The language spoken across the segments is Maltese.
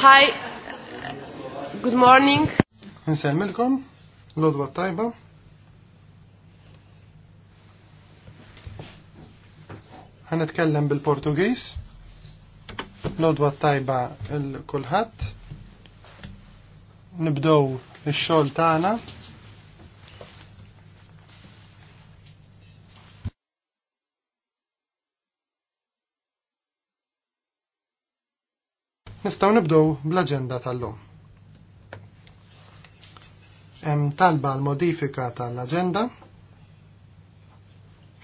Hi, good morning. Nsemmilkom, l-odwa tajba. Ħanetkellem bil-Portugiż. l tajba l-kulħadd. Nibdow ix-xogħol tagħna Nistgħu nibdew bl-aġenda tal-lum. Hemm talba l-modifika tal-aġenda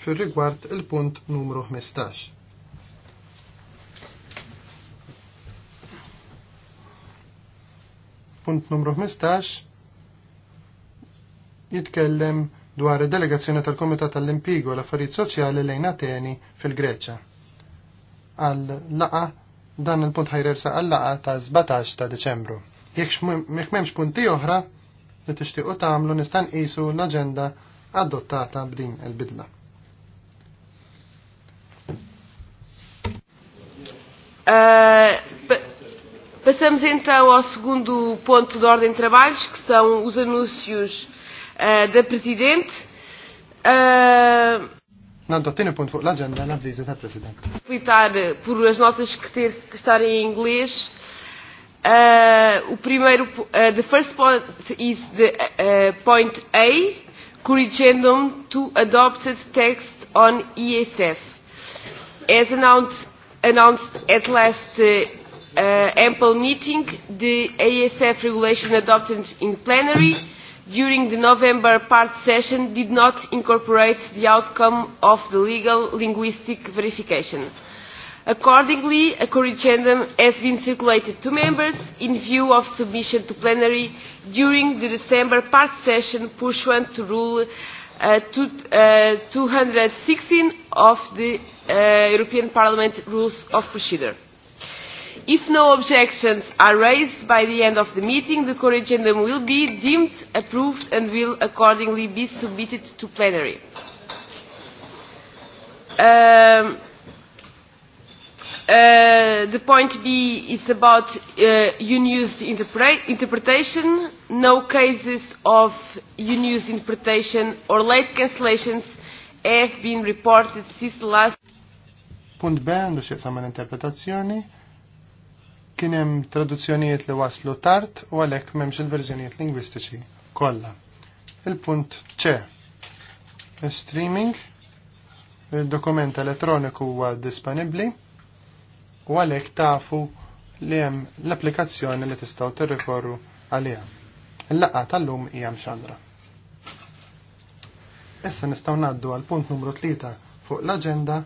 fir-rigward il-punt numru 15. Punt numru 15 jitkellem dwar id-delegazzjoni tal-Komitat tal-Impigu l affarijiet Soċjali lejn Ateni fil-Greċja għal laqa dan il-punt sa' għallaqa ta' 17 ta' Deċembru. Jek m'hemmx punti oħra li t-ixtiqu ta' għamlu nistan nqisu l agenda adottata b'din il-bidla. Eh, passamos então ao segundo ponto de ordem de trabalhos, que são os anúncios uh, da Presidente. Uh, Nando, t-tini punt fuq l-agenda na vizi ta' President. Plitar eh, pur as notas k'tir ter in estar em inglês. Uh, o primeiro, uh, the first point is the uh, point A, curriculum to adopted text on ESF. As announced, announced at last uh, ample meeting, the ASF regulation adopted in plenary during the November part session did not incorporate the outcome of the legal linguistic verification. Accordingly, a corrigendum has been circulated to members in view of submission to plenary during the December part session pursuant to Rule uh, two, uh, 216 of the uh, European Parliament Rules of Procedure. If no objections are raised by the end of the meeting, the corrigendum will be deemed approved and will accordingly be submitted to plenary. Um, uh, the point B is about uh, unused interpre interpretation. No cases of unused interpretation or late cancellations have been reported since the last. Punt B għandu xieqsam l-interpretazzjoni kien hemm traduzzjonijiet li waslu tard u għalhekk m'hemmx il-verżjonijiet lingwistiċi kollha. Il-punt C. Streaming. Il-dokument elettroniku huwa disponibbli u għalhekk tafu li hemm l-applikazzjoni li tistgħu tirrikorru għaliha. Il-laqgħa tal-lum hija mxandra. Issa nistgħu ngħaddu għal punt numru 3 fuq l-aġenda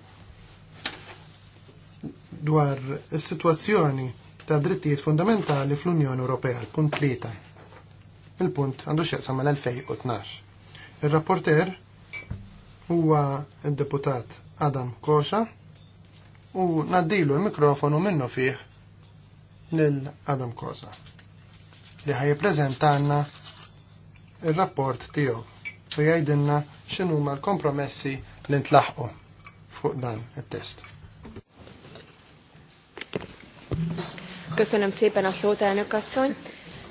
dwar is-sitwazzjoni ta' drittijiet fundamentali fl-Unjoni Ewropea, l-punt 3. Il-punt għandu xeqsa mal-2012. Il-rapporter huwa il-deputat Adam Kosha u naddilu il-mikrofonu minnu fih lil Adam Kosha li ħaj prezentanna il-rapport tiegħu u jgħidilna x'inhuma l-kompromessi li ntlaħqu fuq dan it-test. Köszönöm szépen a szót, elnök asszony.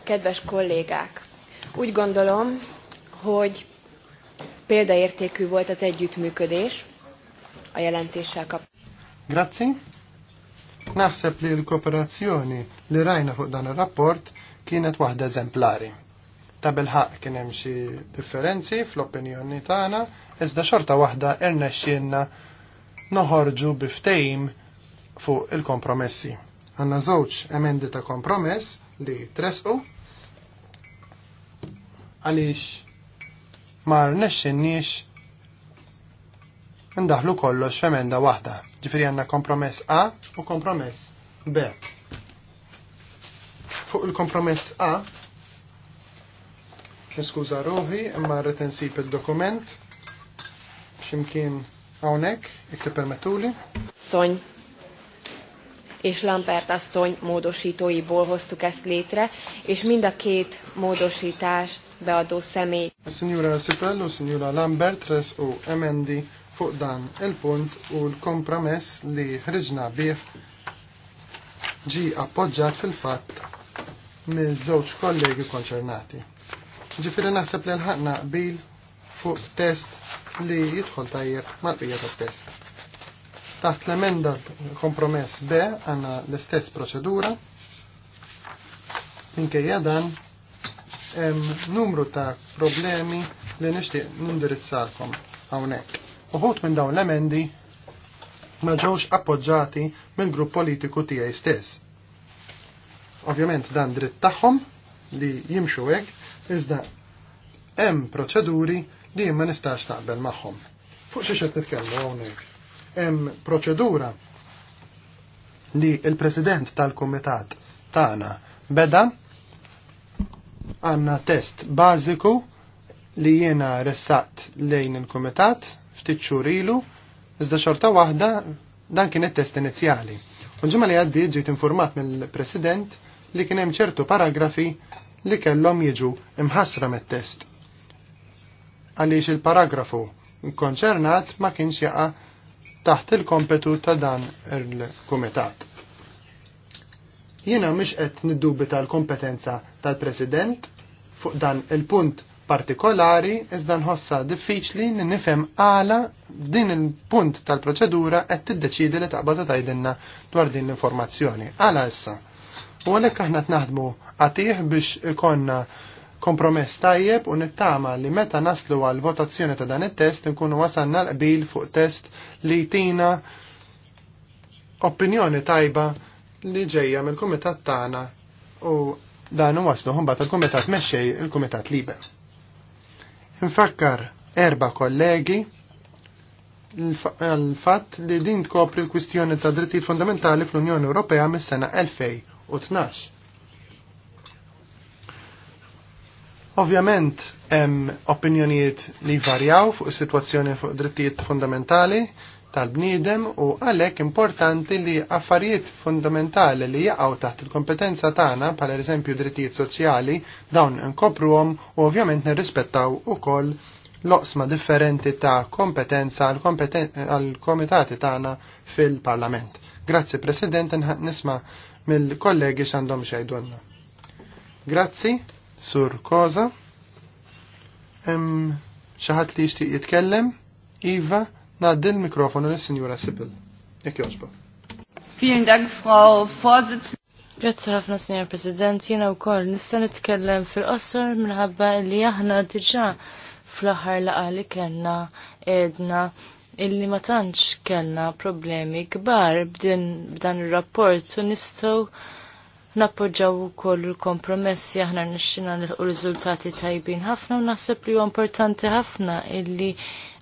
Kedves kollégák, úgy gondolom, hogy példaértékű volt az együttműködés a jelentéssel kapcsolatban. Grazie. Naħseb li l-kooperazzjoni li rajna fuq dan ir-rapport kienet waħda eżemplari. Ta' kien hemm xi differenzi fl-opinjoni tagħna, iżda xorta waħda irnexxielna noħorġu biftejm fuq il-kompromessi. Għanna żewġ emendi ta' kompromess li tresqu għaliex ma rnexxinniex ndaħlu kollox f'emenda waħda. Ġifri għandna kompromess A u kompromess B. Fuq il-kompromess A niskuża ruħi imma rrid insib il-dokument x'imkien hawnhekk jekk permetuli. Sogn és Lampert asszony módosítóiból hoztuk ezt létre, és mind a két módosítást beadó személy. A signora Sepello, signora Lambert, res o MND fuq el pont, punt u kompromess li ħriġna bih ġi appoġġat fil-fatt mill żewġ kollegi konċernati. Ġifiri naħseb li l-ħakna bil fuq test li jidħol tajjeb mal-qija tat-test. Taħt l-emenda kompromess B għanna l-istess proċedura. Minkejja dan hemm numru ta' problemi li nixtieq nindirizzalkom hawnhekk. Uħut minn dawn l-emendi ma ġewx appoġġati mill-grupp politiku tiegħi stess. Ovvjament dan dritt tagħhom li jimxu hekk iżda hemm proċeduri li ma nistax taqbel magħhom. Fuq xi qed nitkellmu hawnhekk hemm proċedura li il-President tal-Kumitat tagħna beda għandna test bażiku li jiena ressaqt lejn il-Kumitat ftit xhur ilu iżda xorta waħda dan kien it-test inizjali. U ġimgħa li għaddi ġiet infurmat mill-President li kien hemm ċertu paragrafi li kellhom jiġu imħassra mit-test. Għaliex il-paragrafu konċernat ma kienx jaqa' taħt il-kompetu ta' dan il-Kumitat. Jiena mhix qed niddubita l-kompetenza tal-President fuq dan il-punt partikolari iżda nħossa diffiċli li nifhem għala f'din il-punt tal-proċedura qed tiddeċidi li taqbadu tgħidilna dwar din l-informazzjoni. Għala issa. U għalhekk aħna tnaħdmu għatih biex ikonna kompromess tajjeb u nittama li meta naslu għal votazzjoni ta' dan it-test nkunu wasanna l-qbil fuq test li tina opinjoni tajba li ġejja mill-kumitat tagħna u dan waslu ħumbat il-kumitat mexxej il-kumitat liber. Nfakkar erba kollegi l-fatt li din tkopri l-kwistjoni ta' drittijiet fundamentali fl-Unjoni Ewropea mis-sena 2012 Ovvjament hemm opinjonijiet li varjaw fuq is-sitwazzjoni fuq drittijiet fundamentali tal-bniedem u għalhekk importanti li affarijiet fundamentali li jaqgħu taħt il-kompetenza tagħna bħal eżempju drittijiet soċjali dawn inkopruhom u ovvjament nirrispettaw ukoll loqsma differenti ta' kompetenza għal komitati tagħna fil-Parlament. Grazzi President, nisma' mill-kollegi x'għandhom xejdonna. Grazzi. Sur Koza. Hemm li jixtieq jitkellem? Iva, ngħaddi l-mikrofonu lis signora Sibyl. Jek jogħġbok. Vielen Dank, Frau Vorsitzende. Grazzi ħafna, Signor President. u kol, nista' nitkellem fil-qosor minħabba li aħna diġà fl-aħħar laqali li kellna edna illi ma tantx kellna problemi kbar b'dan ir-rapport u nistgħu nappoġġaw ukoll il-kompromessi aħna nixxina nilqu riżultati tajbin ħafna u naħseb li huwa importanti ħafna illi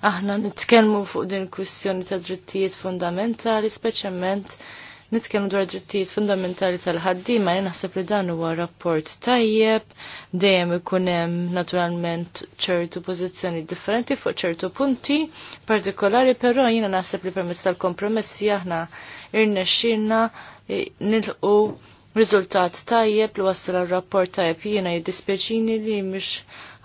aħna nitkellmu fuq din il-kwistjoni ta' drittijiet fundamentali speċjalment nitkellmu dwar drittijiet fundamentali tal-ħaddiema li naħseb li dan huwa rapport tajjeb, dejjem ikun hemm naturalment ċertu pożizzjoni differenti fuq ċertu punti partikolari, però jiena naħseb li permezz tal-kompromessi aħna irnexxinna nilqu Rizultat tajjeb li wassal rapport tajjeb jiena jiddispieċini li mhux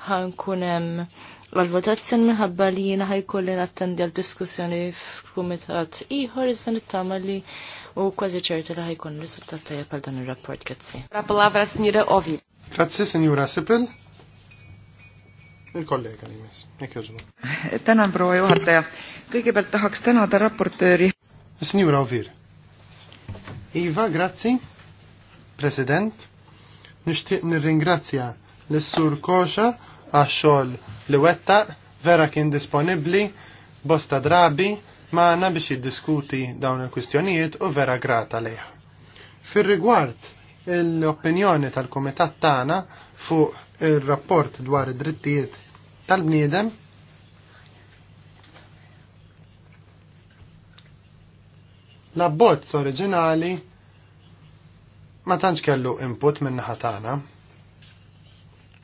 ħankun hemm Għal-votazzjoni minħabba li jiena ħajkolli nattendi għal-diskussjoni f'kumitat ieħor iżda nittama li u kważi ċerta li ħajkun riżultat tajjeb għal dan ir-rapport grazzi. La palavra signora Ovi. Grazzi signora Sipil. Il-kollega li jmiss. Jekk jożbu. Tänan proua juhataja. Kõigepealt tahaks tänada raportööri. Signora Ovir. Iva, grazzi. President. Nixtieq nirringrazzja l-Sur Koxa għax-xogħol li wettaq vera kien disponibbli bosta drabi maħna biex jiddiskuti dawn il-kwistjonijiet u vera grata leħ. Fir-rigward l-opinjoni tal-Komitat tagħna fuq ir-rapport dwar id-drittijiet tal-bniedem l-abbozz oriġinali ma tantx kellu input minn naħa tagħna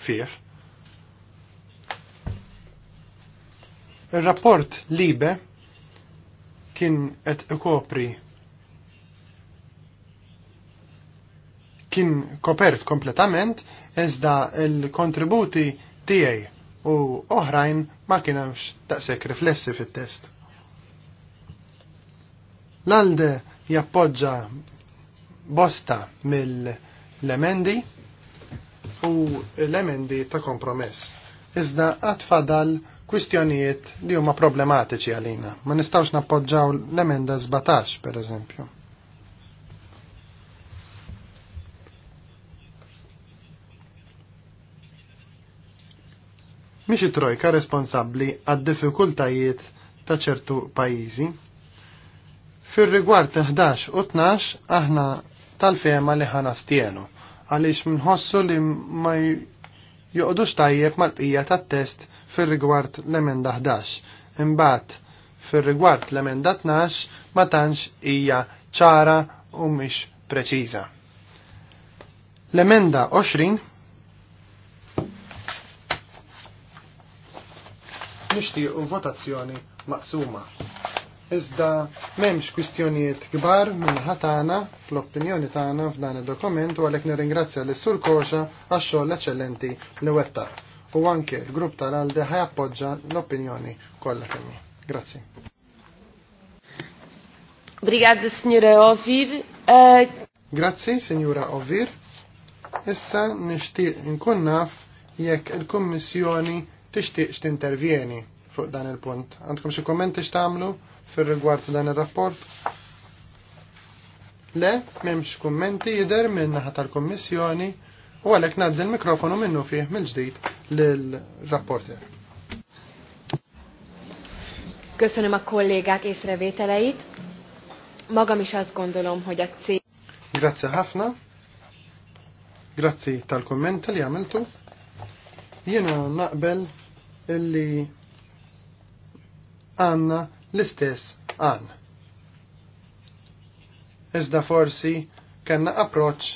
fih. Ir-rapport libe kien qed ikopri kien kopert kompletament iżda l-kontributi tiegħi u oħrajn ma kienx daqshekk riflessi fit-test. L-alde jappoġġa bosta mill-emendi u l-emendi ta' kompromess. Iżda għad fadal kwistjonijiet li huma problematiċi għalina. Ma nistawx nappoġġaw l-emenda 17, per eżempju. Miex trojka responsabbli għad diffikultajiet ta' ċertu pajjiżi. Fir rigward 11 u 12 aħna tal-fema li ħana stienu, għaliex minħossu li ma juqdux tajjeb mal-bqija tat-test fir-rigward l-emenda 11. Imbagħad fir-rigward l-emenda 12 ma tantx hija ċara u mish preċiża. L-emenda 20 nixtiequ votazzjoni maqsuma iżda m'hemmx kwistjonijiet kbar minn ħatana fl-opinjoni tagħna f'dan id-dokument u għalhekk nirringrazzja lis sur Koxa għax-xogħol eċċellenti li wetta. u anke l-grupp tal-Alde ħajappoġġa l-opinjoni kollha kemm. Grazzi. Brigad Signora Ovir. Eh, Grazzi, Signora Ovir. Issa nixtieq nkun naf jekk il-Kummissjoni tixtieq x'tintervjeni fuq dan il-punt. Għandkom xi kommenti x'tagħmlu? fil-rigward dan il-rapport? Le, memx kummenti jider minn naħat tal-Kommissjoni u għalek naddi l-mikrofonu minnu fih mill-ġdijt l-rapporter. Köszönöm a kollégák észrevételeit. Magam is azt gondolom, hogy a cél... Grazie ħafna. Grazie tal-komment li għamiltu. Jena naqbel illi għanna l-istess għan. Iżda forsi kellna approċ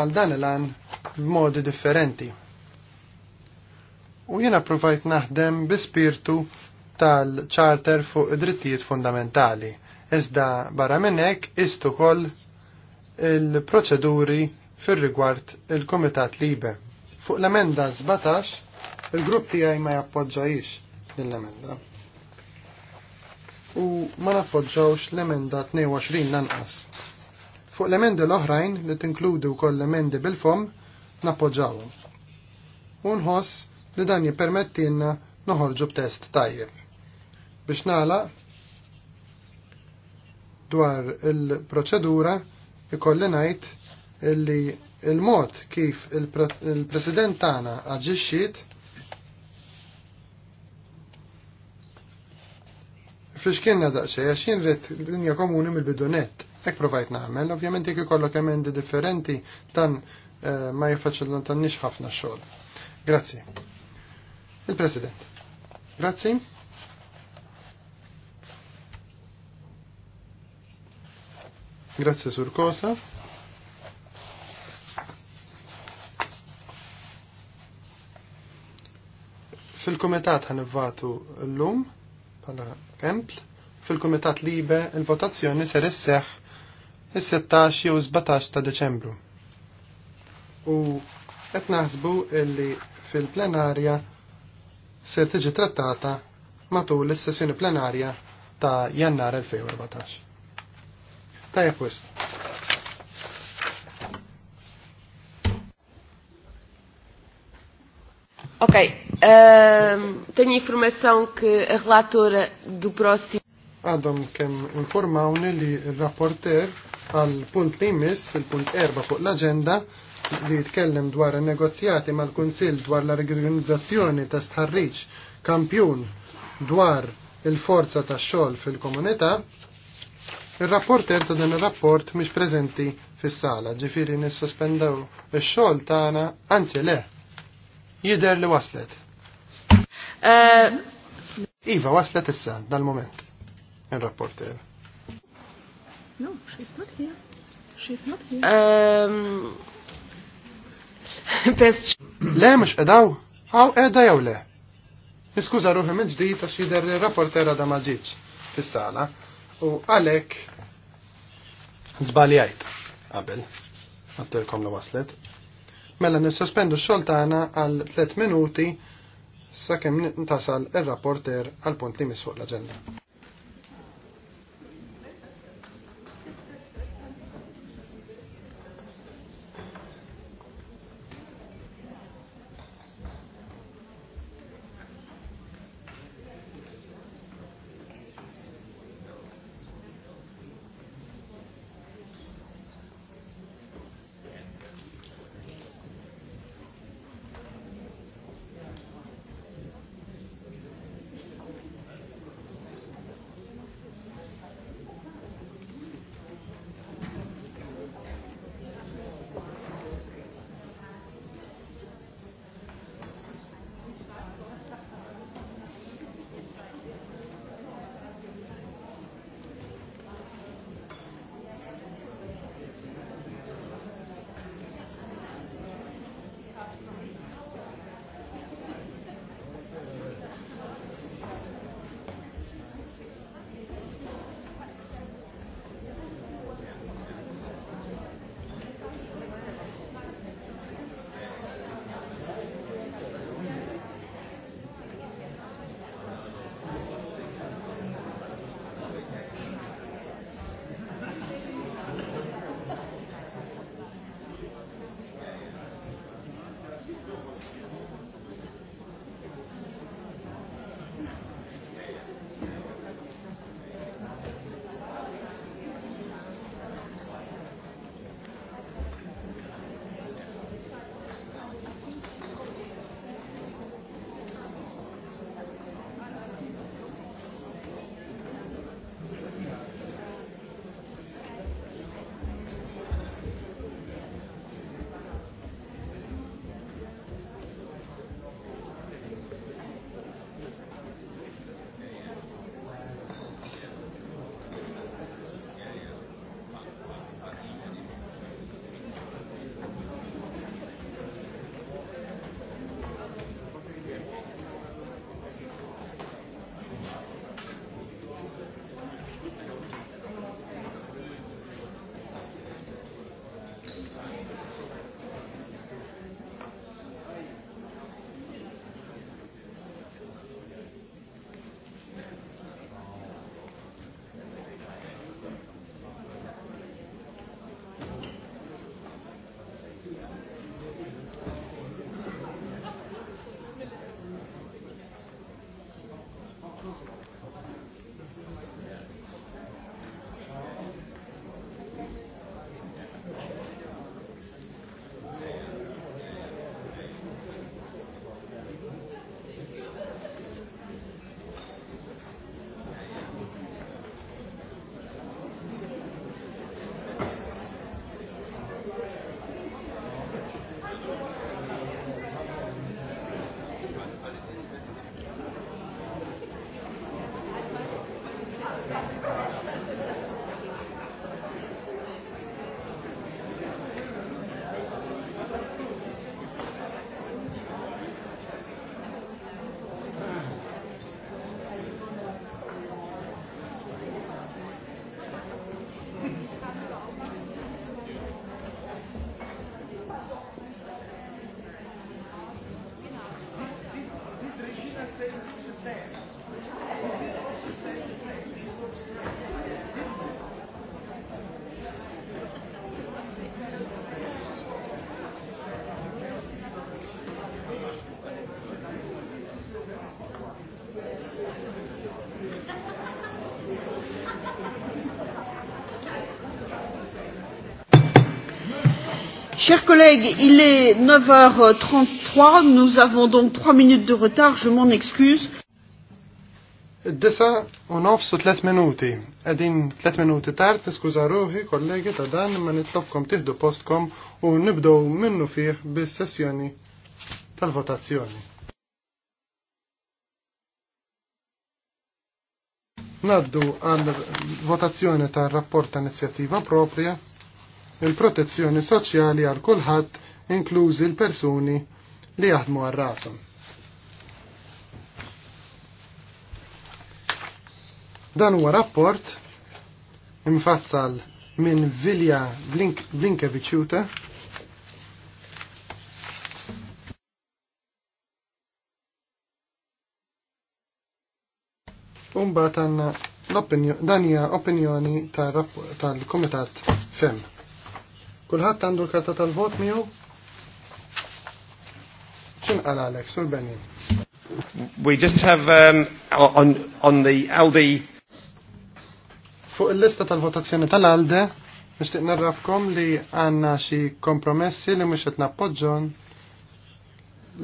għal dan il-għan b'modi differenti. U jiena provajt naħdem bi spirtu tal-ċarter fuq id-drittijiet fundamentali, iżda barra minnek istu koll il-proċeduri fir-rigward il-Komitat Libe. Fuq l-emenda 17, il-grupp tiegħi ma jappoġġajix din l-emenda u ma nappoġġawx l-emenda 22 nanqas. Fuq l-emendi l-oħrajn li tinkludu wkoll l-emendi bil-fom nappoġġawhom. U nħoss li dan jippermettilna noħorġu b'test tajjeb. Biex nagħlaq dwar il-proċedura ikolli ngħid illi il-mod kif il-President tagħna aġixxiet Fiex kienna daqsej, għax jien rrit linja komuni mill-bidunet. Ek provajt namel, ovvjament jek ikollok emendi differenti tan eh, ma l tan nix ħafna xogħol. Grazzi. Il-President. Grazzi. Grazzi sur Kosa. Fil-komitat ħanivvatu l-lum bħala kempl, fil-Kumitat Libe il-votazzjoni ser isseħ is-16 u 17 ta' Deċembru. U qed naħsbu illi fil-plenarja se tiġi trattata matul is-sessjoni plenarja ta' Jannar 2014. Tajja kwis. Okay, Uh, tenho informação que a relatora do próximo. Għadhom kemm informawni li r-rapporter għal punt li jmiss, il-punt erba fuq l-agenda, li jitkellem dwar negozjati mal-Kunsill dwar l reorganizzazzjoni ta' stħarriġ kampjun dwar il-forza ta' xogħol fil-komunità, il-rapporter ta' dan il-rapport mhix preżenti fis-sala, ġifieri nissospendaw ix-xogħol tagħna anzi le. Jidher li waslet. Eh, iva, waslet issa, dal-moment, il-rapporter. No, she's not here. She's not here. Um, Le, mux edaw? Għaw, edha jew le? Niskuza ruħi minn ġdijt għax jider il-rapporter għada maġiċ fis-sala u għalek zbaljajt qabel għattilkom la waslet. Mela nissospendu x-xoltana għal 3 minuti sakemm tasal ir-rapporter għal punt li misfuq l agenda Chers collègues, il est 9h33, nous avons donc 3 minutes de retard, je m'en excuse. Disa u 3 minuti. 3 minuti tard, niskuza kollegi ta' dan, ma postkom u nibdow minnu fih bis-sessjoni tal-votazzjoni. Naddu għal votazzjoni tal-rapport tal inizjattiva propria il-protezzjoni soċjali għal kulħadd inklużi l-persuni li jaħdmu għal rasom. Dan huwa rapport imfassal minn Vilja Blink Blinkeviċuta Umbat għanna dan hija opinjoni tal-Komitat ta FEM. Kulħadd għandu l-karta tal-vot miegħu? qal għalek, Sur Benin? We just have um, on, on the LD Fuq il-lista tal-votazzjoni tal-ALDE, nixtieq narrafkom li għandna xi kompromessi li mhux qed nappoġġon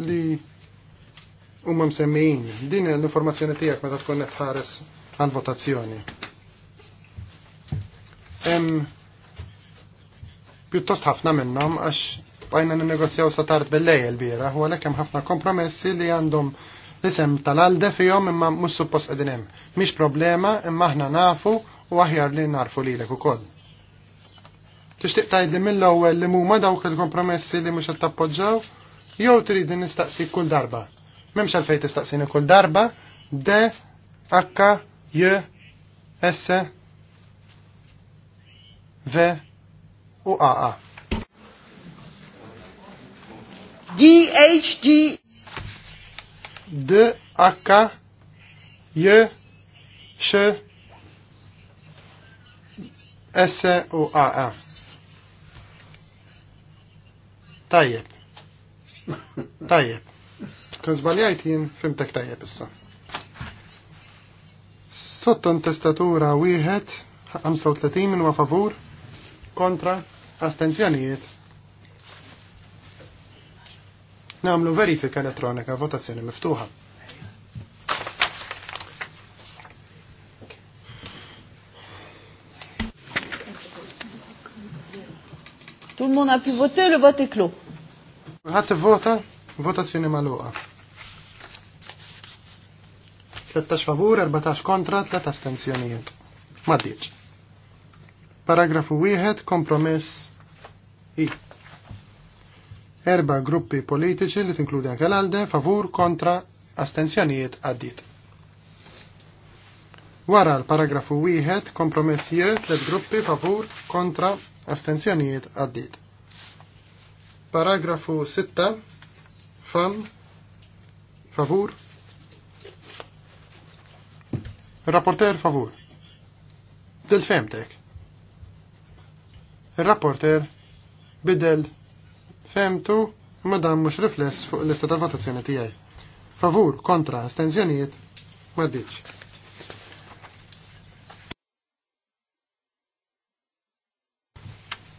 li huma msemmijin. Din l-informazzjoni tiegħek meta tkun qed ħares għal votazzjoni pjuttost ħafna minnhom għax bajna negozjaw sa tard bil-lejl bira, u għalhekk hemm ħafna kompromessi li għandhom l-isem tal alde fjom imma mhux suppost qegħdin hemm. Mhix problema imma aħna nafu u aħjar li narfu lilek ukoll. Tixtieq tgħidli mill-ewwel li huma dawk il-kompromessi li mhux qed tappoġġaw jew trid nistaqsi kull darba. M'hemmx għalfejn tistaqsini kull darba, de, akka, j, S, V, u AA. DHD D H J S S u A A Tajjeb. Tajjeb. Kun zbaljajt jien fimtek tajjeb issa. Sotton testatura wieħed 35 minn ma favur kontra, astenzjonijiet. Namlu verifika elettronika, votazzjoni miftuħa. Tout le monde a pu voter, le vote vota, votazzjoni maluqa. 13 favur, 14 kontra, 3 astenzjonijiet. Ma diċ. Paragrafu 1, kompromess I. Erba gruppi politiċi li tinkludi anke l-alde, favur, kontra, astenzjonijiet għaddit. Wara l-paragrafu 1, kompromess J, tliet gruppi favur, kontra, astenzjonijiet għaddit. Paragrafu 6, fam, favur, Rapporter favur. Del femtek. Il-rapporter bidel femtu ma dan mhux rifless fuq l-lista tal-votazzjoni tiegħi. Favur, kontra, astenzjonijiet, ma ddiċ.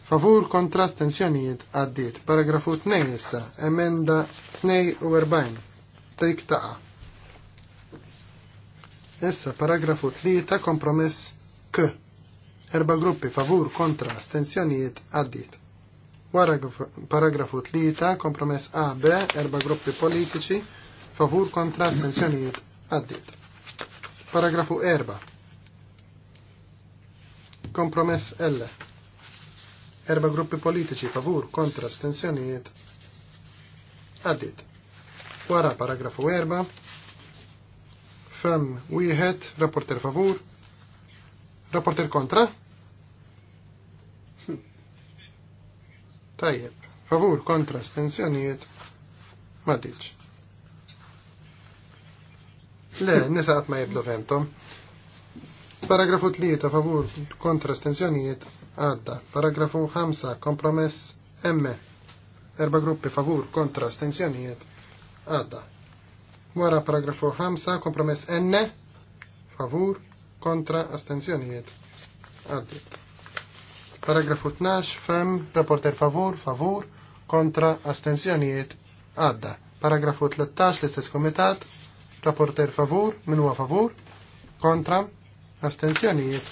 Favur kontra astenzjonijiet għaddiet. Paragrafu 2 issa. Emenda 42. Tejk taqa. Issa paragrafu 3 kompromess K. Erba gruppi favur kontra astenzjonijiet għaddit. Wara paragrafu 3 kompromess AB, erba gruppi politiċi favur kontra astenzjonijiet għaddit. Paragrafu 4. Kompromess L. Erba gruppi politiċi favur kontra astenzjonijiet għaddit. Wara paragrafu 4. Fem wieħed, rapporter favur, rapporter kontra, Tajjeb, favur kontra stenzjonijiet ma diċ. Le, nisaqat ma jibdu fentom. Paragrafu 3 favur kontra stenzjonijiet għadda. Paragrafu 5 kompromess M. Erba gruppi favur kontra stenzjonijiet għadda. Wara paragrafu 5 kompromess N favur kontra astenzjonijiet għaddit. Paragrafu 12, fem, reporter favur, favur, kontra, astensjonijiet, għadda. Paragrafu 13, l-istess komitat, reporter favur, minu favur, kontra, astensjonijiet.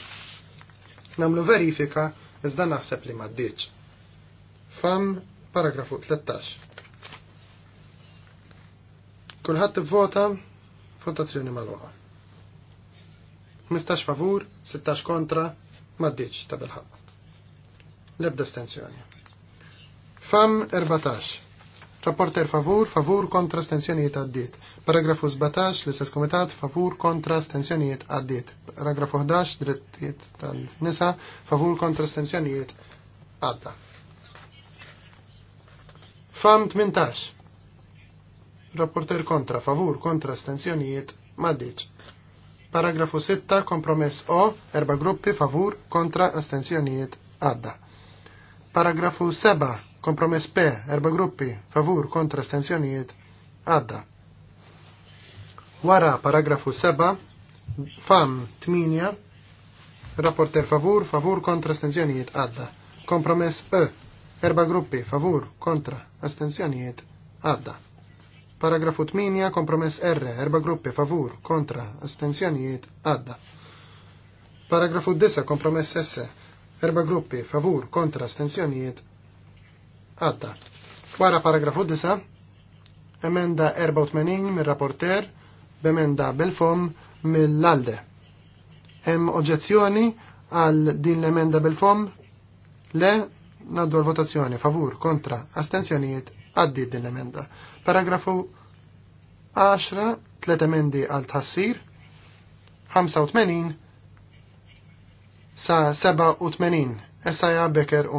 Namlu verifika, iżda naħseb li maddiċ. Fem, paragrafu 13. Kulħadd vota votazzjoni mal-oħra. 15 favur, 16 kontra, maddiċ ta' bil Lebda stenzjoni. Fam 14. Rapporter favur, favur kontra stenzjonijiet għaddit. Paragrafu 17, l-istess komitat, favur kontra stenzjonijiet għaddit. Paragrafu 11, drittijiet tal-nisa, favur kontra stenzjonijiet għadda. Fam 18. Rapporter kontra, favur kontra stenzjonijiet maddiċ. Paragrafu 6, kompromess O, erba gruppi, favur kontra astenzjonijiet għadda. Paragrafu 7, kompromess P, erba gruppi, favur, kontra, stenzjonijiet, għadda. Wara paragrafu 7, fam 8, rapporter favur, favur, kontra, stenzjonijiet, għadda. Kompromess E, erba gruppi, favur, kontra, astenzjonijiet, għadda. Paragrafu 8, kompromess R, erba gruppi, favur, kontra, astenzjonijiet, għadda. Paragrafu 10. kompromess S, Erba gruppi favur kontra astensjonijiet għadda. Wara paragrafu 9, emenda 84 mir-rapporter b'emenda bil-fom mill-alde. Hemm oġġezzjoni għal din l-emenda bil-fom? Le, naddu l-votazzjoni favur, kontra, astenzjonijiet, għaddi din l-emenda. Paragrafu 10, 3 emendi għal tħassir, 85 sa 87 Esaja Becker u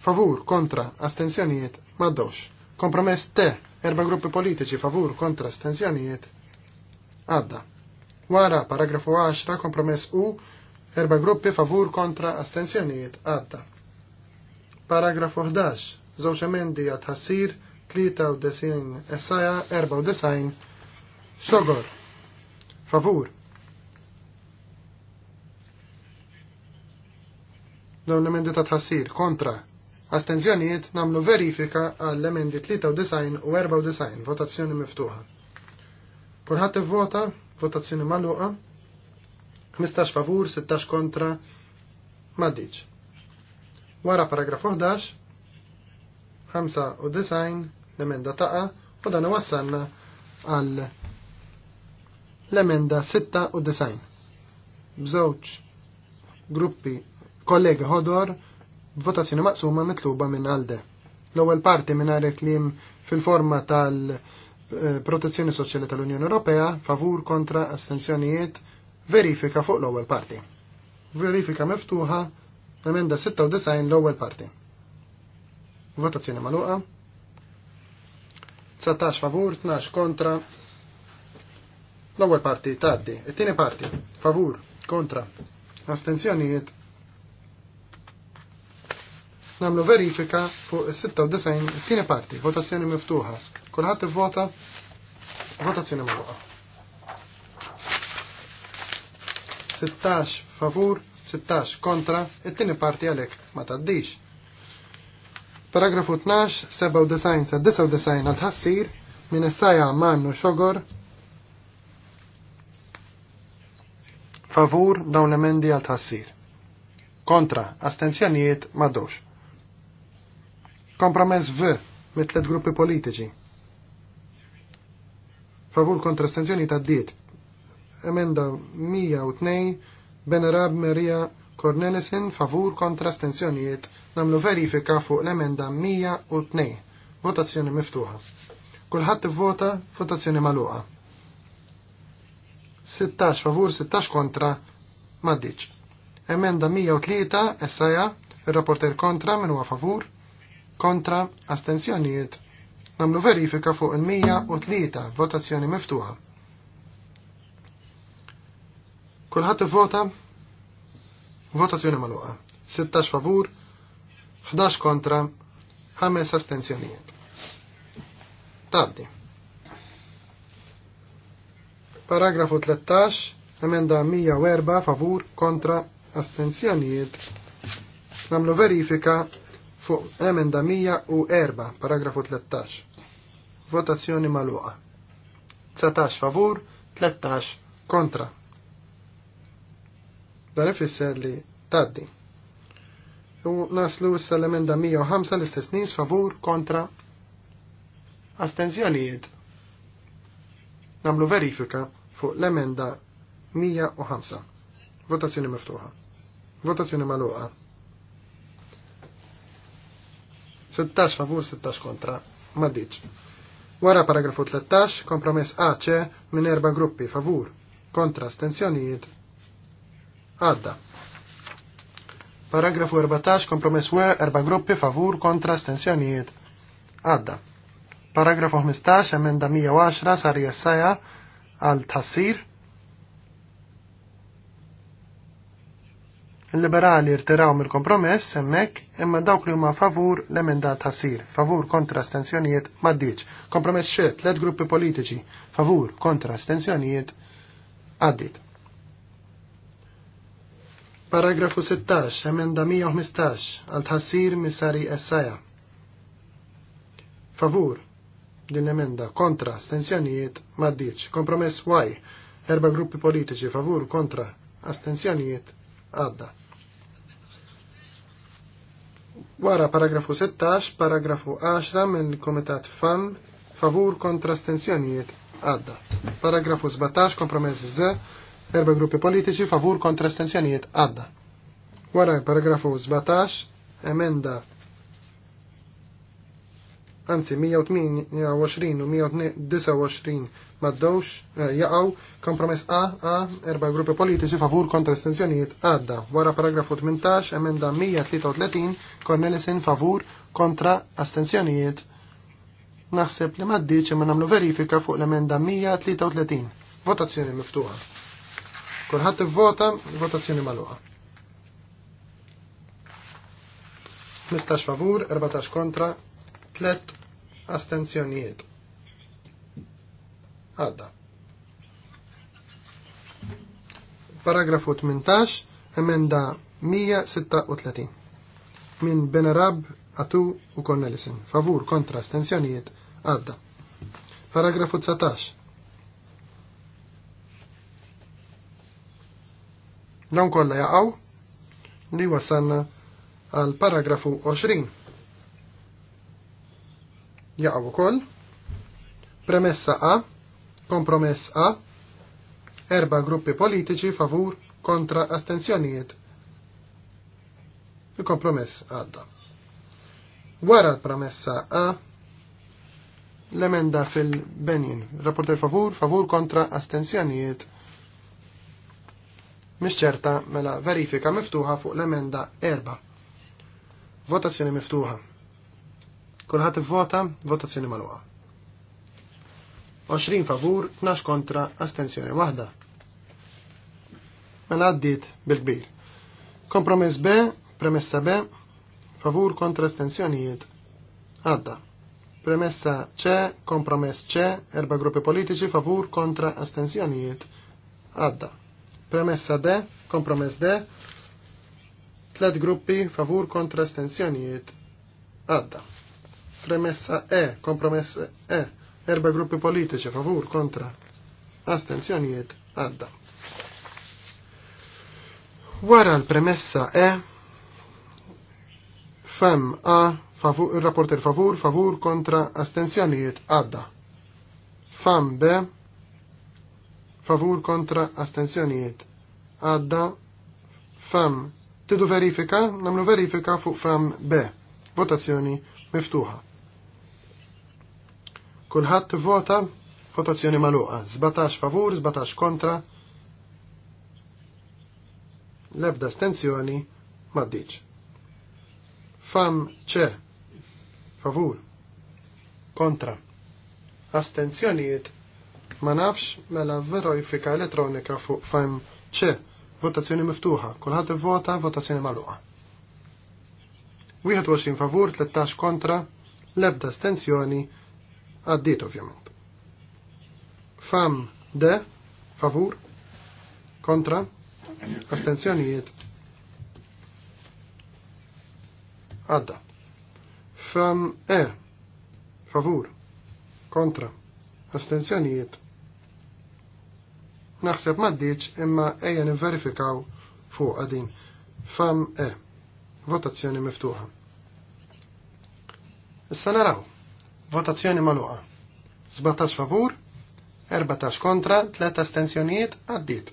Favur, kontra, astensjonijiet, maddox. Kompromess te, erba gruppi politiċi favur, kontra, astensjonijiet, għadda. Wara, paragrafu 10, kompromess u, erba gruppi favur, kontra, astensjonijiet, għadda. Paragrafu 11, zawċ emendi għadħassir, erba u 94 Sogor. Favur, dawn l-emendi ta' tħassir kontra. Astenzjonijiet namlu verifika għall emendi 93 u 94 votazzjoni miftuħa. Kulħadd ivvota votazzjoni magħluqa 15 favur, 16 kontra m'għaddiġ. Wara paragraf 11 95 l-emenda taqa u dan wassalna għal l-emenda 96. Bżewġ gruppi kollega ħodor votazzjoni maqsuma mitluba minn għalde. L-ewwel parti minn klim fil-forma tal-protezzjoni eh, soċjali tal-Unjoni Ewropea favur kontra astensjonijiet verifika fuq l-ewwel parti. Verifika miftuħa emenda 96 l-ewwel parti. Votazzjoni magħluqa. 19 favur, 12 kontra. L-ewwel parti tgħaddi. It-tieni parti favur kontra astensjonijiet Namlu verifika fuq 96 tieni parti, votazzjoni miftuħa. Kulħadd ivvota votazzjoni magħluqa. 16 favur, 16 kontra, it-tieni parti għalhekk ma taddix. Paragrafu 12, 97 sa 99 għal ħassir minn essaja mannu xogor favur dawn l-emendi għal ħassir Kontra, astenzjonijiet maddox. Kompromess V mit tliet gruppi politiċi. Favur kontra astenzjoni ta' diet. Emenda 102 Benarab Maria Cornelisen favur kontra astenzjonijiet namlu verifika fuq l-emenda 102. Votazzjoni miftuħa. Kulħadd ivvota votazzjoni magħluqa. 16 favur 16 kontra maddiċ. Emenda 103 essaja, ir rapporter kontra min huwa favur kontra astenzjonijiet namlu verifika fuq il-103 votazzjoni miftuħa. Kulħadd ivvota votazzjoni magħluqa. 16 favur, 11 kontra, 5 astenzjonijiet. Taddi. Paragrafu 13, emenda 104 favur kontra astenzjonijiet. Namlu verifika fuq emenda 104, paragrafu 13. Votazzjoni maluqa. 19 favur, 13 kontra. Dan ifisser li taddi. U naslu issa l-emenda 105 l-istess nies favur kontra astenzjonijiet. Namlu verifika fuq l-emenda 105. Votazzjoni miftuħa. Votazzjoni maluqa. 16 favur 16 kontra ma diċ. Wara paragrafu 13, kompromess AC minn erba gruppi favur kontra stenzjonijiet għadda. Paragrafu 14, kompromess we erba gruppi favur kontra stenzjonijiet għadda. Paragrafu 15, emenda 110 sar jessaja għal tassir Il-liberali irtiraw mill-kompromess hemmhekk imma dawk li huma favur l-emendat ħasir, favur kontra stensjonijiet maddiċ. Kompromess xe let gruppi politiċi, favur kontra stensjonijiet għaddit. Paragrafu 16, emenda 115, għal tħassir missari essaja. Favur din emenda kontra stensjonijiet maddiċ. Kompromess Y, erba gruppi politiċi favur kontra astensjonijiet għadda. Wara paragrafu 16, paragrafu 10 mill-Komitat FAM, favur kontra stenzjonijiet, għadda. Paragrafu 17, kompromess Z, erba gruppi politiċi, favur kontra stenzjonijiet, għadda. Wara paragrafu 17, emenda anzi 128 u 129 maddawx eh, jaqaw kompromess A, A, erba gruppi politiċi favur kontra estensjonijiet għadda. Wara paragrafu 18, emenda 133, Cornelisin favur kontra astensjonijiet. Naħseb li maddiċ ma namlu verifika fuq l-emenda 133. Votazzjoni miftuħa. Kulħadd ivvota, votazzjoni magħluqa. 15 favur, 14 kontra, 3 astenzjonijiet. Għadda. Paragrafu 18, emenda 136. Min Benarab, Atu u Cornelison. Favur kontra astenzjonijiet. Għadda. Paragrafu 19. Dawn kollha jaqgħu li wasanna għal paragrafu 20 jaqgħu ukoll. Premessa A, kompromess A, erba' gruppi politiċi favur kontra astenzjonijiet. Il-kompromess għadda. Wara l-premessa A, l-emenda fil-Benin, rapporter favur, favur kontra astenzjonijiet. Mixċerta ċerta mela verifika miftuħa fuq l-emenda erba'. Votazzjoni miftuħa. Kulħadd vota, votazzjoni magħluqa. 20 favur, 12 kontra, astensjoni waħda. Mela għaddiet bil-kbir. Kompromess B, premessa B, favur kontra astensjonijiet. Għadda. Premessa C, kompromess C, erba gruppi politiċi, favur kontra astensjonijiet. Għadda. Premessa D, kompromess D, tlet gruppi favur kontra astensjonijiet. Għadda. Premessa E, kompromessa E, erba gruppi politiċi favur kontra astenzjonijiet għadda. Wara l-premessa E, fem A, favur, il-rapporter favur, favur kontra astenzjonijiet għadda. Fam B, favur kontra astenzjonijiet Adda. Fem, tidu verifika, namlu verifika fuq fam B. Votazzjoni miftuħa. Kulħadd vota votazzjoni magħluqa. 17 favur, 17 kontra. Lebda stenzjoni maddiċ. Fam ċe. Favur. Kontra. Astenzjonijiet ma nafx mela verifika elettronika fuq fam ċe. Votazzjoni miftuħa. Kulħadd vota votazzjoni magħluqa. 21 favur, 13 kontra, lebda stenzjoni Għaddit ovvjament. Fam de, favur, kontra, astenzjonijiet. Għadda. Fam e, favur, kontra, astenzjonijiet. Naħseb maddiċ imma ejja verifikaw fuq għadin. Fam e, votazzjoni miftuħa. Issa naraw. Votazzjoni maluqa. 17 favur, 14 kontra, 3 astensjonijiet għaddit.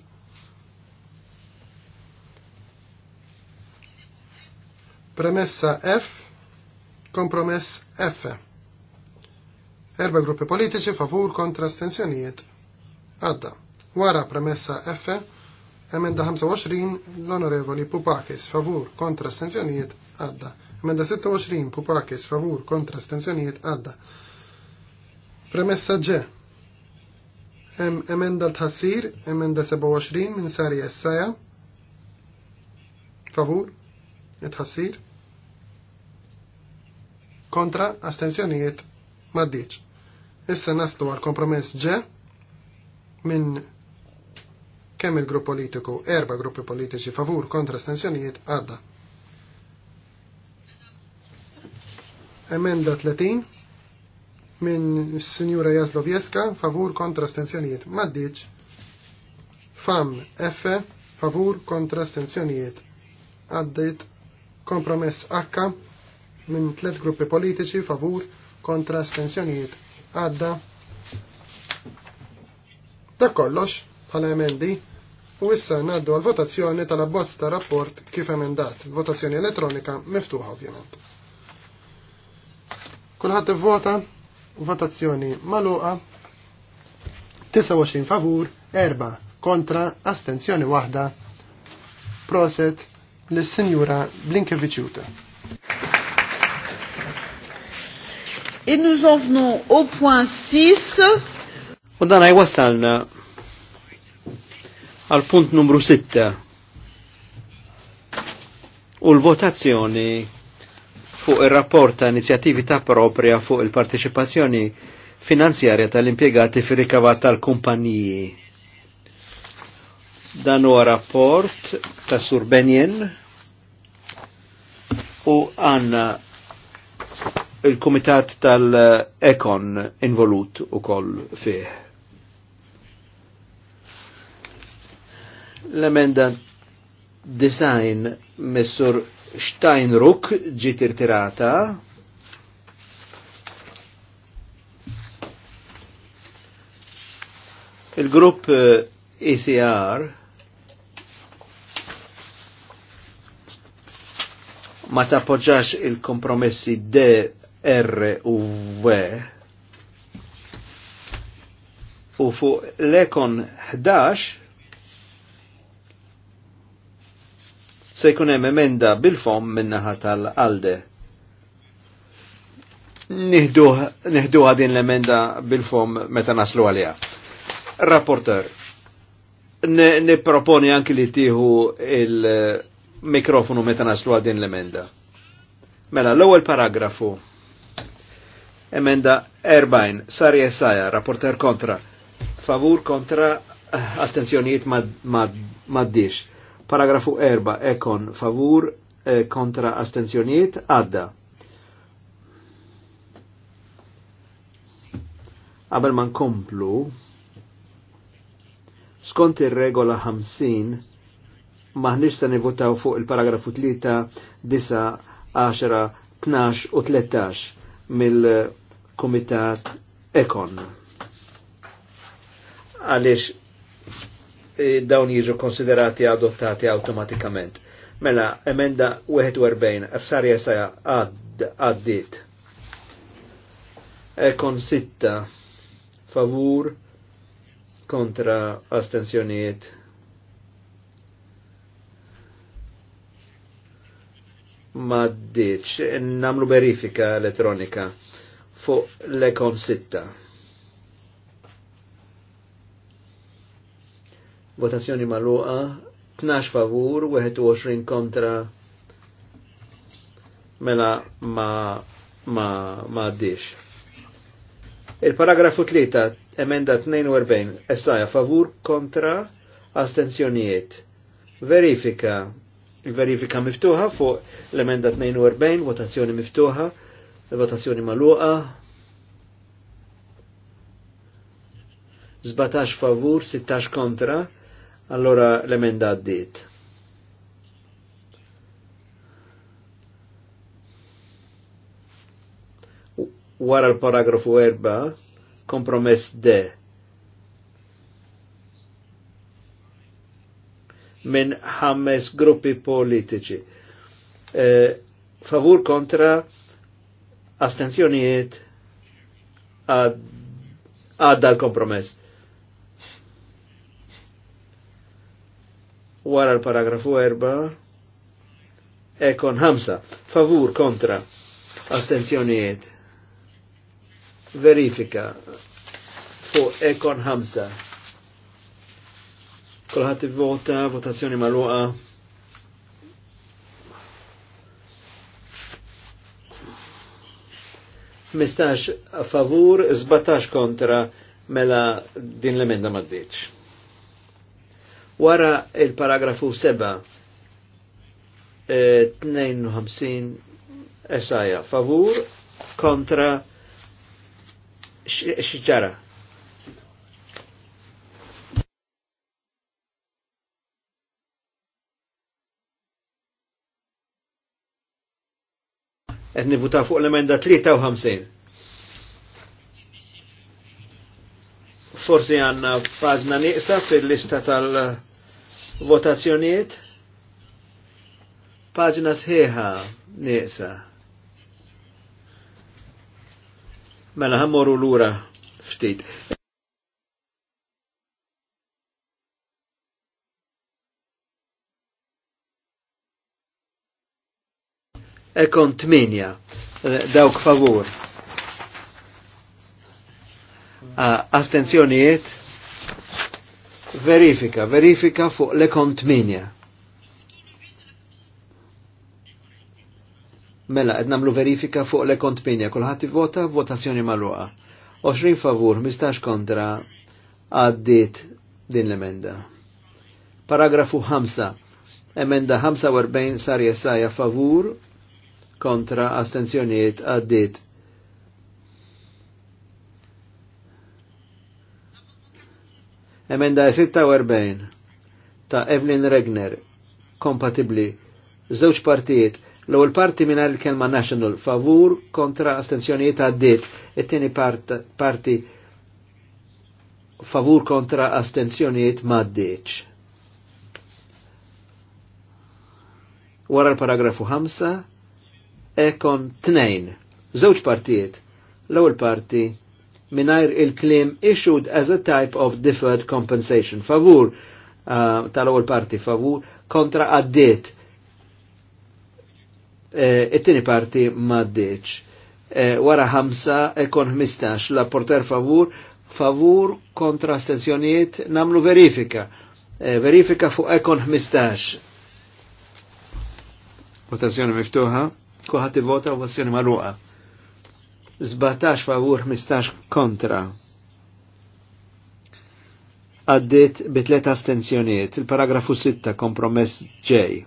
Premessa F, kompromess F. Erba gruppi politiċi favur kontra astensjonijiet. Għadda. Wara premessa F, emenda 25 l-onorevoli Pupakis favur kontra astensjonijiet għadda. Emenda 26 Pupakis favur kontra astensjonijiet għadda. Premessa ġe. Em, emenda l-tħassir, emenda 27 minn sari essaja. Favur, it-tħassir. Kontra astenzjonijiet maddiċ. Issa naslu għal kompromess ġe minn kemm il-grupp politiku, erba gruppi politiċi favur kontra astensjonijiet għadda. Emenda 30 minn Sinjura Jaslovjeska, favur kontra stenzjonijiet. Maddiċ. Fam F, favur kontra stenzjonijiet. Għaddit kompromess H minn tlet gruppi politiċi favur kontra stenzjonijiet. Għadda. Dak kollox, bħala emendi, u issa naddu għal votazzjoni tal-abbozz ta' rapport kif emendat. Votazzjoni elettronika miftuħa ovvjament. Kulħadd ivvota votazzjoni magħluqa 29 favur, 4 kontra, astenzjoni waħda. Proset lis-Sinjura Blinkeviċjuta. Et nous en venons au point 6. U dan wasalna għal punt numru 6. U l-votazzjoni fuq ir-rapport ta' inizjattivi ta' propria fuq il-parteċipazzjoni finanzjarja tal-impjegati fir rikavat tal-kumpaniji. Dan huwa rapport ta' Sur Benjen u għanna il-Kumitat tal-Ekon involut u koll fih. L-emenda design messur Steinruck ġiet irtirata. Il-grupp ECR eh, e ma tappoġġax il-kompromessi D, R u V u fuq l-ekon 11 se jkun hemm emenda bil-fom minnaħa tal-alde. Nihdu din l-emenda bil-fom meta naslu għalija. Rapporter, niproponi anki li tiħu il-mikrofonu meta naslu din l-emenda. Mela, l-ewwel paragrafu. Emenda 40, Sari Esaja, rapporter kontra. Favur kontra astenzjonijiet mad, mad, Paragrafu 4, ekon favur e kontra astenzjoniet għadda. Qabel ma nkomplu, skont ir-regola 50 maħniex se nivotaw fuq il-paragrafu 3, 9, 10, 12 u 13 mill-Kumitat Ekon. Għaliex E, dawn jiġu konsiderati adottati automatikament. Mela, emenda 41, f'sarja għad, għaddit. Ekon sitta, favur, kontra astensjoniet. Maddiċ, namlu verifika elettronika fuq l-ekon sitta. Votazzjoni maluqa, 12 favur, 21 kontra. Mela ma ma ma dish. Il-paragrafu 3, emenda 42, essaja favur kontra astenzjonijiet. Verifika. Il-verifika miftuħa fuq l-emenda 42, votazzjoni miftuħa, votazzjoni maluqa. 17 favur, 16 kontra, Allora l-emenda għaddit. Wara l-paragrafu 4, kompromess D. Minn ħammes gruppi politiċi. Eh, favur kontra astenzjonijiet għadda l-kompromess wara l-paragrafu 4 ekon 5 favur kontra astenzjonijiet verifika fuq ekon 5 kolħat vota votazzjoni maluqa Mistax favur, 17 kontra mela din l-emenda maddiċ. Wara il-paragrafu 7, 52 esaja, favur kontra xiċara. Et nivuta fuq l-emenda 53. Forsi għanna fazna nieqsa fil-lista tal- Votazzjoniet. Paġna sħiħa nisa. Mela ħammorru lura ftit. Ekon tminja, eh, dawk favur. Ah, astenzjonijiet Verifika, verifika fuq le kont minja. Mela, qed nagħmlu verifika fuq le kont minja, kulħadd vota, votazzjoni magħluqa. 20 favur, 15 kontra għaddit din l-emenda. Paragrafu 5. Emenda 45 sar jessaja favur kontra astenzjoniet għaddit Emenda 46 ta' Evelyn Regner, kompatibli, żewġ partijiet, l-ewwel parti mingħajr il-kelma national favur kontra astenzjonijiet għaddiet, it-tieni part, parti favur kontra astenzjonijiet maddiċ. Wara l-paragrafu 5, ekon tnejn, żewġ partijiet, l-ewwel parti minajr il-klim issued as a type of deferred compensation. Favur, uh, tal-ewwel parti favur, kontra addit. Uh, eh, It-tieni parti ma Uh, eh, wara ħamsa ekon 15 la porter favur, favur kontra astenzjonijiet namlu verifika. Uh, verifika fuq ekon 15. Votazzjoni miftuħa, kuħati vota votazzjoni maluqa. 17 favur 15 kontra. Għaddit bitlet astenzjoniet, il-paragrafu 6, kompromess J.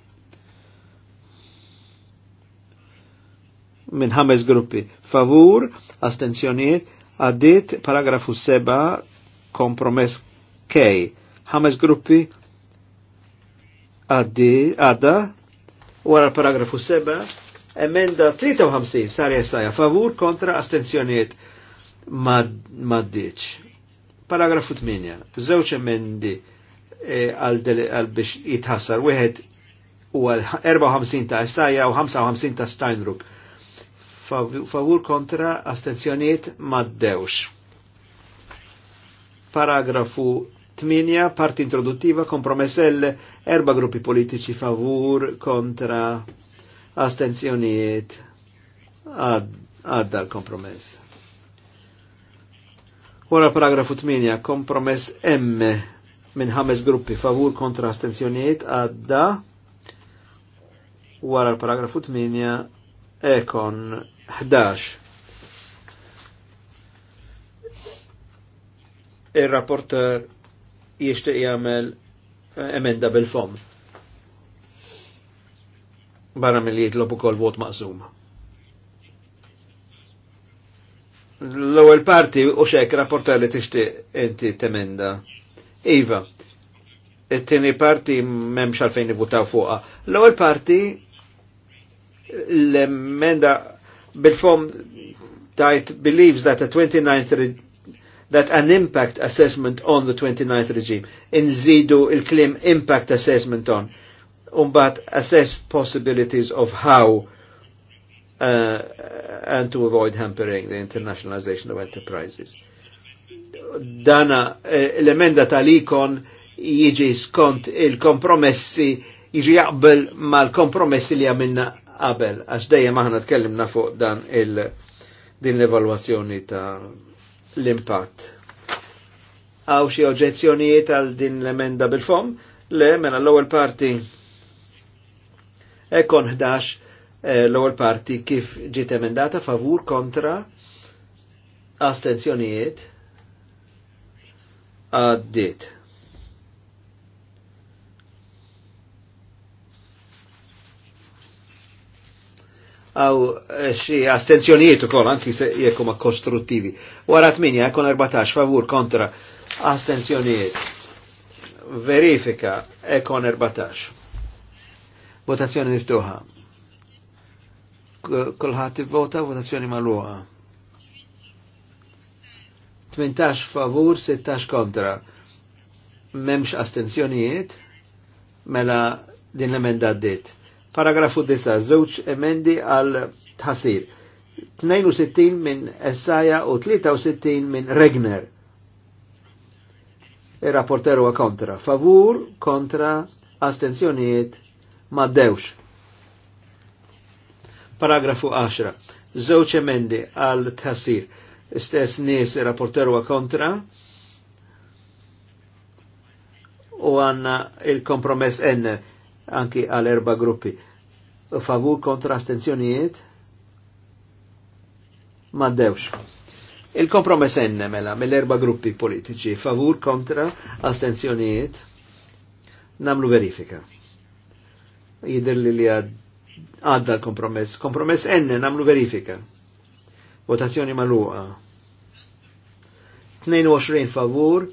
Minn ħames gruppi. Favur, astenzjoniet, għaddit paragrafu 7, kompromess K. ħames gruppi għaddi għadda, wara paragrafu 7, Emenda 53 sar jessaja favur kontra astenzjoniet maddiċ. Paragrafu 8. Zewċ emendi e, għal biex jitħassar. Wieħed u għal 54 ta' jessaja u 55 ta' Steinruck. Favur kontra astenzjoniet maddewx. Paragrafu 8, parti introduttiva, kompromesselle, erba gruppi politiċi favur kontra astenzjonijiet għadda l-kompromess. Wara paragrafu 8, kompromess M minn ħames gruppi favur kontra astenzjonijiet għadda wara l-paragrafu 8 ekon 11. Il-rapporter jishtiq jagħmel eh, emenda bil-fond barra mill-li jitlobu ukoll vot maqsuma. L-ewwel parti u xek rapportar li tixtieq inti temenda. Iva, it-tieni parti memx għalfejn nivutaw fuqha. L-ewwel parti l-emenda bil-fom tajt believes that a 29th that an impact assessment on the 29th regime. Inżidu il-klim impact assessment on Umbat assess possibilities of how uh, and to avoid hampering the internationalization of enterprises. Dana eh, l-emenda tal-ikon jiġi skont il-kompromessi jiġi jaqbel mal-kompromessi li għamilna qabel, għax dejjem aħna tkellimna fuq dan il din l-evalwazzjoni ta' l-impatt. Għaw xie oġezzjonijiet għal din l-emenda bil-fom? Le, mela l-ewwel parti Ekon 11 eh, l-ewwel parti kif ġiet emendata favur kontra astenzjonijiet għaddit. Għaw eh, xie astenzjonijiet u kol, anki se jekk ma kostruttivi. Wara 8, jekun 14, favur kontra astenzjonijiet. Verifika, ekon 14. Votazzjoni niftuħa. Kulħadd ivvota, votazzjoni maluħa. 18 favur, 16 kontra. Memx astenzjonijiet, mela din l-emenda għaddit. Paragrafu disa' żewġ emendi għal tħasir. 62 minn Essaja u 63 minn Regner. Il-rapporteru kontra. Favur, kontra, astenzjonijiet, dewx. Paragrafu 10. Zewċ emendi għal tħassir. Istess nies rapporterwa kontra u għanna il-kompromess N anki għal erba gruppi. Favur kontra astenzjonijiet dewx. Il-kompromess N mela mill-erba gruppi politiċi. Favur kontra astenzjonijiet namlu verifika jider li li għadda l-kompromess. Kompromess enne namlu verifika. Votazzjoni maluqa. 22 favur,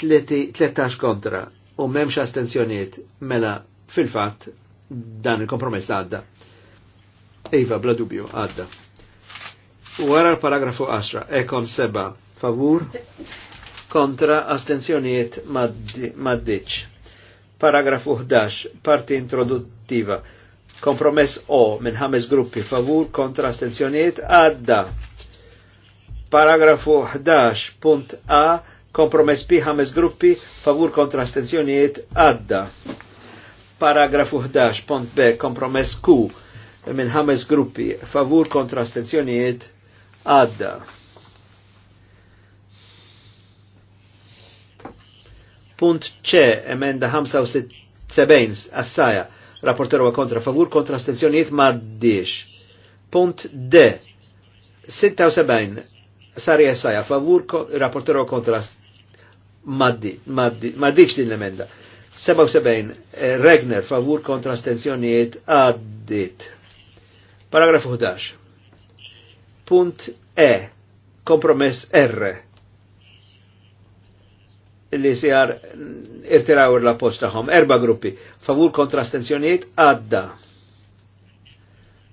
13 kontra u memx astenzjoniet mela fil-fat dan il-kompromess għadda. Iva, bla dubju, għadda. U Wara l-paragrafu 10, ekon seba favur, kontra astenzjoniet maddiċ. Mad Paragrafu 11, parti introduttiva. Kompromess O minn ħames gruppi favur kontra astenzjoniet għadda. Paragrafu 11.A, punt A, kompromess B ħames gruppi favur kontra astenzjoniet għadda. Paragrafu 11.B, punt B, kompromess Q minn ħames gruppi favur kontra astenzjoniet għadda. Punt C. emenda 75, assaja, rapporteru kontra favur kontra ma diex. Punt D, 76, sari assaja, favur rapporteru kontra ma diex din l-emenda. 77, eh, Regner, favur kontra stenzjoniet Addit. Paragrafu 11. Punt E, kompromess R li sijar irtiraw la postaħom. Erba gruppi. Favur kontra stenzjoniet għadda.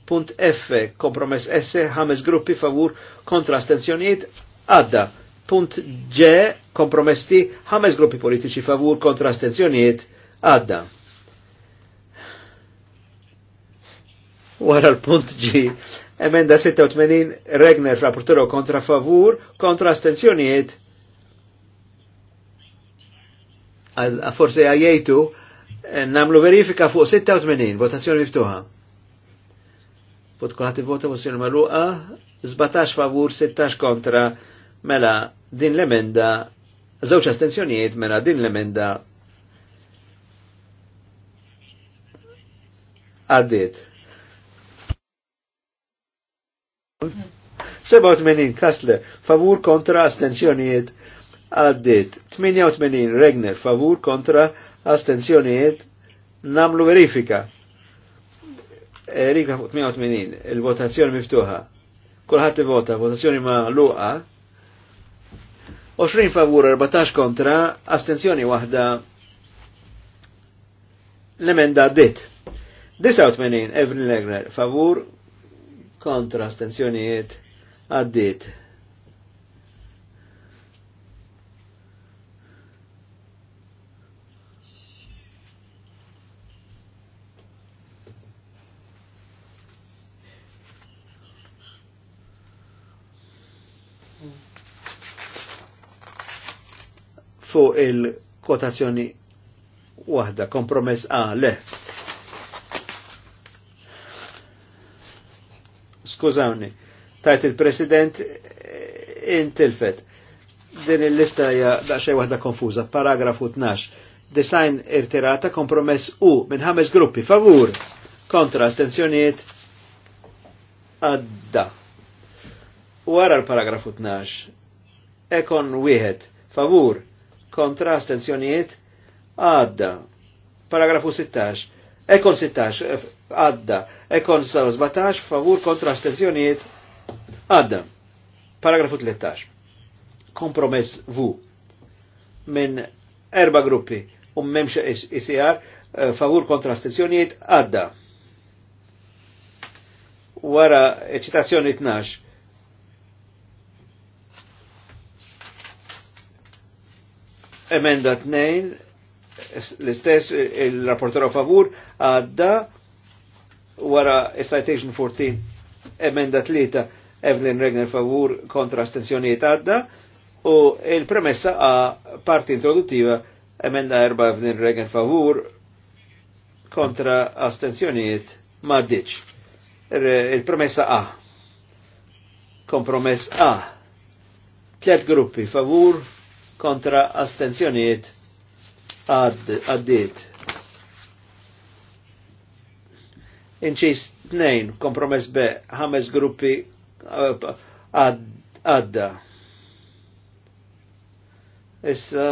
Punt F. Kompromess S. Ħames gruppi favur kontra stenzjoniet għadda. Punt G. Kompromess T. ħames gruppi politiċi favur kontra stenzjoniet għadda. Wara l-punt G. Emenda 86 Regner rapportero kontra favur kontra għadda. forse għajjajtu, eh, namlu verifika fuq 86, votazzjoni miftuħa. Vot kolħat vota votazzjoni marruqa, 17 favur, 16 kontra, mela din l-emenda, zewċ astenzjonijiet, mela din l-emenda għaddit. 87 kasle, favur kontra astenzjonijiet għaddit 88 Regner favur kontra astenzjonijiet namlu verifika. Erika 88, il-votazzjoni miftuħa. Kulħadd vota, votazzjoni ma' luqa. 20 favur, 14 kontra, astenzjoni waħda l-emenda għaddit. 89 Evelyn Legner favur kontra astenzjonijiet għaddit. fuq il-kotazzjoni waħda, kompromess A, le. Skużawni, tajt il-President eh, intilfet. Din il-lista hija daqsxejn waħda konfuża, paragrafu 12. Design irtirata kompromess U minn ħames gruppi favur kontra astenzjonijiet għadda. Wara l-paragrafu 12, ekon wieħed favur kontra astenzjonijiet għadda. Paragrafu 16. Ekon 16 għadda. Ekon 17 favur kontra astenzjonijiet għadda. Paragrafu 13. Kompromess V minn erba gruppi u um memx ICR eh, favur kontra astenzjonijiet għadda. Wara eċitazzjoni 12 Emenda 2, l-istess il-rapportero favur, għadda wara citation 14, emenda 3, Evelyn Regner favur kontra astensjoniet għadda, u il-premessa għa parti introduttiva, emenda 4, Evelyn Regner favur kontra astensjoniet maddiċ. Il-premessa A. Kompromess A. Tlet gruppi favur kontra astenzjoniet għaddit. Inċis 2, kompromess B, ħames gruppi eh, għadda. Issa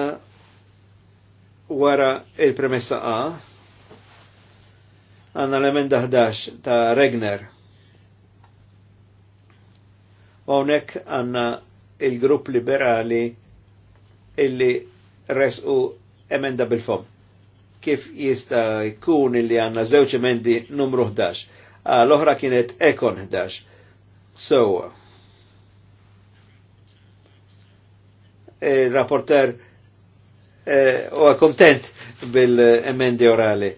wara il-premessa A, għanna l-emenda 11 ta' Regner. Onek għanna il-grupp liberali illi resqu emenda bil-fom. Kif jista jkun illi għanna zewċ emendi numru 11. L-oħra kienet ekon 11. So, il-rapporter e, e, u e, kontent bil-emendi orali.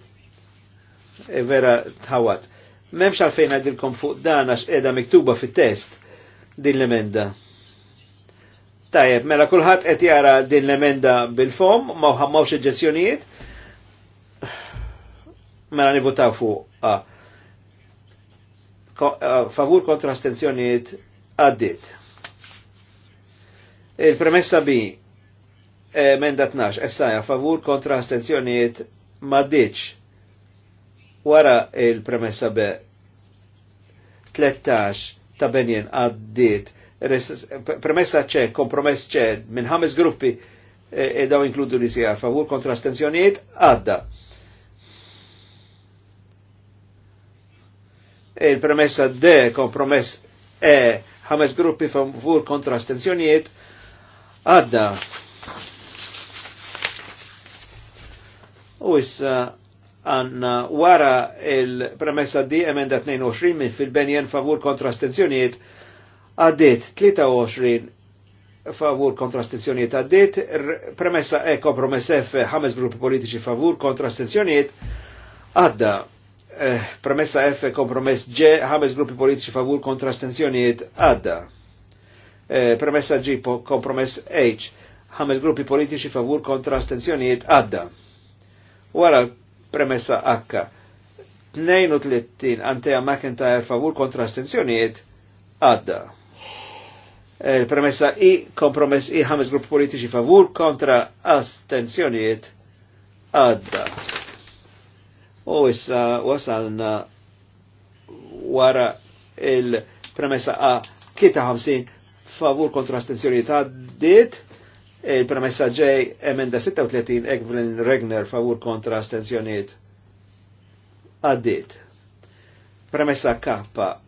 E, vera tħawat. Memx għalfejn għadilkom fuq dan għax edha miktuba fit-test din l-emenda. Tajjeb, mela kulħadd qed jara din l-emenda bil-fom, ma ħammawx oġġezzjonijiet. Mela nivutaw fuq. Ah. Ko, favur kontra astenzjonijiet għaddit. Il-premessa B, emenda 12, essaja, favur kontra astenzjonijiet maddiċ. Wara il-premessa B, 13 ta' benjen għaddit premessa ċe, kompromess ċe, minn ħames gruppi e, e daw inkludu li sija favur kontra astenzjoniet, għadda. il-premessa D, kompromess E, ħames gruppi favur kontra astenzjoniet, għadda. U issa għanna wara il-premessa D, emenda 22 minn fil-benjen favur kontra astenzjoniet, għaddit 23 favur kontra astenzjoniet għaddit, premessa e kompromess F, ħames gruppi politiċi favur kontra astenzjoniet għadda. Eh, premessa F, kompromess G, ħames gruppi politiċi favur kontra astenzjoniet għadda. Eh, premessa G, kompromess H, ħames gruppi politiċi favur kontra astenzjoniet għadda. Wara premessa H, 32 Antea McIntyre favur kontra astenzjoniet għadda. Eh, il-premessa i kompromess i ħames grupp politiċi favur kontra astenzjoniet għadda. U issa wasalna wara il-premessa A kita 50 favur kontra astenzjoniet għaddit. Il-premessa J emenda 36 Evelyn Regner favur kontra astenzjoniet għaddit. Premessa K,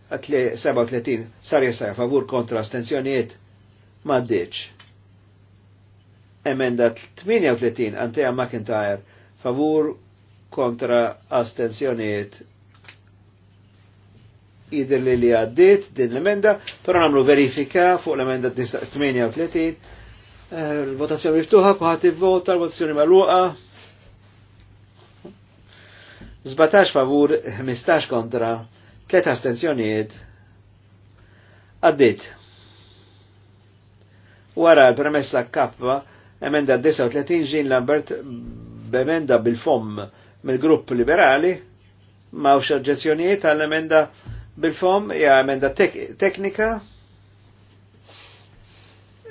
37, sar jessaj favur kontra astenzjonijiet, maddiċ. Emenda 38, Antea McIntyre, favur kontra astenzjonijiet. Ider li li għaddit din l-emenda, pero namlu verifika fuq l-emenda 38, eh, l-votazzjoni miftuħa, kuħati vota l-votazzjoni maluqa, 17 favur, 15 kontra, Tleta astenzjoniet għaddit. Wara l-premessa kappa emenda 39 ġin Lambert b'emenda bil-fom mill-grupp liberali mawx oġġezzjonijiet għall-emenda bil-fom ja emenda tek teknika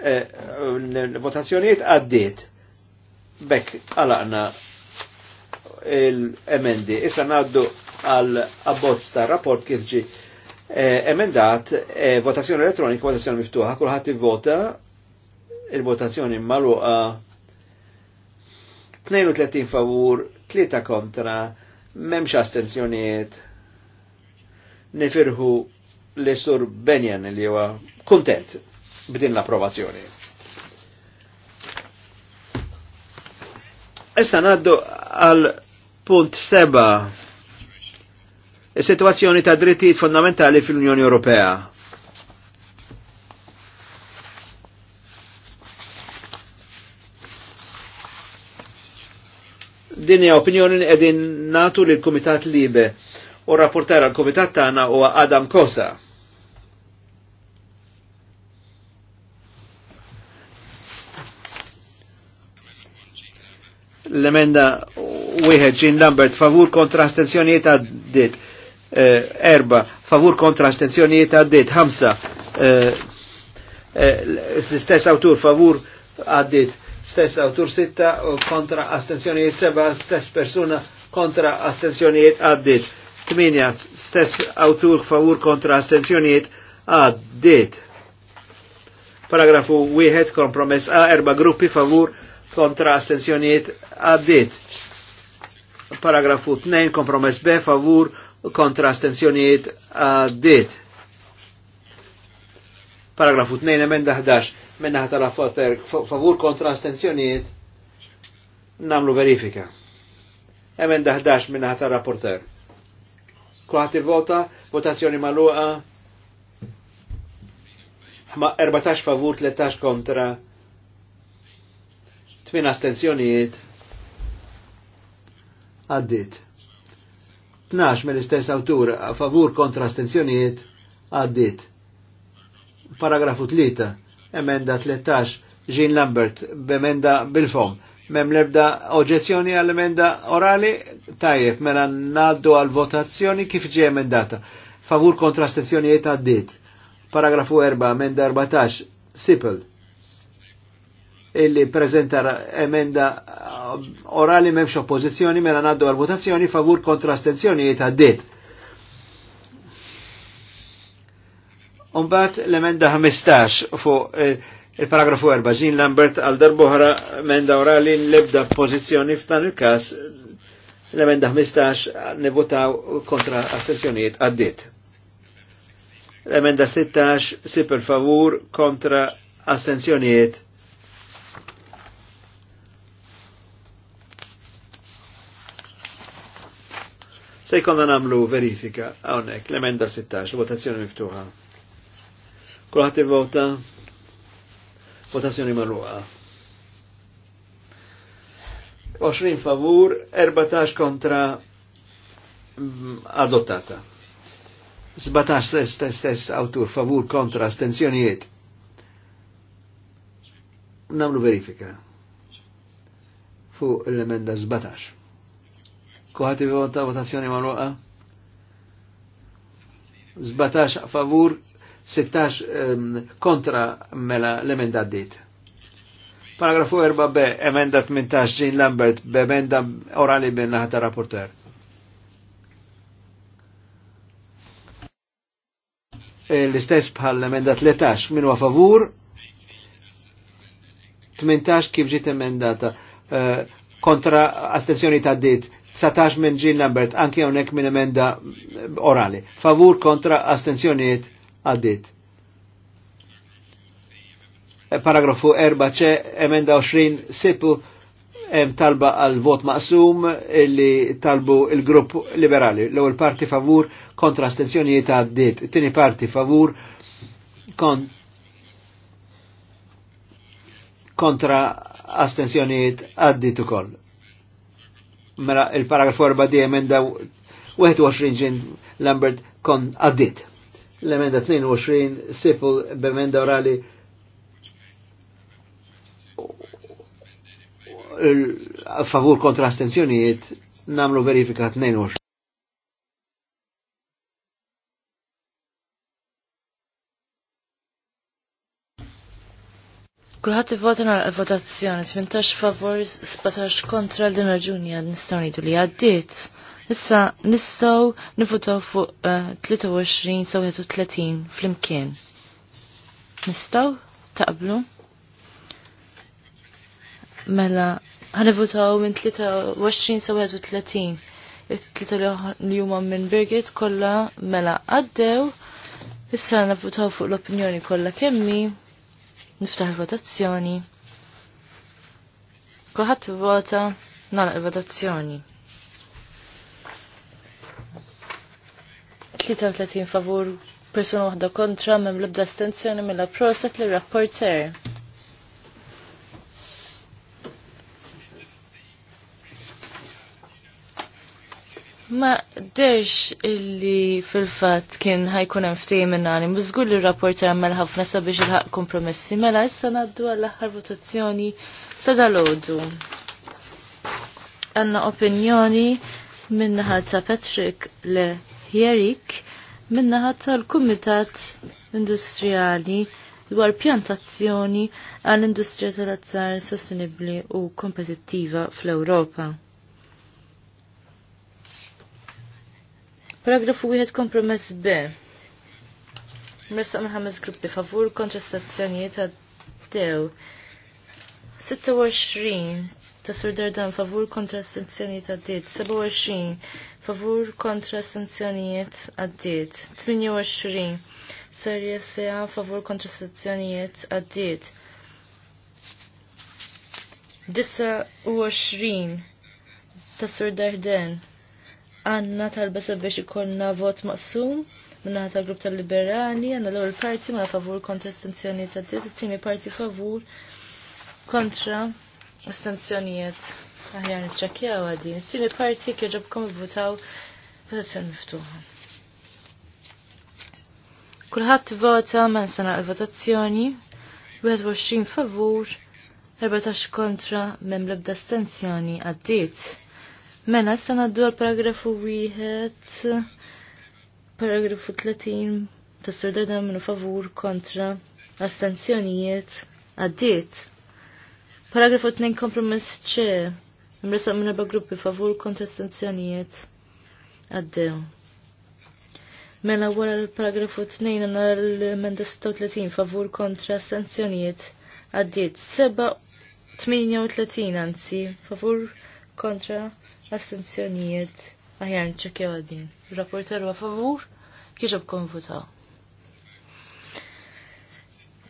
eh, l-votazzjoniet għaddiet. Bekk għalaqna l-emendi. Issa naddu għal abbozz ta' rapport kif ġi eh, emendat eh, votazzjoni elettronika, votazzjoni miftuħa, kulħadd ivvota il-votazzjoni magħluqa 32 favur, 3 kontra, memx astenzjoniet, Nifirħu li sur Benjan li huwa kontent b'din l-approvazzjoni. Issa naddu għal punt seba' situazzjoni ta' drittijiet fondamentali fil-Unjoni Ewropea. Dinja opinjoni edin natu li l-Komitat Libe u rapportar għal-Komitat tana u Adam Kosa. l-emenda wieħed ġin Lambert favur kontra astenzjonijiet għaddit. Eh, erba, favur kontra astenzjonijiet għaddit, ħamsa, eh, eh, stess autur favur għaddit, stess autur sitta kontra astenzjonijiet seba, stess persuna kontra astenzjonijiet għaddit, tminja, stess autur favur kontra astenzjonijiet għaddit. Paragrafu wieħed kompromess A, erba gruppi favur kontra astenzjonijiet għaddit. Paragrafu 2, kompromess B, favur kontra astenzjoniet għaddit. Paragrafu 2, men emenda 11, minna fotter, favur kontra astenzjoniet namlu verifika. Emenda 11 minna ħata porter. Kulħat vota votazzjoni maluqa, 14 favur, 13 kontra, 8 astenzjoniet, għaddit. 12 mill-istess awtur favur kontra astenzjonijiet għaddit. Paragrafu 3, emenda 13, Jean Lambert, b'emenda bil-fom. Mem lebda oġezzjoni għall-emenda orali, tajjeb, mela naddu għal-votazzjoni kif ġie emendata. Favur kontra astenzjonijiet għaddit. Paragrafu 4, emenda 14, Sipel illi prezenta emenda orali memx oppozizjoni mela naddu għal-votazzjoni favur kontra astenzjonijiet għaddit. Umbat l-emenda 15 fuq il-paragrafu 4 Jean Lambert għal darbohra emenda orali nlebda pozizjoni f'dan il-kas l-emenda 15 nevotaw kontra astenzjonijiet għaddit. L-emenda 16 si per favur kontra astenzjonijiet Se jkollna namlu verifika hawnhekk l-emenda 16, votazzjoni miftuħa. Kulħadd ivvota votazzjoni magħluqa. 20 favur, 14 kontra mm, adottata. 17 stess stess stess autur favur kontra astenzjonijiet. Namlu verifika. Fu l-emenda 17. Kuħati vota votazzjoni marruqa. 17 favur, 16 um, ehm, kontra mela l-emenda dit Paragrafu 4b, emenda mintax Jean Lambert, b'emenda orali bin ta' rapporter. E, l-istess bħal l-emendat letax, minu a favur, 18 kif ġiet emendata, uh, kontra astensjoni ta' dit, Satax minn Jean Lambert, anki hawnhekk minn emenda orali. Favur kontra astenzjoniet għaddit. E, paragrafu 4 ċe emenda 20 sipu em talba għal vot maqsum li talbu il-grupp liberali. L-ewwel parti favur kontra astenzjoniet għaddit. Tini parti favur kon kontra astenzjoniet għaddit ukoll mela il-paragraf 4 di emenda 21 ġin Lambert kon għaddit. L-emenda 22 sipul b'emenda orali favur kontra astenzjonijiet namlu verifika 22. Kulħadd ivvota nara l-votazzjoni 18 favor 17 kontra l din raġuni għad nistgħu ngħidu li għaddiet. Issa nistgħu nifutaw fuq 23 eh, sa 31 flimkien. Nistgħu taqblu? Mela nifutaw minn 23 sa 31. It-tlieta li huma minn Birgit kollha mela għaddew. Issa nifutaw fuq l-opinjoni kollha kemmi Niftaħ votazzjoni. Kulħadd vota nagħlaq il-votazzjoni. 33 favur, persuna waħda kontra, mem l-ebda stenzjoni mill-approset l-rapporter. mill-approset l-rapporter. Ma derx illi fil-fat kien ħajkun hemm ftehim minnani, żgur li r-rapport għamel ħafna sabiex il-ħaq kompromessi, mela issa ngħaddu għall-aħħar votazzjoni ta' dalodu. Għandna opinjoni minnaħa ta' Patrick Le Hierik minnaħa tal-Kumitat Industrijali dwar pjantazzjoni għall-industrija tal-azzar sostenibli u kompetittiva fl-Ewropa. Paragrafu wieħed kompromess B. Mressa minn ħames gruppi favur kontra stazzjonijiet dew. 26 ta' Sur Dardan favur kontra stazzjonijiet dit. 27 favur kontra stazzjonijiet għaddiet. 28 Serje Sea favur kontra stazzjonijiet għaddiet. 29 ta' Sur Dardan għanna talba sabiex ikonna vot maqsum minna ta' grupp tal-liberali, għanna l-ewwel parti ma' favur kontra estensjoni ta' diet, it-tieni parti favur kontra estensjonijiet. Aħjar ċakja għadin. It-tieni parti kieġobkom votaw votazzjoni miftuħa. Kulħadd vota ma sena l-votazzjoni, 21 favur, 14 kontra mem l-ebda stenzjoni għaddiet. Mena, issa naddu għal paragrafu wieħed, paragrafu 30, tas sordar da' minu favur kontra astenzjonijiet għaddiet. Paragrafu 2 kompromess ċe, mresa minn erba' gruppi favur kontra astenzjonijiet għaddew. Mela wara l-paragrafu 2 għanna l menda 36 favur kontra sanzjonijiet għaddit. Seba 38 anzi favur kontra astenzjonijiet aħjar Ċekja din. Rapporter huwa favur kieġob Kulħat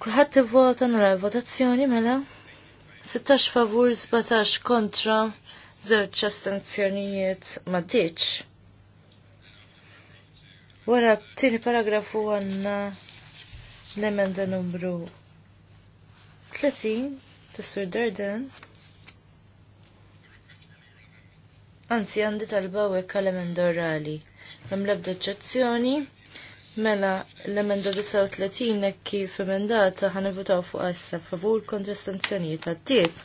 Kulħadd ivvota nara votazzjoni mela 16 favur 17 kontra żewġ astenzjonijiet ma' diċ. Wara tieni paragrafu għandna l-emenda numru 30 tas-Sur Darden. Anzi, għandi talba u għal-emenda orali. Mem lebda ċezzjoni, mela l-emenda 39 kif emendata ħan votaw fuq għassa favur kontra stanzjonijiet għaddiet.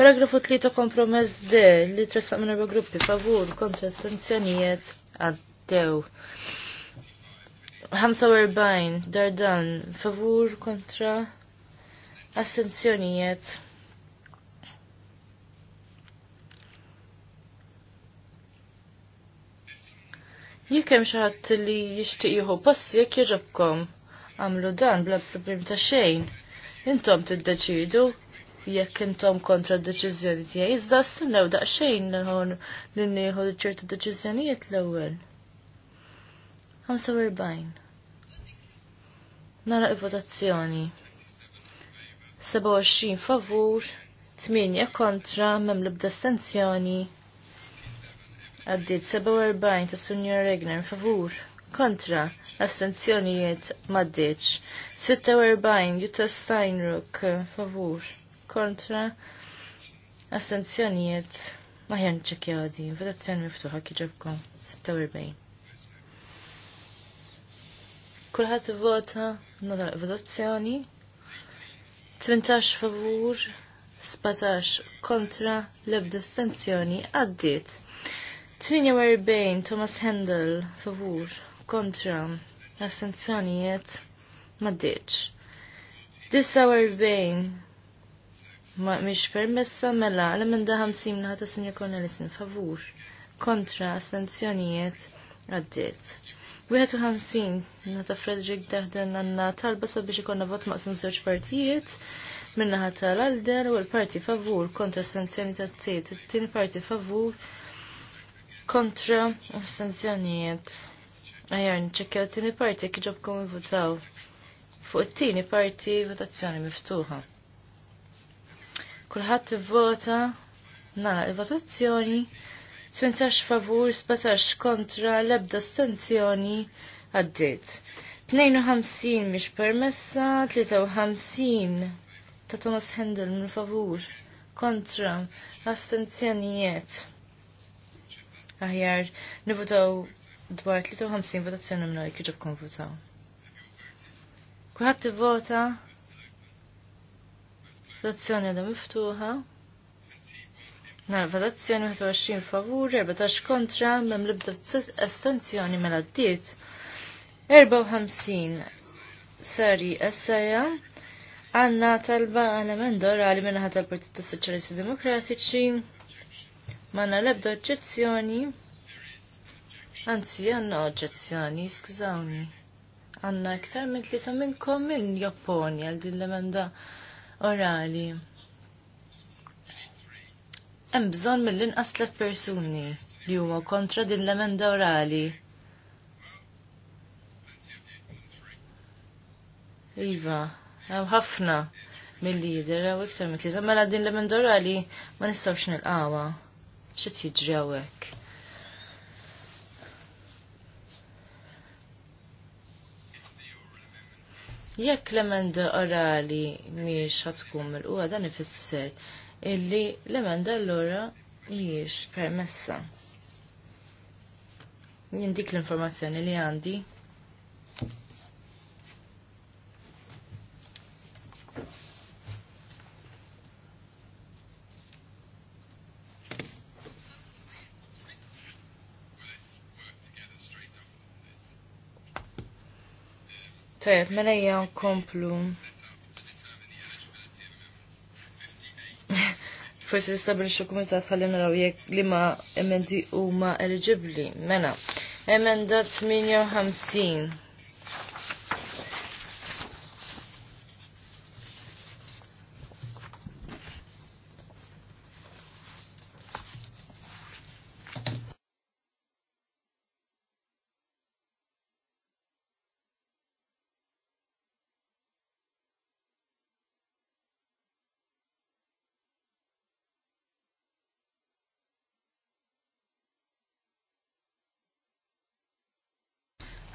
Paragrafu 3 kompromess D li tressaq minn erba' gruppi favur kontra stanzjonijiet għaddew. 45 dardan favur kontra astenzjonijiet Jekk hemm xi ħadd li jixtieq jieħu passi jekk jogħġobkom għamlu dan bla problemi ta' xejn. Intom tiddeċidu jekk intom kontra d-deċiżjoni tiegħi. Iżda stennew daqsxejn nħon li ċertu deċiżjonijiet l-ewwel. 45. Nara il-votazzjoni. 27 favur, 8 kontra, mem l-abdastenzjoni. Għaddit 47 ta' Sunja Regner favur. Kontra. Astenzjonijiet maddiċ. 46 Jutta Steinruk favur. Kontra. Astenzjonijiet maħjan ċekja di. Votazzjoni miftuħa kħiġabkom. 46. Kulħat vota nadal votazzjoni. 18 favur. 17 kontra lebda ebda astenzjoni għaddit. 48 Thomas Handel favur kontra assenzjonijiet maddiċ. 49 ma mhix permessa mela l-emenda 50 naħa ta' Sinja Cornelisin favur kontra assenzjonijiet għaddiet. 51 nata Frederick Dahden għanna talba sabiex ikonna vot maqsum żewġ partijiet minna ħata l-alder u l-parti favur kontra sanzjoni ta' t-tiet, t parti favur kontra astenzjonijiet. Ajar, nċekkja t-tini parti kħiġobkom votaw. Fuq it-tini parti votazzjoni miftuħa. Kulħadd vota nara il-votazzjoni 18 favur, 17 kontra, l-ebda stanzjoni għaddit. 52 mhix permessa, 53 ta' Thomas Hendel minn favur, kontra, astenzjonijiet aħjar nivutaw dwar 53 votazzjoni minn kif ġob konvutaw. Kulħadd vota votazzjoni għadha miftuħa. Nar votazzjoni 21 favur, 14 kontra, mem libda astenzjoni mela d-diet. 54 sari essaja għanna talba għal mendora għal minna ħat tal-Partit Socialisti Demokratiċi Manna lebda oġġezzjoni. Anzi, għanna oġġezzjoni, skużawni. Għanna iktar minn tlieta minnkom minn Japponi għal din l-emenda orali. Hemm bżonn mill-inqas tliet persuni li huma kontra din l-emenda orali. Iva, hemm ħafna mill-lider, hawn iktar minn tlieta mela din l-emenda orali ma nistgħux nilqawha xit jiġri Jekk l-emenda orali miex ħatkum il qwa dan ifisser illi l-emenda l-ora miex permessa. Jindik l-informazzjoni li għandi. Tajab, mela hija nkomplu. Forsi nistabilixxu kumitat ħalli naraw jekk li ma emendi huma eligibbli. Mela, emenda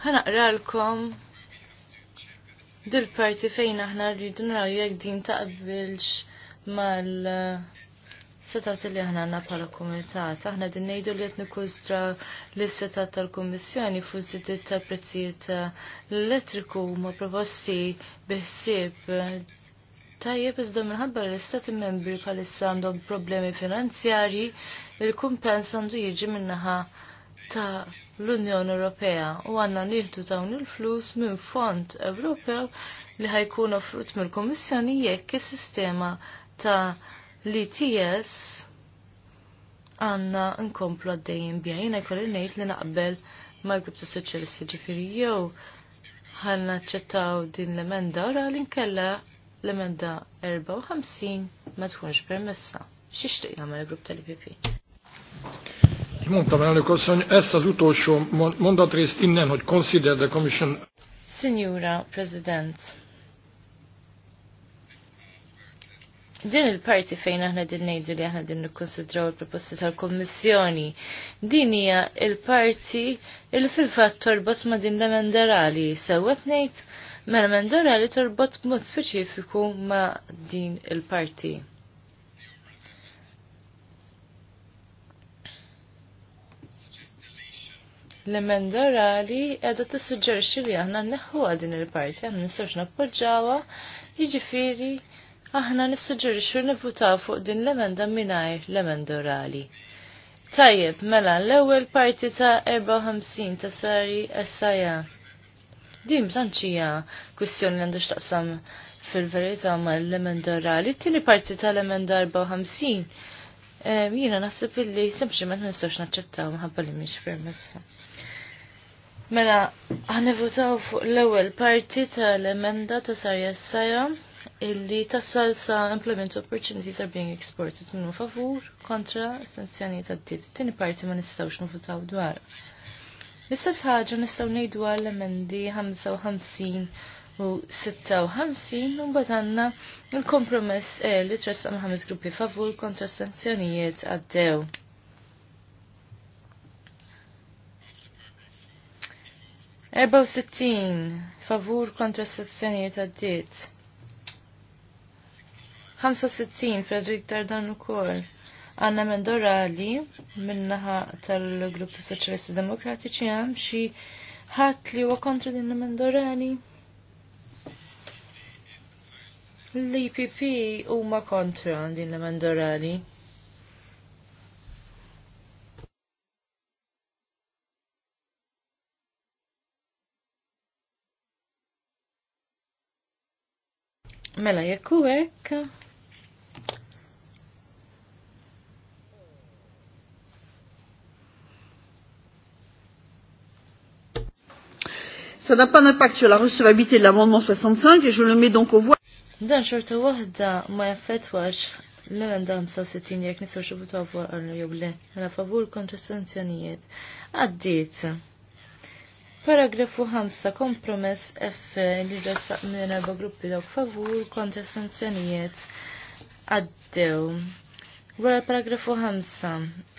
ħanaqralkom dil parti fejn aħna rridu naraw jekk din taqbilx mal setat li aħna għandna bħala kumitat. Aħna din ngħidu li qed nikkustra l setat tal-Kummissjoni fuq żidiet tal-prezzijiet l-elettriku huma proposti biħsieb Tajjeb, iżda minħabba l-istati membri bħalissa għandhom problemi finanzjarji, il-kumpens għandu jiġi minnaħa ta' l-Unjoni Ewropea u għanna nieħdu dawn il-flus minn fond Ewropew li ħajkun offrut mill-Kommissjoni jekk is-sistema ta' l-ITS għanna nkomplu għaddejjin bija. Jena kolli ngħid li naqbel mal-grupp ta' soċjalisti ġifieri jew ħanna ċettaw din l-emenda ora li nkella l-emenda 54 ma tkunx permessa. X'ixtieq jagħmel il-grupp tal-IPP? Mondtam elnök asszony, ezt az utolsó mondatrészt innen, hogy consider the commission. Signora President, din il-parti fejn aħna din nejdu li aħna din nikkonsidraw il-proposti tal-Kommissjoni. Din hija il-parti il fil-fatt torbot ma' din l-emendorali. emendarali Sewwet ma l-emendarali torbot mod speċifiku ma' din il-parti. l-emenda orali edha tissuġġerixxi li aħna neħu din il-parti, aħna nistgħux nappoġġawha, jiġifieri aħna nissuġġerixxu nivvutaw fuq din l-emenda mingħajr l-emenda orali. Tajjeb, mela l-ewwel parti ta' 54 ta' sari essaja. Din b'tanċija kwistjoni li għandu x'taqsam fil-verità ma' l-emenda orali. Tieni parti tal-emenda 54 eh, jiena nasib illi sempliċement ma nistgħux naċċettaw minħabba li mhix permessa. Mela, għanivutaw fuq l-ewel parti tal-emenda ta' sarja s-saja illi ta' salsa implement opportunities are being exported minnu favur kontra sanzjoni ta' d-dit. Tini parti ma nistawx nifutaw dwar. L-istess ħagġa nistaw nejdu għall-emendi 55 u 56 u batanna il-kompromess er li tressam ħames gruppi favur kontra sanzjonijiet għaddew. 64 favur kontra stazzjonijiet għaddiet. 65 Fredrik Tardan ukoll. Għanna mendorali minnaħa tal-Grupp ta' Soċjalisti Demokratiċi hemm xi ħadd li huwa kontra din mendorali. L-IPP huma kontra din l-mendorali. Mela jekku hekk. Ça n'a pas d'impact sur la recevabilité de l'amendement 65 et je le mets donc au voie. Dan xorta wahda ma jaffetwax l-emenda 65 jek nisaw xibutu għabwa għallu jogħle, għala mela, favur kontra sanzjonijiet. Għaddit. Paragrafu 5 kompromess F li ressaq minn erba gruppi dawk favur kontra sanzjonijiet għaddew. Wara paragrafu 5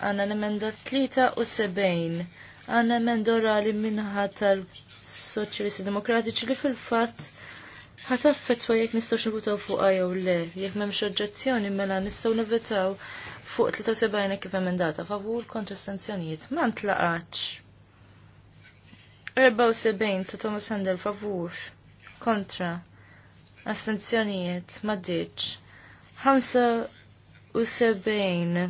għanna l-emenda 73 għanna emenda orali minħa tal-Soċjalisti Demokratiċi li fil-fatt fetwa jekk nistgħu nivutaw fuq jew le, jekk m'hemmx oġġezzjoni mela nistgħu nevetaw fuq 73 kif emendata favur kontra sanzjonijiet ma ntlaqax 74 ta' Thomas Handel favur kontra astenzjonijiet maddiċ 75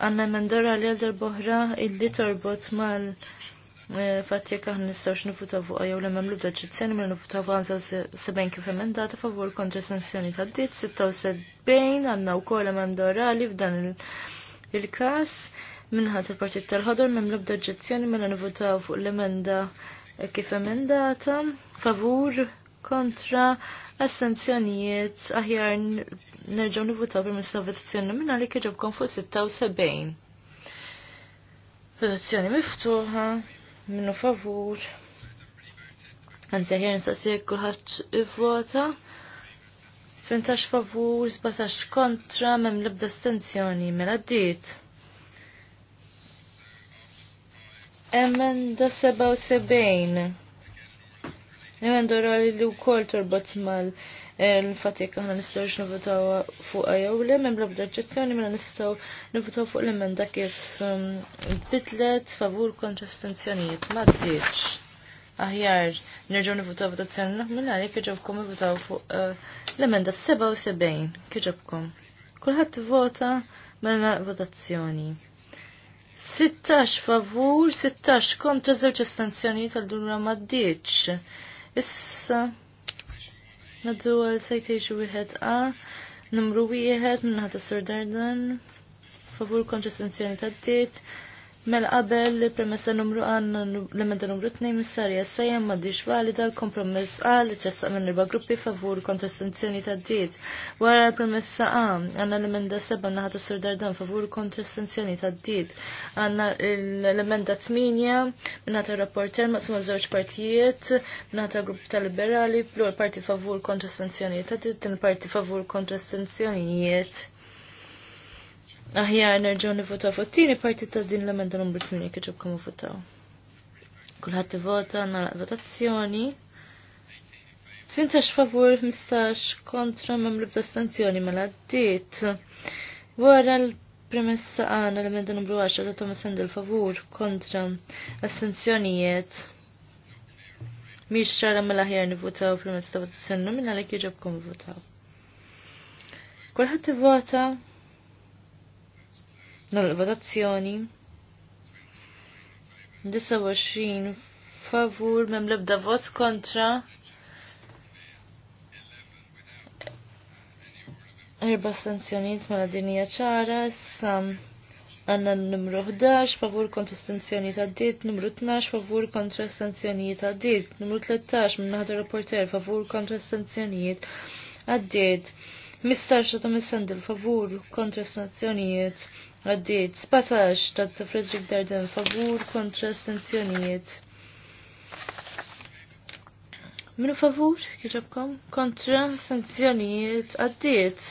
għanna mendora li għadar boħra illi torbot mal eh, fatti jek aħna nistawx nifuta fuq jew li memlu b'deċizzjoni mill mela nifuta fuq għansa 70 kif emendata favur kontra sanzjoni ta' ditt, 76 għanna u kol emendorali f'dan il-kas minħat il-partit tal-ħodor minn l-ebda oġġezzjoni mela nivutaw fuq l-emenda kif emendata favur kontra assenzjonijiet aħjar nerġaw nivutaw per minn votazzjoni minna li kieġobkom fuq 76. Votazzjoni miftuħa minnu favur. Għanzi aħjar nistaqsijek kullħat ivvota. 18 favur, 17 kontra, mem l-ebda astenzjoni, mela d-diet. Emenda 77. Emenda orali li wkoll torbot mal il-fatik eh, aħna nistgħu nivutaw fuq jew li minn bla oġġezzjoni mela nistgħu nifutaw fuq l-emenda kif um, bitlet favur kontra astenzjonijiet ma d-dieċ. Aħjar nerġgħu nifutaw votazzjoni nominali għalhekk iġobkom nifutaw fuq eh, l-emenda 77 kieġobkom. Kulħadd vota mela votazzjoni. 16 favur, 16 kontra żewġ estensjoni tal-dura maddiċ. Issa, naddu għal citation wieħed A, numru wieħed minnaħat Sir Dardan, favur kontra estensjoni tad-diet, Mela qabel li premessa numru għanna l-emenda numru 2 missarja sejjem ma diġ valida l-kompromess A li ċessa minn riba gruppi favur il-kontra sanzjoni ta' diet. Wara l-premessa A għanna l-emenda 7 naħat s dardan favur sanzjoni ta' diet. Għanna l-emenda 8 minnaħat il-rapporter maqsuma żewġ partijiet minnaħat il-grupp tal-liberali l parti favur sanzjoni ta' diet, tin parti favur kontra kontrastanzjonijiet Aħjar nerġgħu nivvotaw fuq tieni parti ta' din l-emenda numru 8 kif ġobkom votaw. Kulħadd ivota nagħlaq votazzjoni. Tfintax favur 15 kontra mem libda stanzjoni mela għaddiet. Wara l-premessa għana l-emenda numru 10 ta' Thomas Handel favur kontra astenzjonijiet. Miex ċara mela ħjar nivvotaw premessa ta' votazzjoni nominali kif ġobkom votaw. Kulħadd ivota Nal votazzjoni 29 favur mem lebda vot kontra Erba stanzjoniet mela dinija ċara, sam għanna numru 11, favur kontra stanzjoniet għaddit, numru 12, favur kontra stanzjoniet għaddit, numru 13, ħadu reporter, favur kontra stanzjoniet għaddit, mistarċa ta' missandil, favur kontra stanzjoniet Għaddiet, spataċ ta' Frederick Darden favur kontra stenzjonijiet. Minu favur, kħiġabkom? Kontra sanzjonijiet, għaddiet.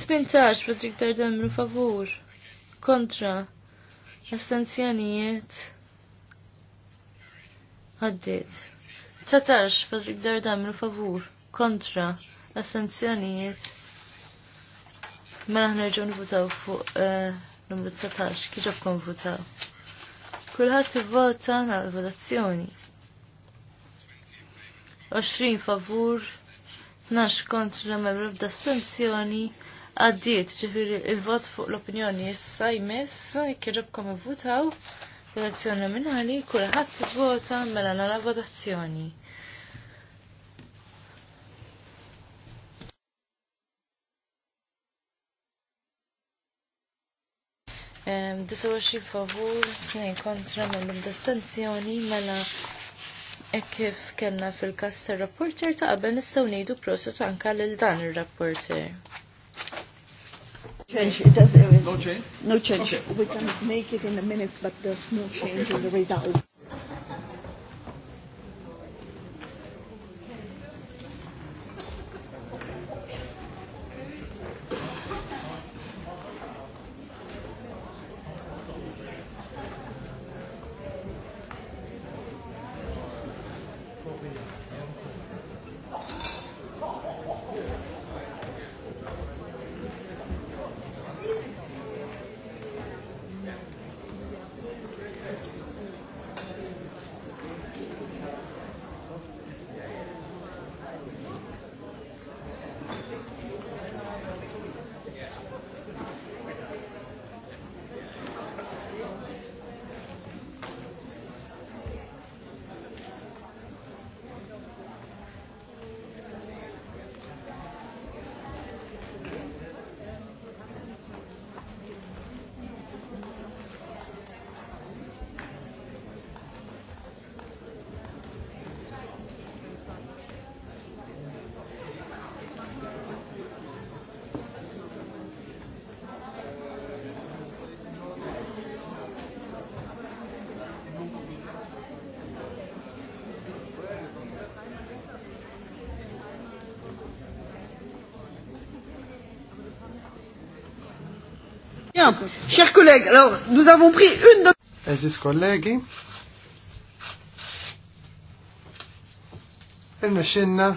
18 Frederick Darden minu favur. Kontra stenzjonijiet. Għaddiet. Tataċ, Frederick Darden minu favur. Kontra stenzjonijiet. Mela ħnerġu nvutaw fuq eh, numru 19, kieġab kon votaw. Kulħadd ivvota nagħmel votazzjoni. 20 favur, 12 kontra membru b'da stanzjoni għaddiet ġifir il-vot fuq l-opinjoni jmess, jmiss, kieġobkom votaw, votazzjoni nominali, kulħadd vota mela nara votazzjoni. 29 favur, 2 kontra mill mela distanzjoni mela e kif kellna fil-kas tar rapporter ta' qabel nistgħu ngħidu prosut anka lil dan ir-rapporter. Change. It does, no change. No change. Okay. We can make it in the minutes, but there's no change okay. in the result. bien, chers collègues. Alors, nous avons pris une de... Eżis kollegi, irna xinna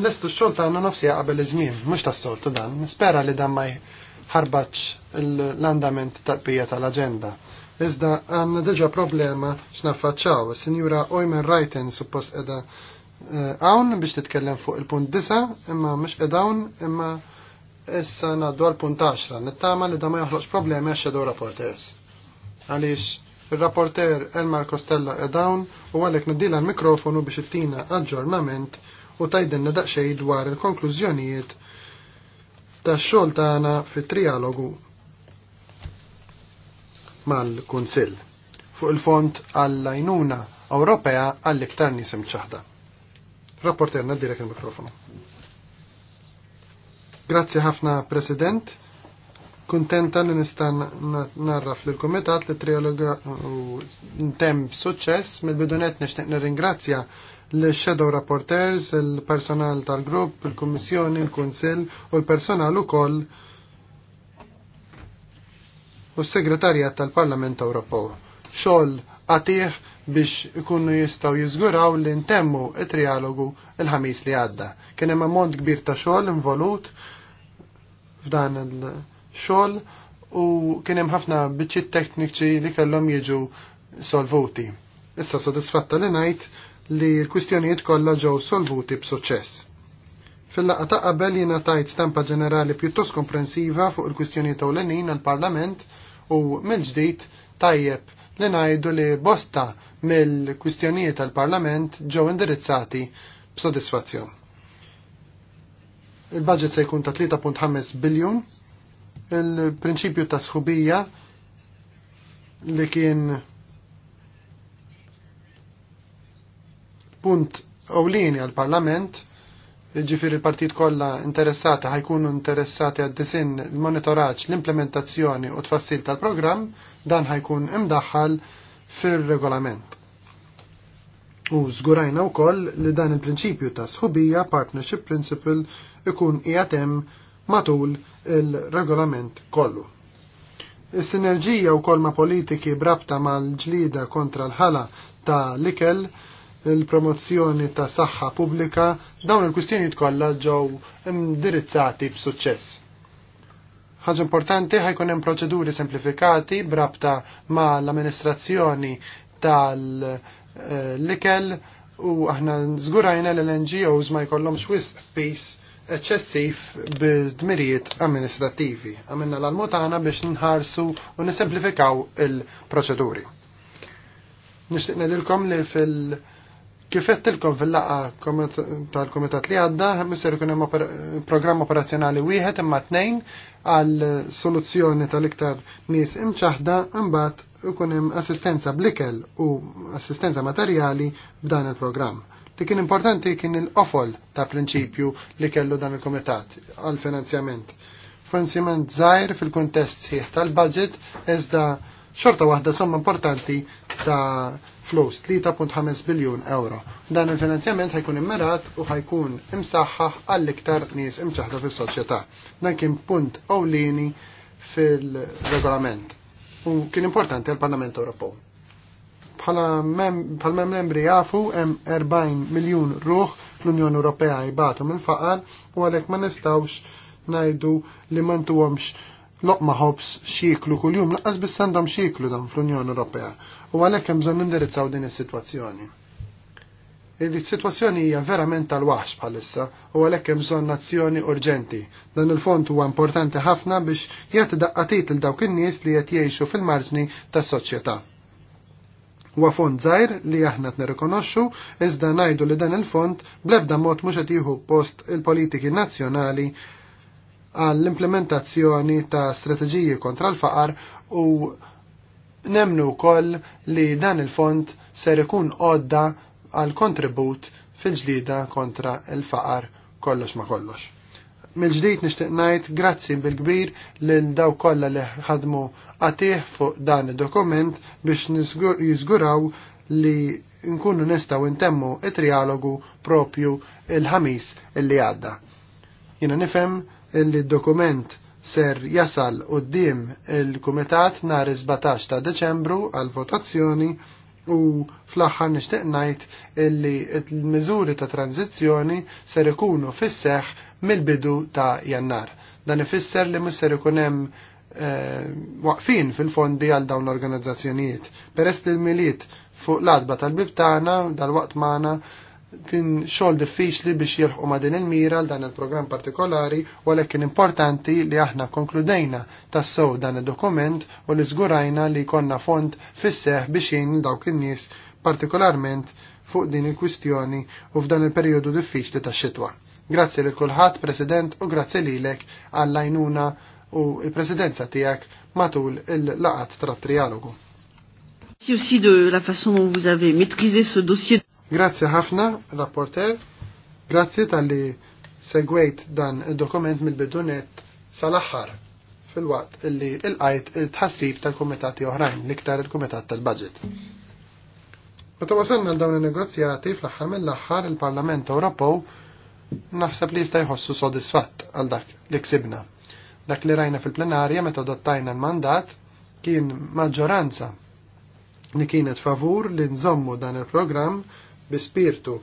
nlestu x-xol ta' għanna nofsi għabel iż mux ta' soltu dan, nispera li dan maj ħarbaċ l-andament ta' pija tal-agenda. Iżda għanna deġa problema x'naffaċċaw, sinjura Oymen Rajten suppost edha għawn eh, biex titkellem fuq il-punt disa, imma mux edawn, imma issa naddu għal punt 10, nittama li da ma joħloġ problemi għax shadow rapporters. Għaliex il-rapporter Elmar Costella e dawn u għalek niddila l-mikrofonu biex ittina aġġornament u tajdinna daqxej dwar il-konklużjonijiet tax xogħol tagħna fit-trialogu mal-Kunsill fuq il-Fond għall lajnuna Ewropea għall-iktar nisim ċaħda. Rapporter direk il-mikrofonu. Grazzi ħafna, President. Kuntenta li nista' narraf fil kumitat li u ntem b'suċċess mill-bidunet nixtieq nirringrazzja l-shadow rapporters, il-personal tal-grupp, il-kummissjoni, il-kunsill u l-personal ukoll u s-segretarjat tal-Parlament Ewropew. Xogħol għatih biex ikunu jistaw jizguraw li ntemmu it-trialogu il-ħamis li għadda. Kien hemm ammont kbir ta' xogħol involut f'dan il-xogħol u kien hemm ħafna biċċiet tekniċi li kellhom jiġu solvuti. Issa sodisfatta li ngħid li l-kwistjonijiet kollha ġew solvuti b'suċċess. Fil-laqqa ta' qabel jiena tajt stampa ġenerali pjuttost komprensiva fuq il-kwistjonijiet ewlenin għall-Parlament u mill-ġdid tajjeb li ngħidu li bosta mill-kwistjonijiet tal-Parlament ġew indirizzati b'sodisfazzjon. Il-budget se jkun ta' 3.5 biljun. Il-prinċipju ta' sħubija li kien punt ewlieni għal-Parlament ġifir il-partit kolla interessata ħajkunu interessati għad disin il-monitoraċ l-implementazzjoni u tfassil tal-program dan ħajkun imdaħħal fil-regolament. U żgurajna wkoll li dan il-prinċipju ta' sħubija partnership principle ikun qiegħed matul il-regolament kollu. Is-sinerġija wkoll ma' politiki brabta mal-ġlida kontra l-ħala ta' likel, il-promozzjoni ta' saħħa pubblika, dawn il-kwistjonijiet kollha ġew indirizzati b'suċċess. Ħaġa importanti ħajkun hemm proċeduri semplifikati brabta ma' l-amministrazzjoni tal- Eh, l-ikel u aħna zgurajna l-NGOs ma jkollhomx wisq pis eċċessiv b'dmirijiet amministrativi. Għamilna l-almutana biex nħarsu u nisemplifikaw il-proċeduri. Nishtiqna dilkom li fil- Kif għettilkom fil laqqa tal-komitat li għadda, misser kunem hemm programm operazzjonali wieħed imma tnejn għal soluzzjoni tal-iktar nies imċaħda imbagħad ikun hemm assistenza blikel u assistenza materjali b'dan il-programm. Li kien importanti kien il-qofol ta' prinċipju li kellu dan il-komitat għal finanzjament. Finanzjament żgħir fil kontest sħiħ tal-budget iżda xorta waħda somma importanti ta' flus 3.5 biljun euro. Dan il-finanzjament ħajkun immerat u ħajkun imsaħħaħ għall-iktar nies imċaħda fis-soċjetà. Dan kien punt ewlieni fil-regolament u kien importanti għal-Parlament Ewropew. Bħala mem membri jafu hemm 40 miljun ruħ l-Unjoni Ewropea jibatu mill-faqar u għalhekk ma nistgħux ngħidu li ma loqma ħobs xiklu kuljum laqqas biss għandhom xiklu dan fl-Unjoni Ewropea u għalhekk hemm bżonn nindirizzaw din is-sitwazzjoni. Il-sitwazzjoni hija verament tal-waħx bħalissa u għalhekk hemm bżonn azzjoni urġenti. Dan il-fond huwa importanti ħafna biex jagħti daqqatit il dawk in-nies li qed jgħixu fil-marġni tas-soċjetà. Huwa fond żgħir li aħna nirrikonoxxu iżda ngħidu li dan il-fond bl-ebda mod mhux qed jieħu post il-politiki nazzjonali għall-implementazzjoni ta' strateġiji kontra l-faqar u nemnu koll li dan il-fond ser ikun għodda għal kontribut fil ġdida kontra l-faqar kollox ma kollox. Mil-ġdijt nishtiq najt grazzi bil-kbir lil daw kolla li ħadmu għatih fuq dan il-dokument biex jizguraw li nkunu nistaw intemmu it-trialogu propju il-ħamis illi għadda. Jina nifem illi dokument ser jasal qoddim il-Kumitat nhar 17 ta' Deċembru għal votazzjoni u fl-aħħar nixtieq ngħid illi l-miżuri ta' tranzizzjoni ser ikunu fis-seħħ mill-bidu ta' Jannar. Dan ifisser li mhux ser ikun hemm eh, waqfin fil-fondi għal dawn l organizzazzjonijiet. Peress li l-miliet fuq l-adba tal bibtana dal-waqt magħna din xogħol diffiċli biex jirħu ma' din il-mira l dan il-programm partikolari u għalhekk kien importanti li aħna konkludejna tassew dan id-dokument u li zgurajna li konna font fisseħ biex jgħin dawk in-nies partikolarment fuq din il-kwistjoni u f'dan il-perjodu diffiċli tax-xitwa. Grazzi lil kulħadd, President, u grazzi lilek għall-għajnuna u l-presidenza tiegħek matul il-laqat tra trialogu. Merci aussi de la façon dont vous avez maîtrisé ce dossier. Grazzi ħafna, rapporter. Grazzi tal-li segwejt dan il-dokument mill-bidunet sal-axħar fil-waqt illi il-qajt il-tħassib tal-komitati oħrajn, liktar il-komitat tal-budget. Meta wasalna l-dawn il-negozjati fl-axħar mill-axħar il-Parlament Ewropew naħseb li jista' jħossu sodisfatt għal dak li ksibna. Dak li rajna fil-plenarja meta dottajna l-mandat kien maġġoranza li kienet favur li nżommu dan il-programm bi spirtu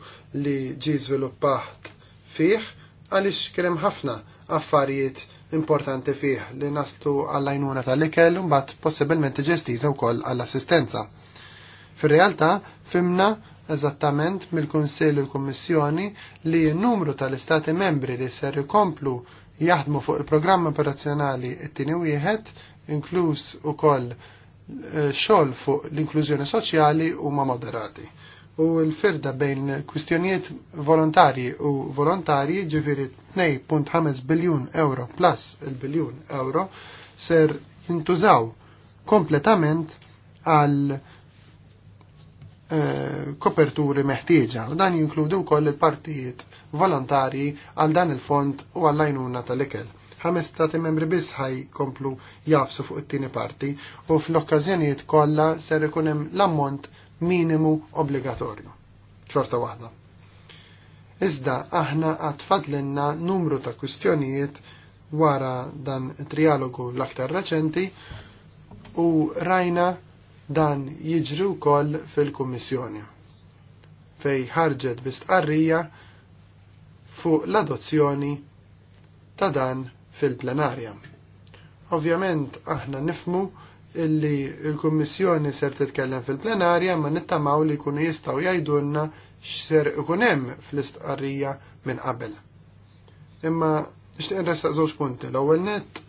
li ġi żviluppat fih għaliex krem ħafna affarijiet importanti fih li naslu għall-għajnuna tal-ikel u mbagħad possibilment u koll għall-assistenza. Fir-realtà fimna eżattament mill-Kunsill u l-Kummissjoni li n-numru tal-Istati membri li ser komplu jaħdmu fuq il-programm operazzjonali it-tieni wieħed inkluż ukoll eh, xogħol fuq l-inklużjoni soċjali huma moderati u l-firda bejn kwistjonijiet volontarji u volontarji ġifiri 2.5 biljun euro plus il-biljun euro ser jintużaw kompletament għal eh, koperturi meħtieġa u dan jinkludu wkoll il-partijiet volontari għal dan il-fond u għall-għajnuna tal-ikel. Ħames stati membri biss ħaj komplu jafsu fuq it-tieni parti u fl-okkażjonijiet kollha ser ikun hemm l-ammont minimu obbligatorju. Xorta waħda. Iżda aħna għad numru ta' kwistjonijiet wara dan trialogu l-aktar reċenti u rajna dan jiġri wkoll fil-Kummissjoni fej ħarġet bistqarrija fuq l-adozzjoni ta' dan fil-plenarja. Ovvjament aħna nifmu illi il-Kummissjoni ser titkellem fil-plenarja ma nittamaw li kunu jistaw jajdunna xser ikunem fl-istqarrija minn qabel. Imma nishtiq nressaq żewġ punti. L-ewwel net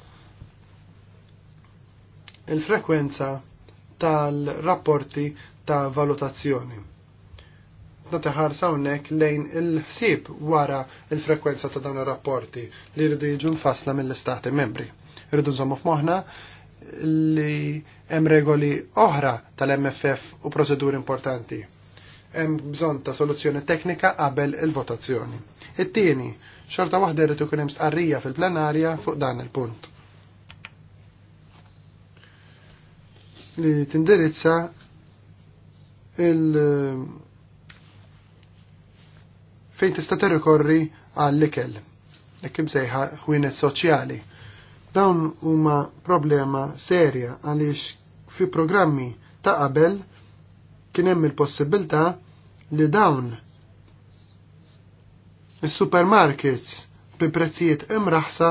il-frekwenza tal-rapporti ta' valutazzjoni. Nata ħarsa hawnhekk lejn il-ħsieb wara il-frekwenza ta' dawn ir-rapporti li jridu jiġu mfassla mill-istati membri. Irridu nżommu f'moħħna li hemm regoli oħra tal-MFF u proċeduri importanti. Hemm bżonn ta' soluzzjoni teknika qabel il-votazzjoni. It-tieni, xorta waħda jrid ikun hemm stqarrija fil-plenarja fuq dan il-punt. Li tindirizza il- fejn tista' tirrikorri għall-ikel, jekk imsejħa ħwienet soċjali Dawn huma problema serja għaliex fi programmi ta' qabel kien hemm il-possibilità li dawn is-supermarkets bi prezzijiet imraħsa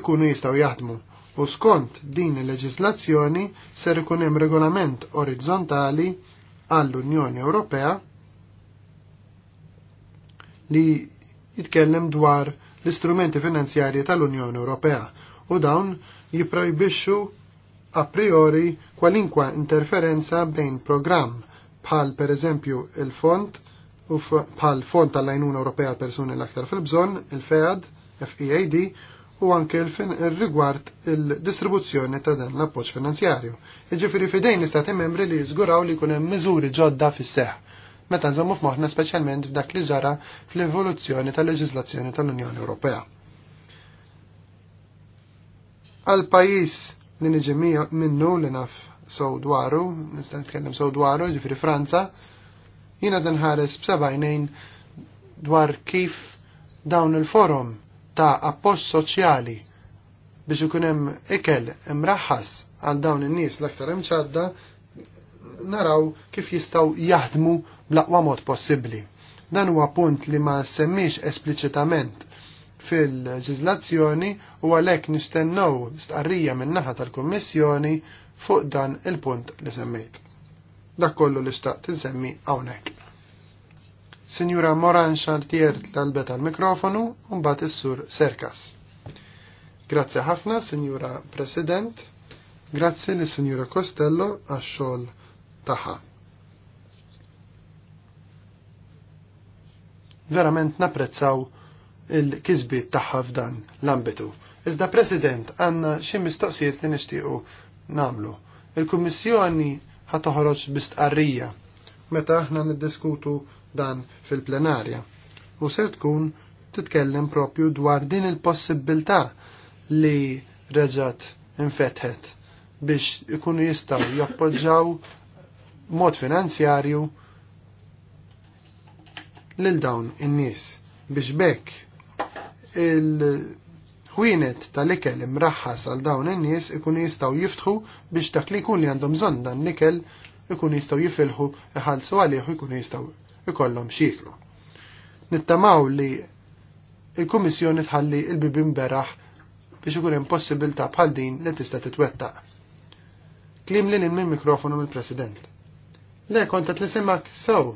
ikunu jistgħu jaħdmu u skont din il-leġislazzjoni ser ikun hemm regolament orizzontali għall-Unjoni Ewropea li jitkellem dwar l-istrumenti finanzjarji tal-Unjoni Ewropea u dawn jiprojbixxu a priori kwalinkwa interferenza bejn programm bħal per eżempju il-font u bħal font tal-Ajnuna Ewropea persuni l-aktar fil-bżonn, il-FEAD, FEAD, u anke il-rigward il-distribuzzjoni ta' dan l-appoġġ finanzjarju. Iġifiri fidejn l-istati membri li jizguraw li jkun hemm miżuri ġodda fis-seħħ meta nżommu f'moħħna speċjalment f'dak li ġara fl-evoluzzjoni tal leġizlazzjoni tal-Unjoni Ewropea għal pajis li niġi minnu li naf sow dwaru, nista' nitkellem sow dwaru, ġifri Franza, jina ħares b'sebajnejn dwar kif dawn il-forum ta' appos soċjali biex ikun hemm ikel imraħħas għal dawn in-nies l-aktar imċadda naraw kif jistaw jaħdmu bl-aqwa mod possibbli. Dan huwa punt li ma semmix espliċitament fil ġizlazzjoni u għalhekk nistennew stqarrija min-naħa tal-Kummissjoni fuq dan il-punt li semmejt. Dak kollu li staq tinsemmi hawnhekk. Sinjura Moran Xartier talbe tal-mikrofonu u mbagħad is-sur Serkas. Grazzi ħafna, Sinjura President. Grazzi li Sinjura Costello għax-xogħol tagħha. verament napprezzaw il-kizbit tagħha f'dan l-ambitu. Iżda President għandna xi mistoqsijiet li nixtiequ nagħmlu. Il-Kummissjoni ħa toħroġ bistqarrija meta aħna niddiskutu dan fil-plenarja. U ser tkun titkellem propju dwar din il-possibilità li reġat infetħet biex ikunu jistaw jappoġġaw mod finanzjarju lil dawn in-nies biex bekk il-ħwienet tal-ikel imraħħas għal dawn in-nies ikun jistgħu jiftħu biex dak li jkun li għandhom bżonn dan nikel ikun jistgħu jifilħu iħallsu għalih ikun jistgħu ikollhom xieklu. Nittamaw li il-Kummissjoni tħalli il-bibin beraħ biex ikun hemm possibilità bħal din li tista' titwettaq. Klim lil minn mikrofonu mill-President. Le kont qed nisimak sew,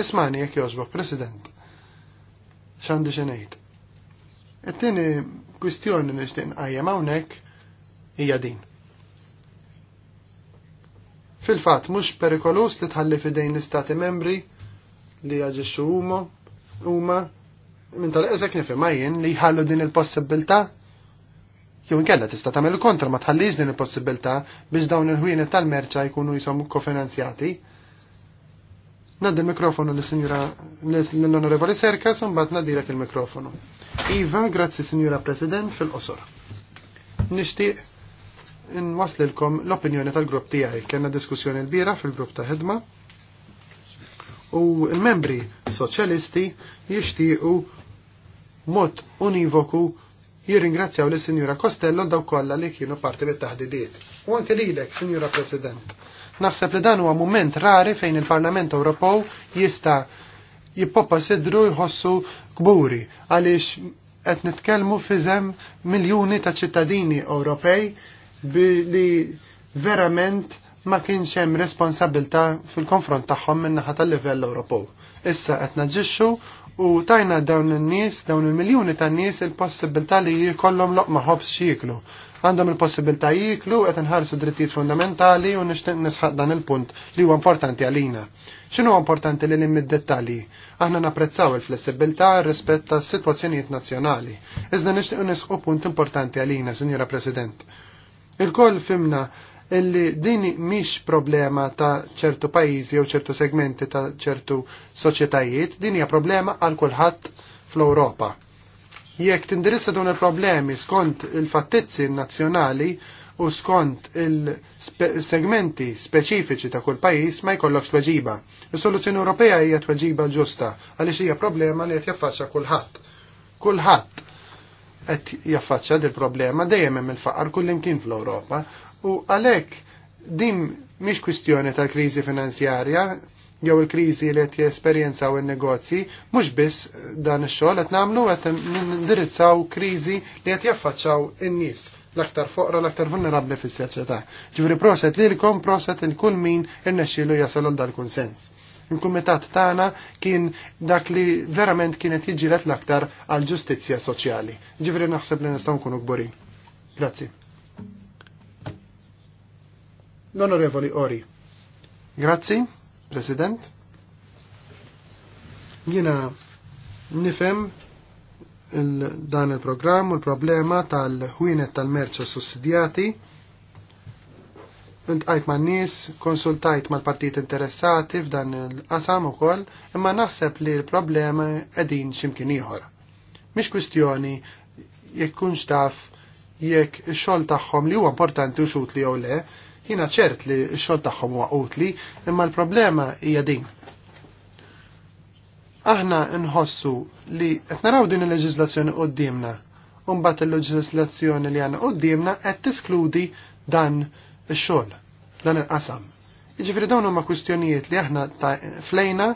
ismani jekk jogħġbok President. Xandi xi ngħid. It-tieni kwistjoni nixtieq nqajjem hawnhekk hija din. Fil-fatt mhux perikolus li tħalli fidejn l-istati membri li jaġixxu huma huma minn tal-eżek nifhem jien li jħallu din il-possibilità jew inkella tista' tagħmel kontra ma tħallix din il-possibilità biex dawn il-ħwienet tal-merċa jkunu jisom kofinanzjati. Naddi il-mikrofonu li sinjura l-Onorevoli Serkas un bat il-mikrofonu. Iva, grazzi Sinjura President fil-qosor. Nishtiq n-waslilkom l-opinjoni tal-grupp tiegħi. Kenna diskussjoni l-bira fil-grupp ta' ħedma u l-membri soċjalisti jixtiequ mod univoku jirringrazzjaw li sinjura Costello daw kollha li kienu parti bit taħdidiet U anke lilek, Sinjura President Naħseb li dan huwa mument rari fejn il-Parlament Ewropow jista' jippoppa sidru jħossu kburi għaliex qed nitkellmu fi żemm miljuni ta' ċittadini Ewropej li verament ma kienx hemm responsabilità fil-konfront tagħhom min-naħa tal-livell Ewropew. Issa qed naġixxu u tajna dawn in-nies, dawn il-miljuni ta' nies il-possibilità li jkollhom loqma ħobs xieklu għandhom il-possibilità jiklu qed inħarsu drittijiet fundamentali u nixtieq nisħaq dan il-punt li huwa importanti għalina. X'inhu importanti li nimmi id-dettalji? Aħna napprezzaw il-flessibilità rispett tas sitwazzjonijiet nazzjonali. Iżda nixtieq nisqu punt importanti għalina, Sinjura President. Il-koll fimna illi din mhix problema ta' ċertu pajjiżi jew ċertu segmenti ta' ċertu soċjetajiet, din hija problema għal kulħadd fl-Ewropa. Jekk tindirissa dawn il-problemi skont il-fattizzi nazzjonali u skont il-segmenti speċifiċi ta' kull pajis ma jkollokx tweġiba. Is-soluzzjoni Ewropea hija tweġiba ġusta għaliex hija problema li qed jaffaċċa kulħadd. Kulħadd qed jaffaċċa dil problema dejjem hemm il-faqar kullimkien fl-Ewropa u għalhekk din mhix kwistjoni tal-kriżi finanzjarja jew il-kriżi li qed jesperjenzaw in-negozji, mhux biss dan ix-xogħol qed nagħmlu qed nindirizzaw kriżi li qed jaffaċċaw in-nies l-aktar foqra l-aktar vulnerabbli fis-soċjetà. Ġifri proset lilkom proset il kull min irnexxielu jasal għal dal-kunsens. Il-kumitat tagħna kien dak li verament kienet jiġilet l-aktar għal ġustizzja soċjali. Ġifri naħseb li nistgħu nkunu gburin. Grazzi. L-Onorevoli Ori. Grazzi. President. Jiena nifem il dan il-programm u l-problema tal-ħwienet tal-merċa sussidjati. Intqajt ma' nies, konsultajt mal-partit interessati f'dan il-qasam ukoll, imma naħseb li l-problema qegħdin x'imkien ieħor. Mhix kwistjoni jekk kunx taf jekk ix-xogħol tagħhom li huwa importanti u xut li jew le, Jiena ċert li x-xogħol tagħhom huwa utli, imma l-problema hija din. Aħna nħossu li qed naraw din il-leġiżlazzjoni qudiemna u mbagħad il-leġiżlazzjoni li għandna qudiemna qed tiskludi dan ix-xogħol, dan il-qasam. Jiġifieri dawn huma kwistjonijiet li aħna flejna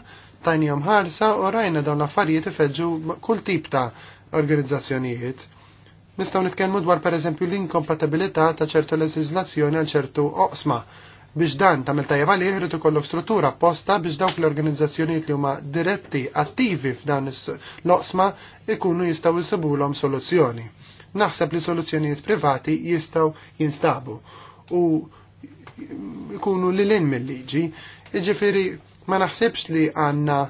tajnijom ħarsa u rajna dawn l-affarijiet ifeġġu kull tip ta' organizzazzjonijiet Nistgħu nitkellmu dwar pereżempju l-inkompatibilità ta' ċertu leżislazzjoni għal ċertu oqsma biex dan tagħmel tajjeb għalih irid ikollok struttura apposta biex dawk l-organizzazzjonijiet li huma diretti attivi f'dan l-oqsma ikunu jistgħu jsibulhom soluzzjoni. Naħseb li soluzzjonijiet privati jistgħu jinstabu u ikunu li l mill-liġi, iġifiri ma naħsibx li għandna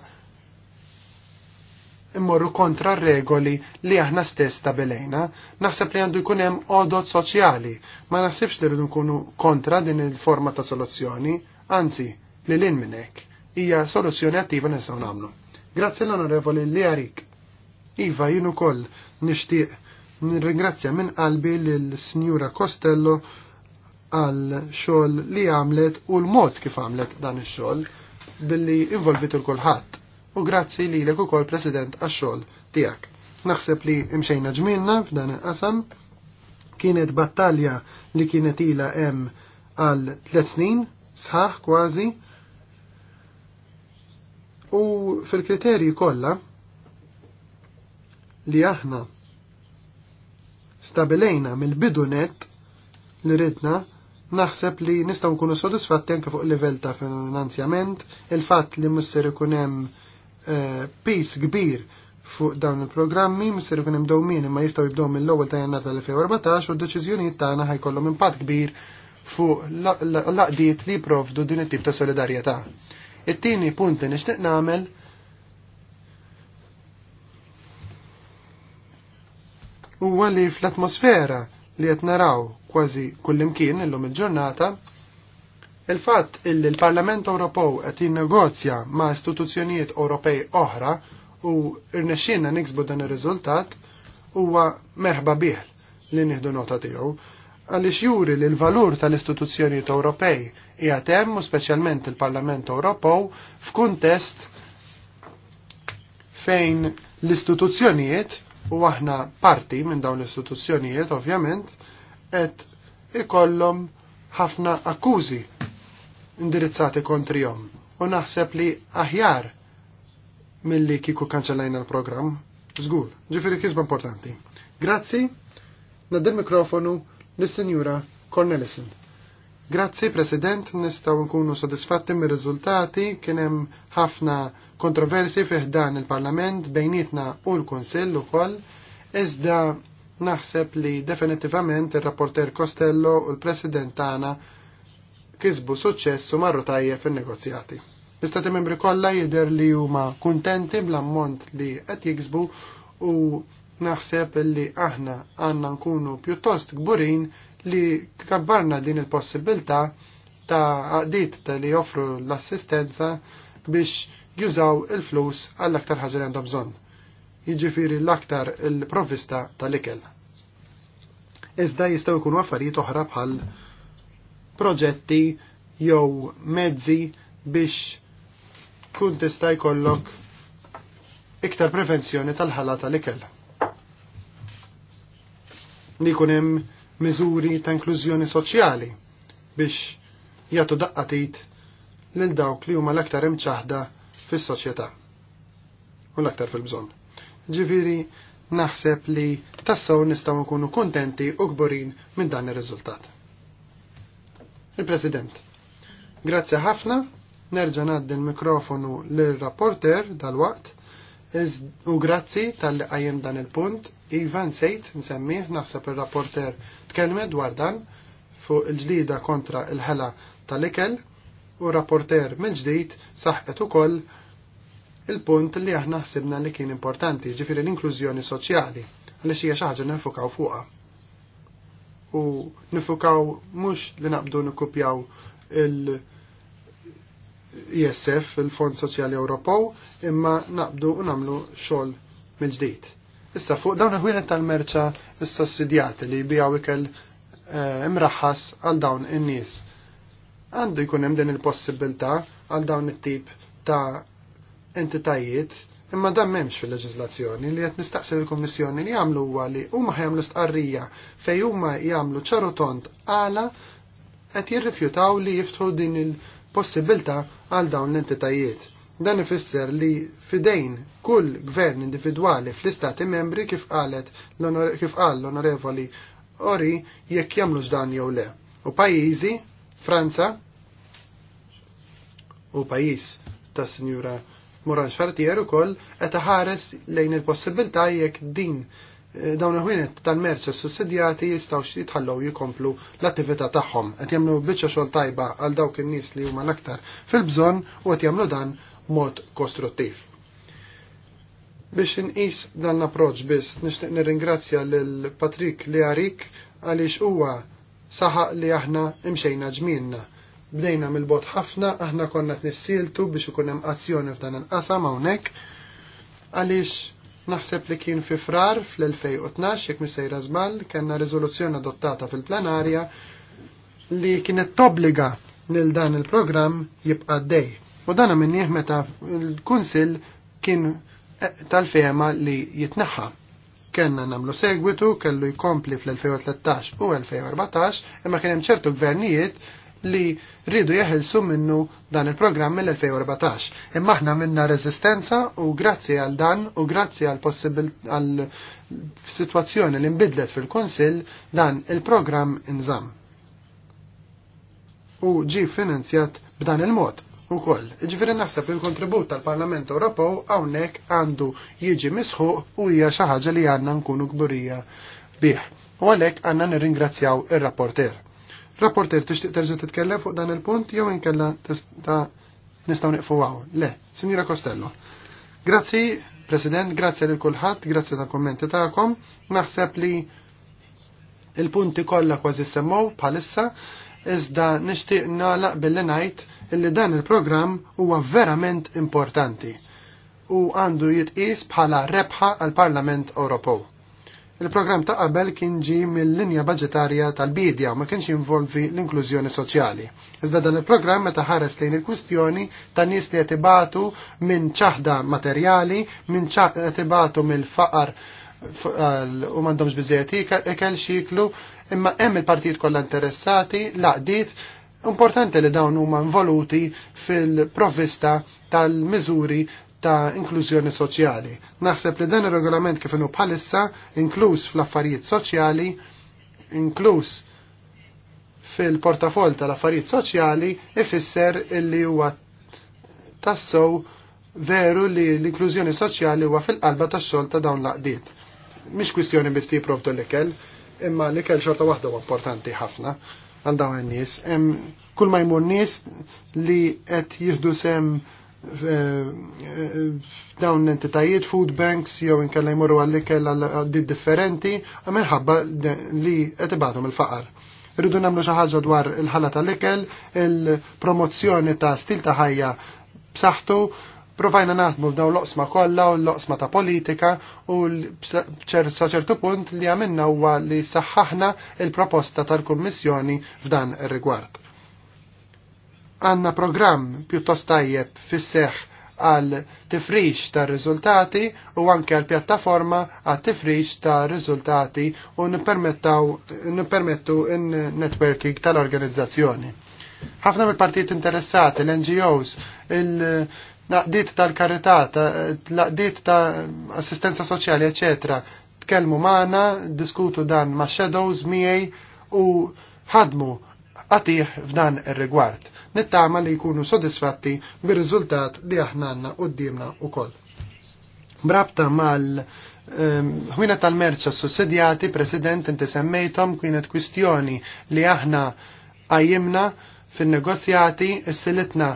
immorru kontra regoli li aħna stess tabelejna, naħseb li għandu jkun hemm soċjali, ma naħsibx li rridu nkunu kontra din il-forma ta' soluzzjoni, anzi, li l-in minnek, hija soluzzjoni attiva nisaw nagħmlu. Grazzi l-onorevoli li għarik. Iva, jien ukoll nixtieq nirringrazzja minn qalbi lill-Sinjura Costello għal xogħol li għamlet u l-mod kif għamlet dan ix-xogħol billi involvitu l-kulħadd u grazzi li l ukoll President għax-xogħol tiegħek. Naħseb li imxejna ġminna f'dan il-qasam kienet battalja li kienet ila hemm għal tliet snin sħaħ kważi u fil-kriterji kollha li aħna stabilejna mill-bidu net li ridna naħseb li nistgħu nkunu sodisfatti anke fuq livell ta' finanzjament, il-fatt li musser ikun hemm Eh, pis kbir fuq dawn il-programmi msir ikun dawmin imma jistgħu jibdew mill-ewwel ta' jannar tal-2014 u d-deċiżjonijiet tagħna ħajkollhom impatt kbir fuq laqdiet li jipprovdu din it-tip ta' solidarjetà. It-tieni punt li nixtieq nagħmel huwa li fl-atmosfera li qed naraw kważi kullimkien illum il-ġurnata il il ġurnata Il-fatt il l-Parlament Ewropew qed jinnegozja ma' istituzzjonijiet Ewropej oħra u rnexxinna niksbu dan ir-riżultat huwa merħba bih li nieħdu nota tiegħu għaliex juri li l-valur tal-istituzzjonijiet Ewropej hija hemm u speċjalment il-Parlament Ewropew f'kuntest fejn l-istituzzjonijiet u aħna parti minn dawn l-istituzzjonijiet ovvjament qed ikollhom ħafna akkużi indirizzati kontrihom. U naħseb li aħjar mill-li kiku kanċellajna l-programm, żgur, ġifieri kisba importanti. Grazzi, nadir il-mikrofonu l sinjura Cornelison. Grazzi President, nistaw nkunu sodisfatti mir riżultati kien hemm ħafna kontroversi fih dan il-Parlament bejnietna u l-Kunsill ukoll, iżda naħseb li definitivament ir-rapporter Costello u l-President tagħna kisbu suċċess u marru tajjeb fin-negozjati. L-istati membri kollha jidher li huma kuntenti bl-ammont li qed jiksbu u naħseb li aħna għandna nkunu pjuttost kburin li kabbarna din il-possibilità ta' għadit ta' li joffru l-assistenza biex jużaw il-flus għall-aktar ħaġa li għandhom bżonn. Jiġifieri l-aktar il-provvista tal-ikel. Iżda jistgħu jkunu affarijiet oħra bħal proġetti jew mezzi biex kun tista' jkollok iktar prevenzjoni tal-ħala tal-ikel. Li kun hemm miżuri ta' inklużjoni soċjali biex jagħtu daqqatit lil dawk li huma l-aktar imċaħda fis-soċjetà u l-aktar fil-bżonn. Ġifieri naħseb li tassaw nistgħu nkunu kontenti u kburin minn dan ir-riżultat. Il-President. Grazzi ħafna, nerġa' għaddi l-mikrofonu l rapporter dal-waqt u grazzi tal-li dan il-punt. Ivan sejt nsemmiħ, naħseb ir-rapporter tkellmet dwar dan fuq il ġdida kontra il-ħela tal-ikel u rapporter mill-ġdid saħqet ukoll il-punt li aħna ħsibna li kien importanti, ġifiri l-inklużjoni soċjali, għalli xie xi ħaġa nifukaw fuqha u nifukaw mhux li naqbdu nikkupjaw il- ISF, e il-Fond Soċjali Ewropew, imma naqbdu u nagħmlu xogħol mill-ġdid. Issa fuq dawn il-ħwienet tal-merċa s sossidjati li jbijaw ikel eh, imraħħas għal dawn in-nies. Għandu jkun hemm din il-possibilità għal dawn it-tip ta' entitajiet Imma dan m'hemmx fil leġislazzjoni li qed nistaqsi il kummissjoni li jagħmlu huwa li huma ħemlu stqarrija fejn huma jagħmlu ċaru tont għala qed jirrifjutaw li jiftħu din il-possibilità għal dawn l-entitajiet. Dan ifisser li fidejn kull gvern individwali fl-istati membri kif qalet kif qal l-onorevoli ori jekk jagħmlu dan jew le. U pajjiżi, Franza u pajjiż tas Sinjura Moran Xartier ukoll qed ħares lejn il-possibilità jekk din eh, dawn il-ħwienet tal-merċa sussidjati jistaw jitħallew jikomplu l-attività tagħhom. Qed jagħmlu biċċa xogħol tajba għal dawk in-nies li huma l-aktar fil-bżonn u qed jagħmlu dan mod kostruttiv. Biex inqis dan l-approċċ biss nixtieq nirringrazzja lil Patrik Learik għaliex huwa saħaq li aħna imxejna ġmienna Bdejna mill-bot ħafna, aħna konna t-nissiltu biex ikun hemm azzjoni f'dan il-qasam hawnhekk għaliex naħseb li kien fi frar fl-2012 jekk missejra żball kellna riżoluzzjoni adottata fil-plenarja li kienet tobbliga lil dan il-programm jibqa' dej. U dan minnieh meta l-Kunsill kien tal-fema li jitnaħħa kellna namlu segwitu, kellu jkompli fl-2013 u 2014, imma kien hemm ċertu gvernijiet li rridu jeħilsu minnu dan il-programm mill-2014. Imma aħna minna rezistenza u grazzi għal dan u grazzi għal għal situazzjoni li nbidlet fil-Konsil dan il-programm inżam. U ġi finanzjat b'dan il-mod u koll. Ġifiri naħseb il-kontribut tal-Parlament Ewropew hawnhekk għandu jiġi misħuq u hija xi ħaġa li għandna nkunu gburija bih. U għalhekk għandna nirringrazzjaw ir-rapporter. Rapporter, tixtieq terġa' titkellem fuq dan il-punt jew inkella nistgħu nieqfu għaw. Le, Sinjura Costello. Grazzi, President, grazzi lil kulħadd, grazzi tal-kommenti tagħkom. Naħseb li il-punti kollha kważi semmow bħalissa iżda nixtieq nagħlaq billi ngħid illi dan il-programm huwa verament importanti u għandu jitqis bħala rebħa għal Parlament Ewropew. Il-programm ta' qabel kien ġi mill-linja budgetarja tal-bidja ma kienx jinvolvi l-inklużjoni soċjali. Iżda dan il-programm meta ħares lejn il-kwistjoni ta' nies li jtibatu minn ċaħda materjali, minn jtibatu mill-faqar u m'għandhomx biżejjed ikel xiklu, imma hemm il-partijiet kollha interessati laqdiet importanti li dawn huma involuti fil-provvista tal-miżuri ta' inklużjoni soċjali. Naħseb li dan ir-regolament kif inhu bħalissa inkluż fl-affarijiet soċjali, inkluż fil-portafol tal-affarijiet soċjali ifisser illi huwa tassow veru li l-inklużjoni soċjali huwa fil-qalba tax-xogħol ta' dawn l-aqdiet. Mhix kwistjoni biss tipprovdu l-ikel, imma l-ikel xorta waħda huwa importanti ħafna għal dawn in-nies. Kull ma jmur nies li qed jieħdu sem Eh, eh, dawn l-entitajiet, food banks, jew inkella jmorru għall-ikel għaddi differenti, għamilħabba li għetibatum il-faqar. Rridu namlu xaħġa dwar il-ħala tal-ikel, il-promozzjoni ta' stil ta' ħajja b'saħħtu, provajna naħdmu f'dawn l-oqsma kollha u l-oqsma ta' politika u sa ċertu punt li għamilna huwa li saħħaħna il-proposta tal-Kummissjoni f'dan ir-rigward għanna programm pjuttost tajjeb fis għal tifrix ta' riżultati u anke għal pjattaforma għal tifrix ta' riżultati u nippermettu in-networking tal-organizzazzjoni. Ħafna mill-partijiet interessati, l-NGOs, il-naqdiet tal-karità, l ta' assistenza soċjali, eccetera, tkellmu magħna, diskutu dan ma' shadows miej u ħadmu għatih f'dan ir-rigward. Nittama li jkunu sodisfatti bir-riżultat li aħna għandna u wkoll. Brabta mal ehm, ħwina tal-merċa sussidjati, President, inti semmejtom kienet kwistjoni li aħna għajimna fin-negozjati s-silitna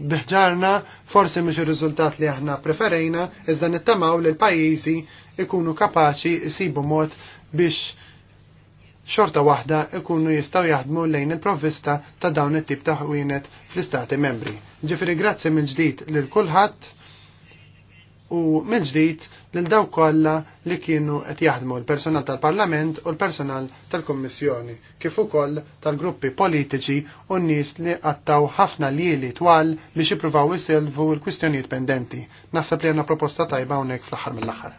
biħġarna forsi mhux ir-riżultat li aħna preferejna, iżda nittamaw li l-pajjiżi ikunu kapaċi jsibu mod biex xorta waħda ikunu jistaw jaħdmu lejn il-provvista ta' dawn it-tip ta' ħwienet fl-istati membri. Ġifiri grazzi mill-ġdid lil kulħadd u mill-ġdid lil dawk kollha li kienu qed jaħdmu l-personal tal-Parlament u l-personal tal-Kummissjoni, kif ukoll tal-gruppi politiċi u nies li għattaw ħafna lieli twal biex jippruvaw isilvu l-kwistjonijiet pendenti. Naħseb li għandna proposta tajba hawnhekk fl-aħħar mill-aħħar.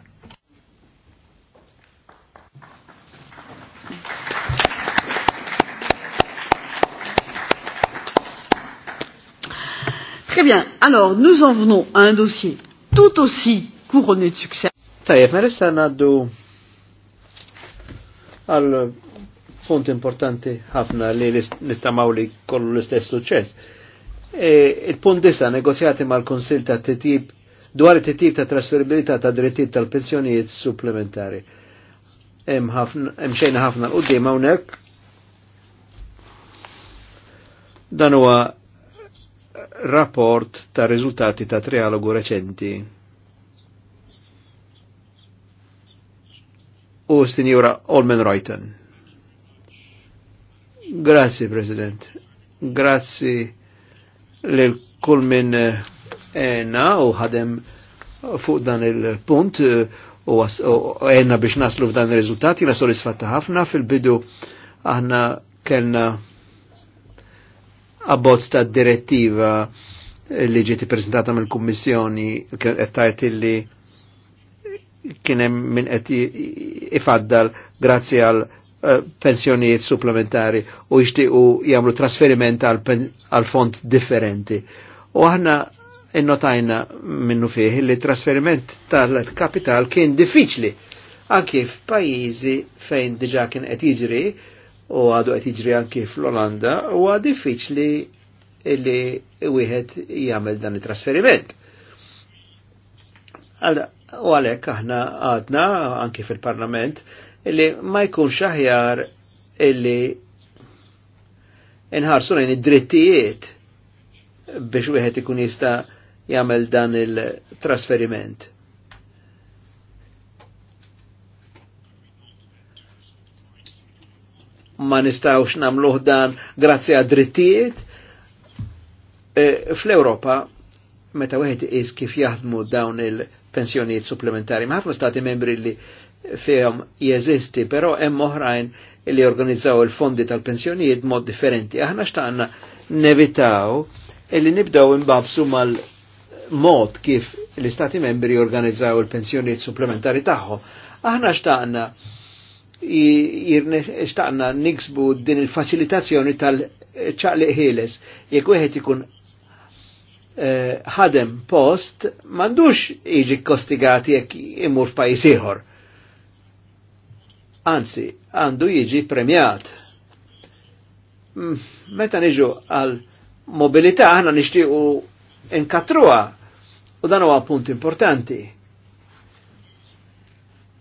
Très bien. Alors, nous en venons à un dossier tout aussi couronné de succès. Tajjeb, ma resta naddu għal punt importanti ħafna li nittamaw li kollu l-istess suċċess. E Il-punt disa negozjati mal-Konsil ta' TTIP dwar it-tip ta' trasferibilità ta' drittit tal-pensjonijiet supplementari. Hemm ħafna l-qudiem hawnhekk. Dan huwa rapport ta' rizultati ta' trialogu reċenti. U sinjura Olmen Reuten. Grazzi, President. Grazzi lil kull minn eh, ena u ħadem fuq dan il-punt eh, u għenna biex naslu f'dan il-rizultati, la soddisfatta ħafna fil-bidu aħna kellna abbozz ta' direttiva li ġieti prezentata mill kummissjoni qed tajt li kien hemm min qed ifaddal grazzi għal eh, pensjonijiet supplementari u jixtiequ jagħmlu trasferiment għal fond differenti. U aħna innotajna minnu fih li trasferiment tal-kapital kien diffiċli anki f'pajjiżi fejn diġà kien qed jiġri u għadu għet iġri anki fl-Olanda u għad diffiċli li wieħed jagħmel dan it-trasferiment. U għalhekk aħna għadna anki fil-Parlament illi ma jkunx aħjar illi inħarsu lejn id-drittijiet biex wieħed ikun jista' jagħmel dan il-trasferiment. ma nistawx namluħ dan grazzi għad drittijiet. E, Fl-Europa, meta wieħed is kif jaħdmu dawn il-pensjonijiet supplementari, ma ħafna stati membri li fihom jeżisti, però hemm oħrajn li organizzaw il-fondi tal-pensjonijiet mod differenti. Aħna xtaqna nevitaw li nibdaw imbabsu mal-mod kif l-istati membri organizzaw il-pensjonijiet supplementari tagħhom. Aħna xtaqna Jirne jirnextaqna niksbu din il-facilitazzjoni tal-ċaqliq ħiles Jekk wieħed ikun eh, ħadem post, mandux iġi kostigati jekk imur f'pajis ieħor. Anzi, għandu jiġi premjat. Mm, meta niġu għal mobilità aħna nixtiequ inkatruha u dan huwa punt importanti.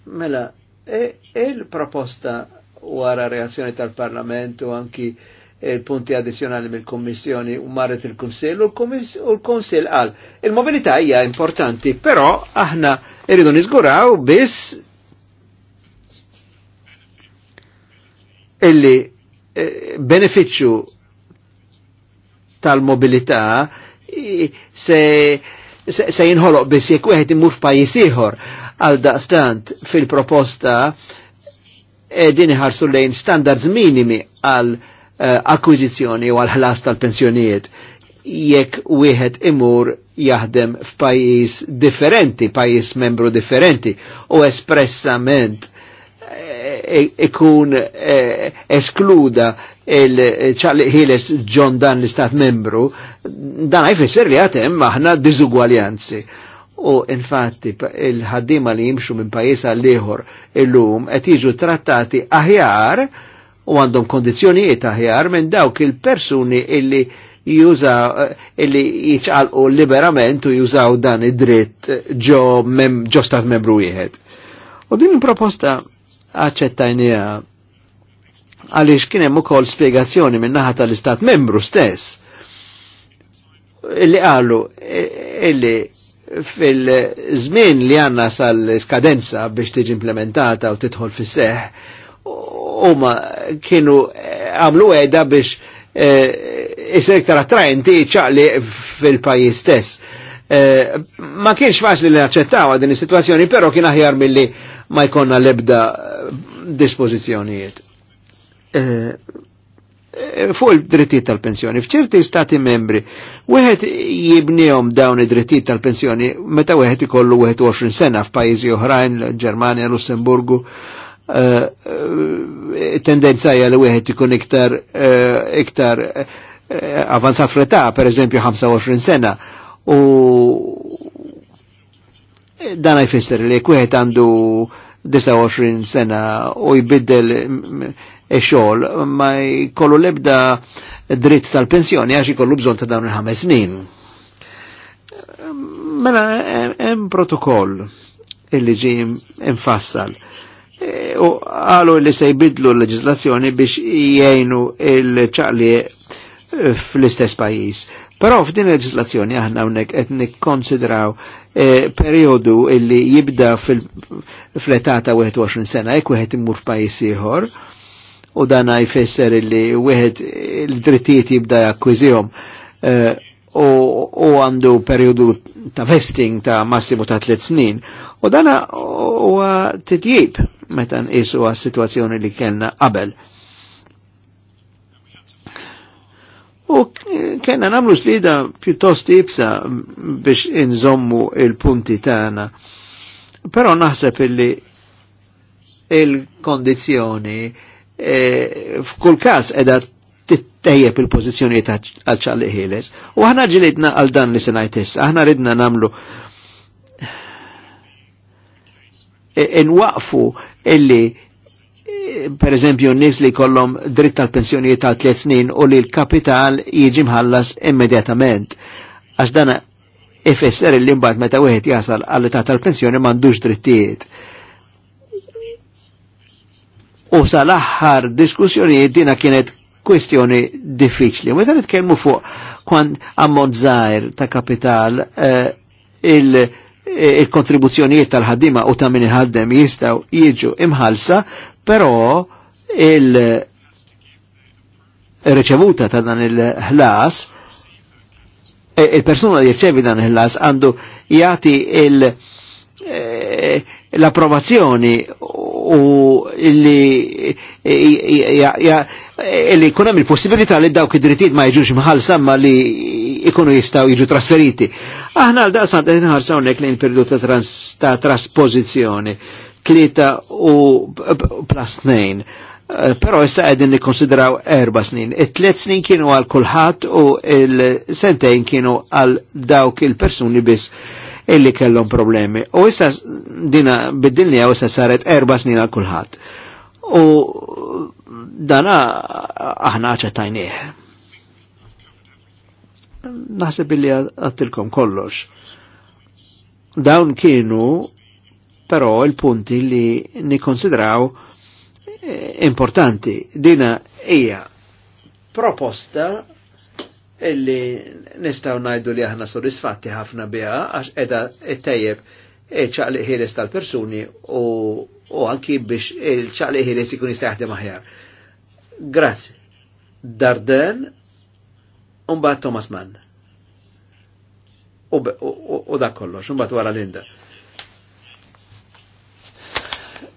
Mela, E, il-proposta wara reazzjoni tal-Parlament u anki il-punti addizjonali mill-Kommissjoni u marret il kunsell u l kunsell għal. Il-mobilità hija importanti, però aħna irridu niżguraw biss illi e, beneficju tal-mobilità se se, se jinħoloq biss jekk wieħed imur f'pajjiż ieħor Għal daqstant fil-proposta e, din iħarsu lejn standards minimi għal e, akkwizizjoni u għal ħlas tal-pensjonijiet jekk wieħed imur jaħdem f'pajjiż differenti, pajjiż membru differenti u espressament e, ikun eskluda il-ħiles ġon dan l-istat membru, dan għajfisser li għatem maħna diżugwaljanzi. U infatti il-ħaddima li jimxu minn pajis għal ieħor illum qed jiġu trattati aħjar u għandhom kondizjonijiet aħjar minn dawk il-persuni illi jużaw illi jiċqalqu liberament u jużaw dan id-dritt ġo mem, ġo stat membru wieħed. U din il-proposta għacċettajnija għaliex kien hemm ukoll spjegazzjoni minn naħa tal-istat membru stess illi qalu illi fil-żmien li għanna sal-skadenza biex tiġi implementata u titħol fis seħ huma kienu eh, għamlu għeda biex jisir eh, iktar attrajenti ċaqli fil-pajis stess. Eh, ma kienx faċli li naċċettaw din is-sitwazzjoni, però kien aħjar milli ma jkonna lebda dispożizzjonijiet. Eh, fuq il-drittijiet tal-pensjoni. F'ċerti stati membri, wieħed jibnihom dawn id-drittijiet tal-pensjoni meta wieħed ikollu 21 sena f'pajjiżi oħrajn, Ġermanja, Lussemburgu, eh, eh, tendenza hija li wieħed ikun iktar iktar avanzat fl-età, per eżempju 25 sena, u dan jfisser li wieħed għandu 29 sena u jbiddel e xogħol ma jkollu lebda dritt tal-pensjoni għax jkollu bżonn ta' dawn il-ħames snin. Mela hemm protokoll illi ġi infassal. E, u għalu li se jbidlu l-leġislazzjoni biex jgħinu il-ċaqli fl-istess pajis. Però f'din il-leġislazzjoni aħna hawnhekk qed nikkonsidraw perjodu periodu illi jibda fil-età ta' 21 sena jekk wieħed imur f'pajjiż ieħor u dan jfisser li wieħed il-drittijiet jibda jakkwizihom eh, u għandu periodu ta' vesting ta' massimu ta' tliet snin. U dana huwa titjib meta nqisu għas-sitwazzjoni li kellna qabel. U kena namlu slida pjuttost ibsa biex inżommu il-punti tagħna. Però naħseb illi il-kondizjoni il E, f'kull każ edha tittejjeb il pożizzjonijiet għal ċalli ħieles. U aħna ġilidna għal dan li ngħid issa, aħna ridna namlu inwaqfu e, illi per eżempju n-nis li kollom dritt tal pensjonijiet tal tliet snin u li l-kapital jiġi mħallas immedjatament. Għax dana ifisser il-limbat meta wieħed jasal għall-età tal-pensjoni m'għandux drittijiet u sal-aħħar diskussjonijiet dina kienet kwestjoni diffiċli. U Meta nitkellmu fuq kwan ammont zaħir ta' kapital eh, il eh, kontribuzzjonijiet tal ħaddima u ta' min ħaddem jistgħu jiġu imħalsa, però il-reċevuta ta' dan il-ħlas eh, il-persuna li jirċevi dan il-ħlas għandu jati il- l-approvazzjoni u li li kun hemm il-possibilità li dawk id-drittijiet ma jiġux mħallsa samma li ikunu jistaw jiġu trasferiti. Aħna għal daqsant nħarsa hawnhekk lejn perdu ta' trasposizjoni tlieta u plus 2. Eh, Pero issa għedin konsideraw erba snin. It-tlet snin kienu għal kulħadd u il-sentejn kienu għal dawk il-persuni biss illi kellhom problemi. U issa dina bid-dinja u issa saret erba snin għal kulħadd. U dana aħna ċettajnieh. Naħseb illi għattilkom kollox. Dawn kienu però il-punti li nikonsidraw eh, importanti. Dina hija proposta illi nistaw najdu li aħna soddisfatti ħafna biha għax edha it-tejjeb ċaqli ħieles tal-persuni u, anki biex il-ċaqli ħieles ikun jistaħdem aħjar. Grazzi. Darden, unbat Thomas Mann. U, u, u da kollox, unbat wara Linda.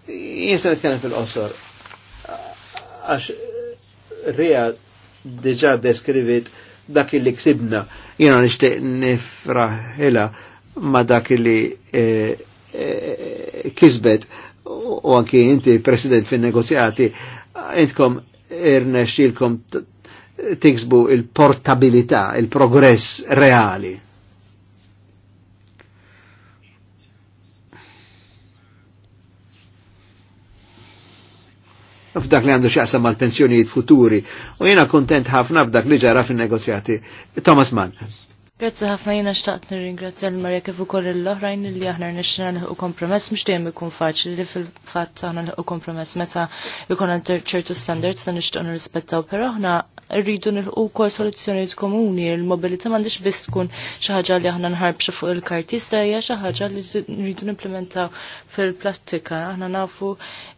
Jinsan nitkellem fil-qosor. Għax Rija diġa deskrivit dak li ksibna. jina nishtiq nifraħela ma dak li eh, eh, kisbet u anki inti president fin negozjati intkom irnexilkom tiksbu il-portabilità, il-progress reali. f'dak li għandu xaqsam mal pensjonijiet futuri u jena kontent ħafna f'dak li ġara fin negozjati Thomas Mann. Grazzi ħafna jina xtaqt nirringrazzja l-Marja kif ukoll l-oħrajn li aħna nixxina nħuq kompromess mhux dejjem ikun faċli li fil-fatt aħna nħuq kompromess meta jkun għand ċertu standards ta' nixtieq nirrispettaw, però aħna rridu nilqu wkoll soluzzjonijiet komuni, il-mobilità m'għandix biss tkun xi ħaġa li aħna nħarbxu fuq il-kartista hija xi ħaġa li rridu nimplementaw fil-prattika. Aħna nafu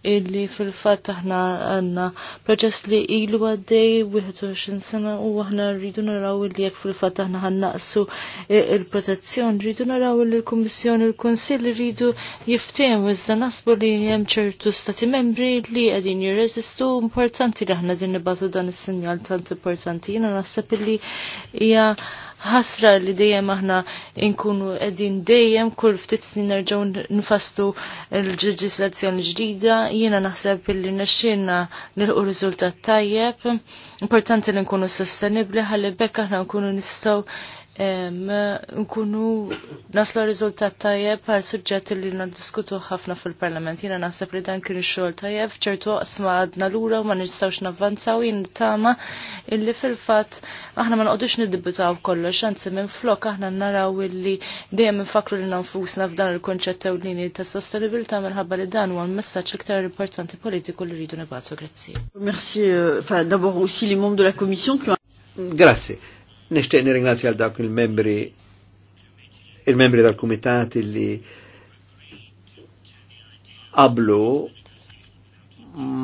illi fil-fatt aħna għandna proġess li ilu għaddej 21 sena u aħna rridu naraw illi jekk fil-fatt aħna ħannaqs innaqsu eh, il protezzjon rridu naraw il-Kommissjoni, il l-Kunsill rridu jiftehmu iżda nasbu li hemm ċertu stati membri li qegħdin jirreżistu importanti li aħna din nibatu dan is-sinjal tant importanti. Jiena naħseb li hija ħasra li dejjem aħna nkunu qegħdin dejjem kull ftit snin nerġgħu nfastu l-ġeġislazzjoni ġdida, jiena naħseb li nexxinna nilqu riżultat tajjeb, importanti li nkunu sostenibbli ħalli bekk aħna nkunu nistgħu nkunu naslu rizultat tajjeb għal suġġett li naddiskutu ħafna fil-parlament. Jina naħseb li dan kien xogħol tajjeb, ċertu qasma għadna lura u ma nistgħux navvanzaw jien tama illi fil-fatt aħna ma nqogħdux niddibutaw kollox, anzi minn flok aħna naraw illi dejjem infakru li nfusna f'dan il-konċett ewlieni ta' sostenibilità minħabba li dan huwa l-messaġġ iktar importanti politiku li rridu nibgħatu. Grazzi. Merci, euh, d'abord aussi les membres de la commission qui Grazie. Nishtiq nirringrazzja għal dawk il-membri il-membri tal-kumitat li qablu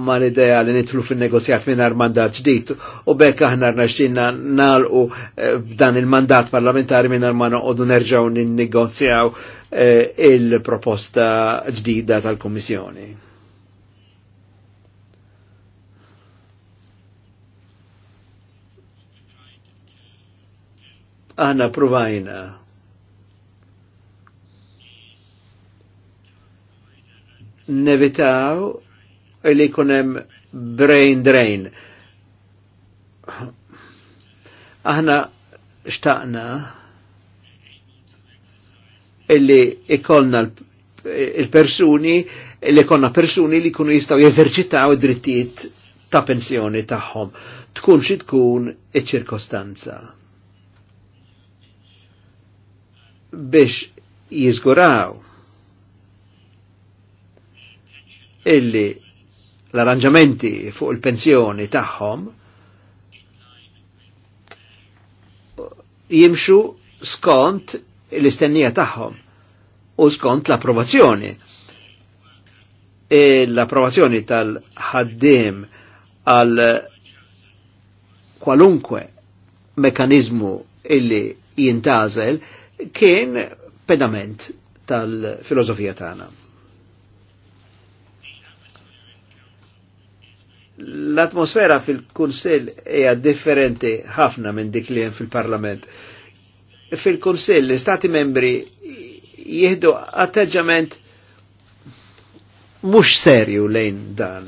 ma l-ideja li nitlu fil-negozjat minn mandat ġdijt u bekk aħna rnaxxinna nalqu b'dan eh, il-mandat parlamentari minn ma noqogħdu nerġgħu ninnegozjaw eh, il-proposta ġdida tal-Kummissjoni. aħna provajna nevitaw li kunem brain drain. Aħna xtaqna illi ikolna il-persuni li konna persuni li kunu jistaw jeżerċitaw drittijiet ta' pensjoni tagħhom. Tkun xi tkun iċ-ċirkostanza. biex jizguraw illi l-arranġamenti fuq il-pensjoni tagħhom jimxu skont l-istennija tagħhom u skont l-approvazzjoni. E l-approvazzjoni tal-ħaddim għal kwalunkwe mekanizmu illi jintażel kien pedament tal-filosofija tagħna. L-atmosfera fil-Kunsell hija differenti ħafna minn dik li hemm fil-Parlament. Fil-Kunsell l istati membri jieħdu atteġġament mhux serju lejn dan.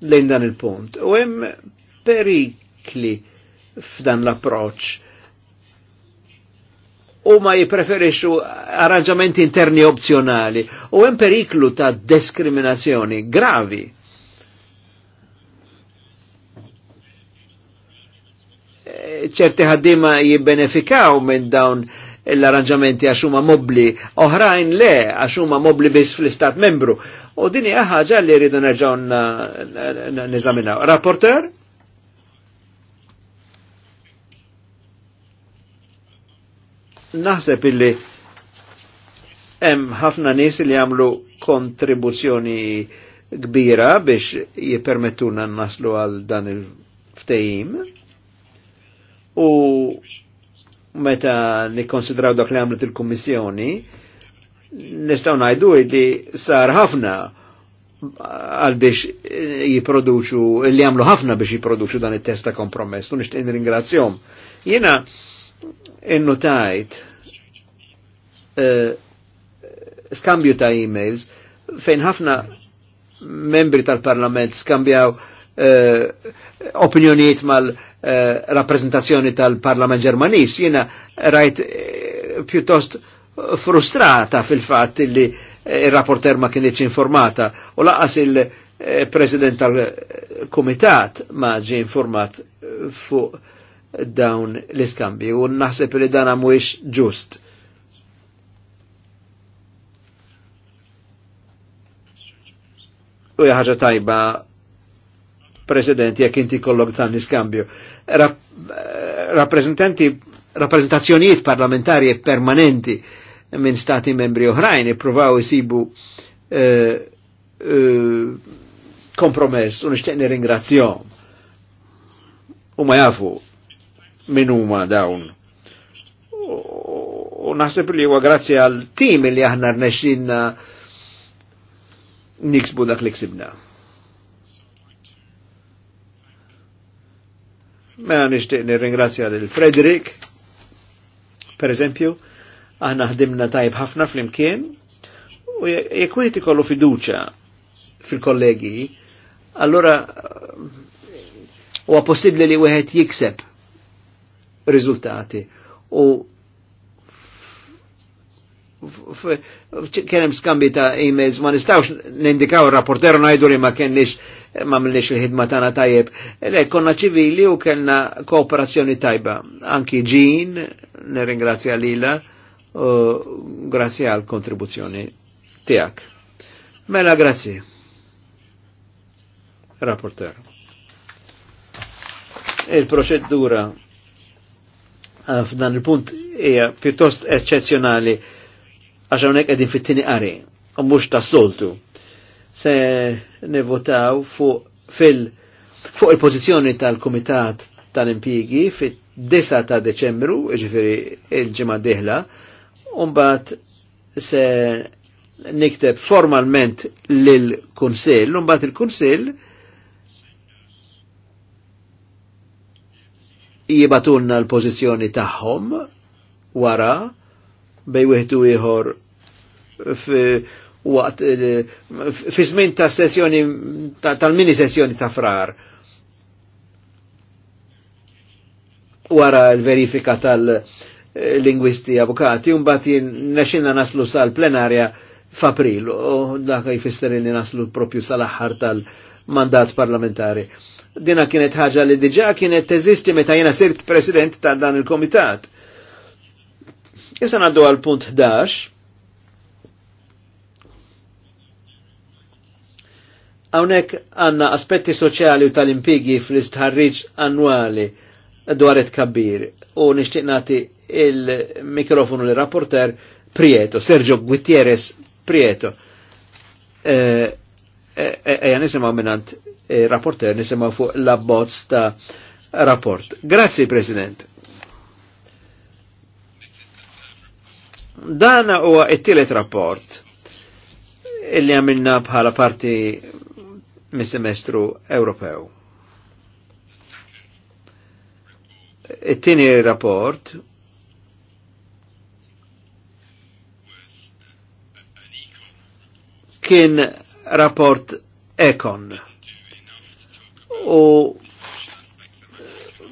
Lejn dan il-punt. U hemm perikli f'dan l-approċ. U ma jipreferixu arranġamenti interni opzjonali u hemm periklu ta' diskriminazzjoni gravi. E, ċerti ħaddima jibbenefikaw minn dawn l-arranġamenti għax huma mobli, oħrajn le għax huma mobli biss fl-istat membru. U dini hija ħaġa li rridu nerġgħu neżaminaw. Rapporteur? naħseb illi hemm ħafna nies li jagħmlu kontribuzzjoni kbira biex jippermettuna naslu għal dan il-ftehim. U meta nikkonsidraw dak li għamlet il-Kummissjoni, nistgħu ngħidu li sar ħafna għal biex jiproduċu, li għamlu ħafna biex jiproduċu dan it-testa kompromess, u nishtiq ringrazzjom. Jena innu tajt eh, skambju ta' e-mails fejn ħafna membri tal-parlament skambjaw eh, opinjoniet mal-rappresentazzjoni eh, tal-parlament ġermanis. jina rajt pjuttost frustrata fil-fat li il-rapporter ma kienieċ informata u laqas il-president tal-komitat ma ġi informat fuq dawn l-iskambi u naħseb li dan mhuwiex ġust. U ħaġa tajba President jekk inti kollok dan l-iskambju. Rappresentanti rappresentazzjonijiet parlamentari e permanenti minn stati membri oħrajn ippruvaw isibu eh, eh, kompromess u nixtieq nirringrazzjahom. U ma jafu Minuma dawn. U naħseb li huwa grazzi għal tim li aħna rnexin niksbu dak li ksibna. Mela nixtieq nirringrazzja lil Frederick. per eżempju, aħna ħdimna tajb ħafna fl-imkien, u jekk wieħed ikollu fiduċa fil-kollegi, allora eh, huwa possibbli li wieħed jikseb rizultati. U kienem skambi ta' e-mails, ma nistawx nindikaw il-rapporter najdu li ma kienniex ma mlniex il-ħidma tana tajjeb. Le, konna ċivili u kellna kooperazzjoni tajba. Anki ġin, nirringrazzja lila, u grazzi għal kontribuzzjoni tijak. Mela, grazzi. Rapporter. Il-proċedura Eh, f'dan il-punt hija pjuttost eċċezzjonali għax hawnhekk qegħdin fit-tieni qari u mhux tas-soltu. Se nivvotaw fuq fil fuq il-pożizzjoni tal-Kumitat tal-Impjigi fit-9 ta' Deċembru, ġifieri il-ġimgħa d-dieħla, u mbagħad se nikteb formalment lil-Kunsill, u mbagħad il-Kunsill il il kunsill jibatunna l-pozizjoni taħħom wara bej wieħdu ieħor waqt fi żmien ta' sessjoni tal-mini sessjoni ta' frar. Wara l-verifika tal-lingwisti avukati, mbagħad nexxinna naslu sal-plenarja f'April, u dak jfisser li naslu propju sal-aħħar tal-mandat parlamentari dina kienet ħaġa li diġa kienet teżisti meta jena sirt president ta' dan il-komitat. Issa għaddu għal punt 11. Hawnhekk għandna aspetti soċjali u tal-impigi fl-istħarriġ annwali dwar it-kabbir u nixtieq nagħti il-mikrofonu l rapporter Prieto, Sergio Gutierrez Prieto. Eh, eja nisimaw minant e, rapporter nisimaw fuq la bozz ta' rapport. Grazzi, President. Dana huwa it-tielet rapport illi għamilna bħala parti mis-semestru Ewropew. It-tieni rapport kien rapport Ekon. U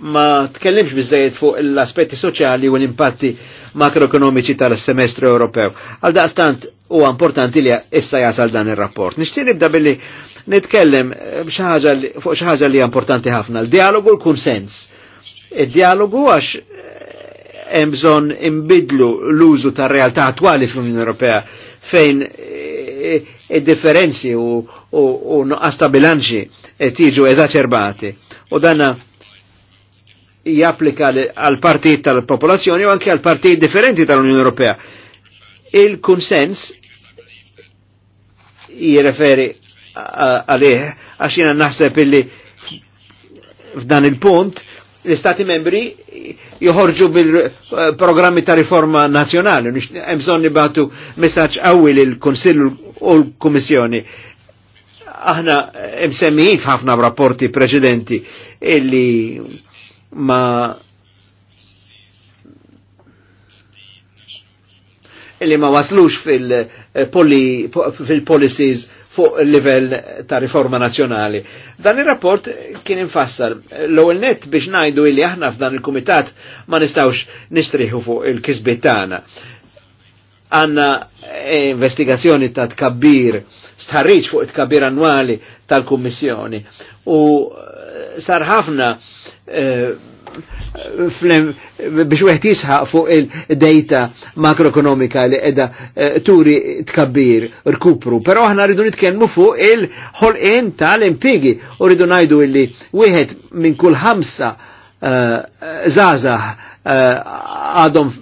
ma tkellimx bizzejiet fuq l-aspetti soċjali u l-impatti makroekonomiċi tal-semestru Ewropew. Għal daqstant u importanti li issa jasal dan il-rapport. Nixtieq nibda billi nitkellem fuq xaħġa ħaġa li importanti ħafna, l-dialogu l-kunsens. Id-dialogu għax eh, hemm bżonn imbidlu l-użu tar-realtà attwali fl-Unjoni Ewropea fejn eh, differenzi u nuqqas ta' bilanċi tiġu eżacerbati. U danna japplika għal partijiet tal-popolazzjoni u anke għal partijiet differenti tal-Unjoni Ewropea. il konsens jireferi għalih għax jena naħseb illi f'dan il-punt l-Istati membri joħorġu bil-programmi ta' riforma nazjonali. Hemm bżonn nibatu messaġġ qawwi lill konsillu u l-Kummissjoni. Aħna msemmi ħafna rapporti preċedenti illi ma illi ma waslux fil-policies eh, fuq il-level ta' riforma nazjonali. Dan il-rapport kien infassar l-ewwel net biex ngħidu illi aħna f'dan il-kumitat ma nistawx nistriħu fuq il-kisbit tagħna għanna eh, investigazzjoni ta' tkabbir, stħarriċ fuq tkabbir annwali tal-Kummissjoni. U eh, sar ħafna eh, biex weħt jisħaq fuq il-data makroekonomika li edha turi tkabbir, rkupru, pero aħna rridu nitkellmu fuq il-ħolqien tal-impigi u rridu najdu illi wieħed minn kull ħamsa eh, zazah għadhom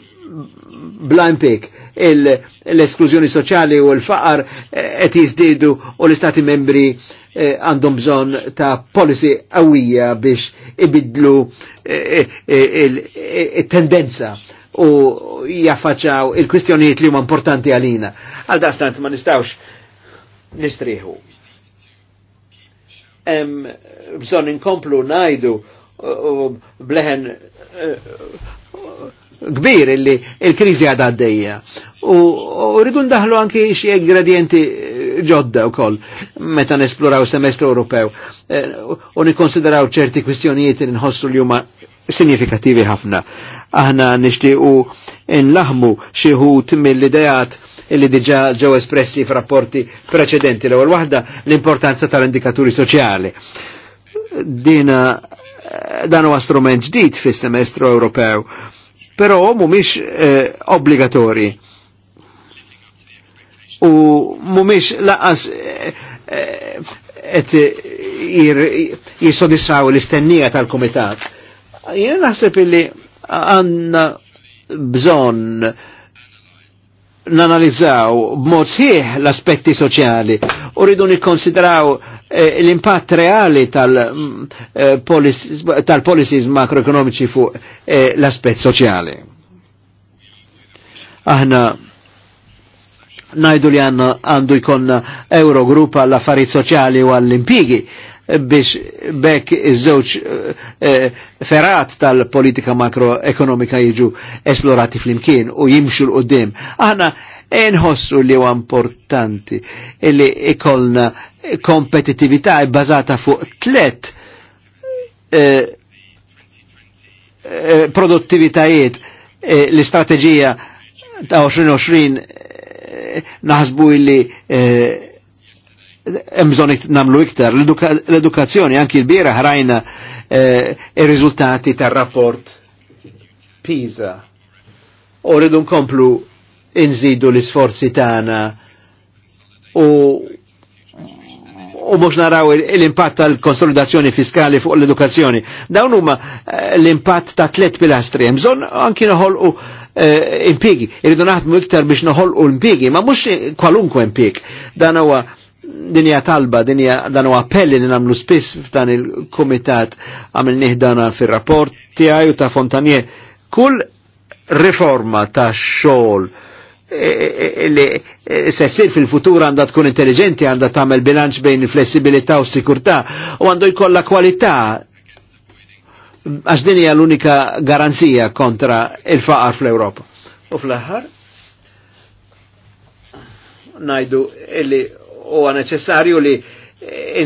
bla impig l-esklużjoni soċjali u l-faqar eh, qed jiżdiedu u l-istati membri eh, għandhom bżonn ta' policy qawwija biex ibidlu eh, il-tendenza u jaffaċċaw il-kwistjonijiet li huma importanti għalina. Għal dastant ma nistawx nistrieħu. bżonn inkomplu ngħidu bleħen kbir illi il-krizi għad għaddejja. U rridu ndaħlu anki xie ingredienti ġodda u koll, meta nesploraw semestru Ewropew. Eh, u nikonsideraw ċerti kwistjonijiet li nħossu li huma signifikativi ħafna. Aħna nixtiequ nlaħmu xi ħut mill-idejat illi diġa ġew espressi f'rapporti preċedenti. L-ewwel waħda l-importanza tal-indikaturi soċjali. Dina dan huwa strument ġdid fis-semestru Ewropew però mhumiex eh, obbligatori. U mhumiex laqas eh, eh, et jissodisfaw l-istennija tal-komitat. Jena naħseb illi għanna bżon nanalizzaw b'mod sħiħ l-aspetti soċjali u rridu nikkonsidraw Eh, l-impatt reali mm, eh, tal-policies makroekonomiċi fuq eh, l-aspett soċjali. Aħna najdu li għandu jkun Eurogrupp għall-affarijiet soċjali u għall-impigi biex bekk iż-żewġ ferat tal-politika makroekonomika jiġu esplorati fl-imkien u jimxu l-qoddim. Aħna nħossu li huwa importanti li ikolna kompetitività e bazata fuq tlet eh, eh, produttivitajiet eh, l-istrateġija ta' 2020 eh, naħsbu illi eh, emżon namlu iktar l-edukazzjoni anki l-bira ħrajna eh, il-rizultati tar rapport PISA u rridu nkomplu inżidu l-isforzi tagħna u u mux naraw l-impatt tal-konsolidazzjoni fiskali fuq l-edukazzjoni. Dawn huma eh, l-impatt ta' tlet pilastri. Mżon anki noħolqu eh, impigi. Irridu naħdmu iktar biex noħolqu impigi, ma mux kwalunkwe impig. Dan huwa dinja talba, dinja dan huwa appelli li nagħmlu spiss f'dan il-kumitat għamil nihdana fir-rapport tiegħi u ta' Fontanier. Kull riforma ta' xogħol Eh, eh, eh, li se sir fil-futur għanda tkun intelligenti, għanda tamel bilanċ bejn flessibilità u sikurtà u għandu jkollha kwalità għax din hija l-unika garanzija kontra il-faqar fl europa U fl ħar najdu illi huwa neċessarju li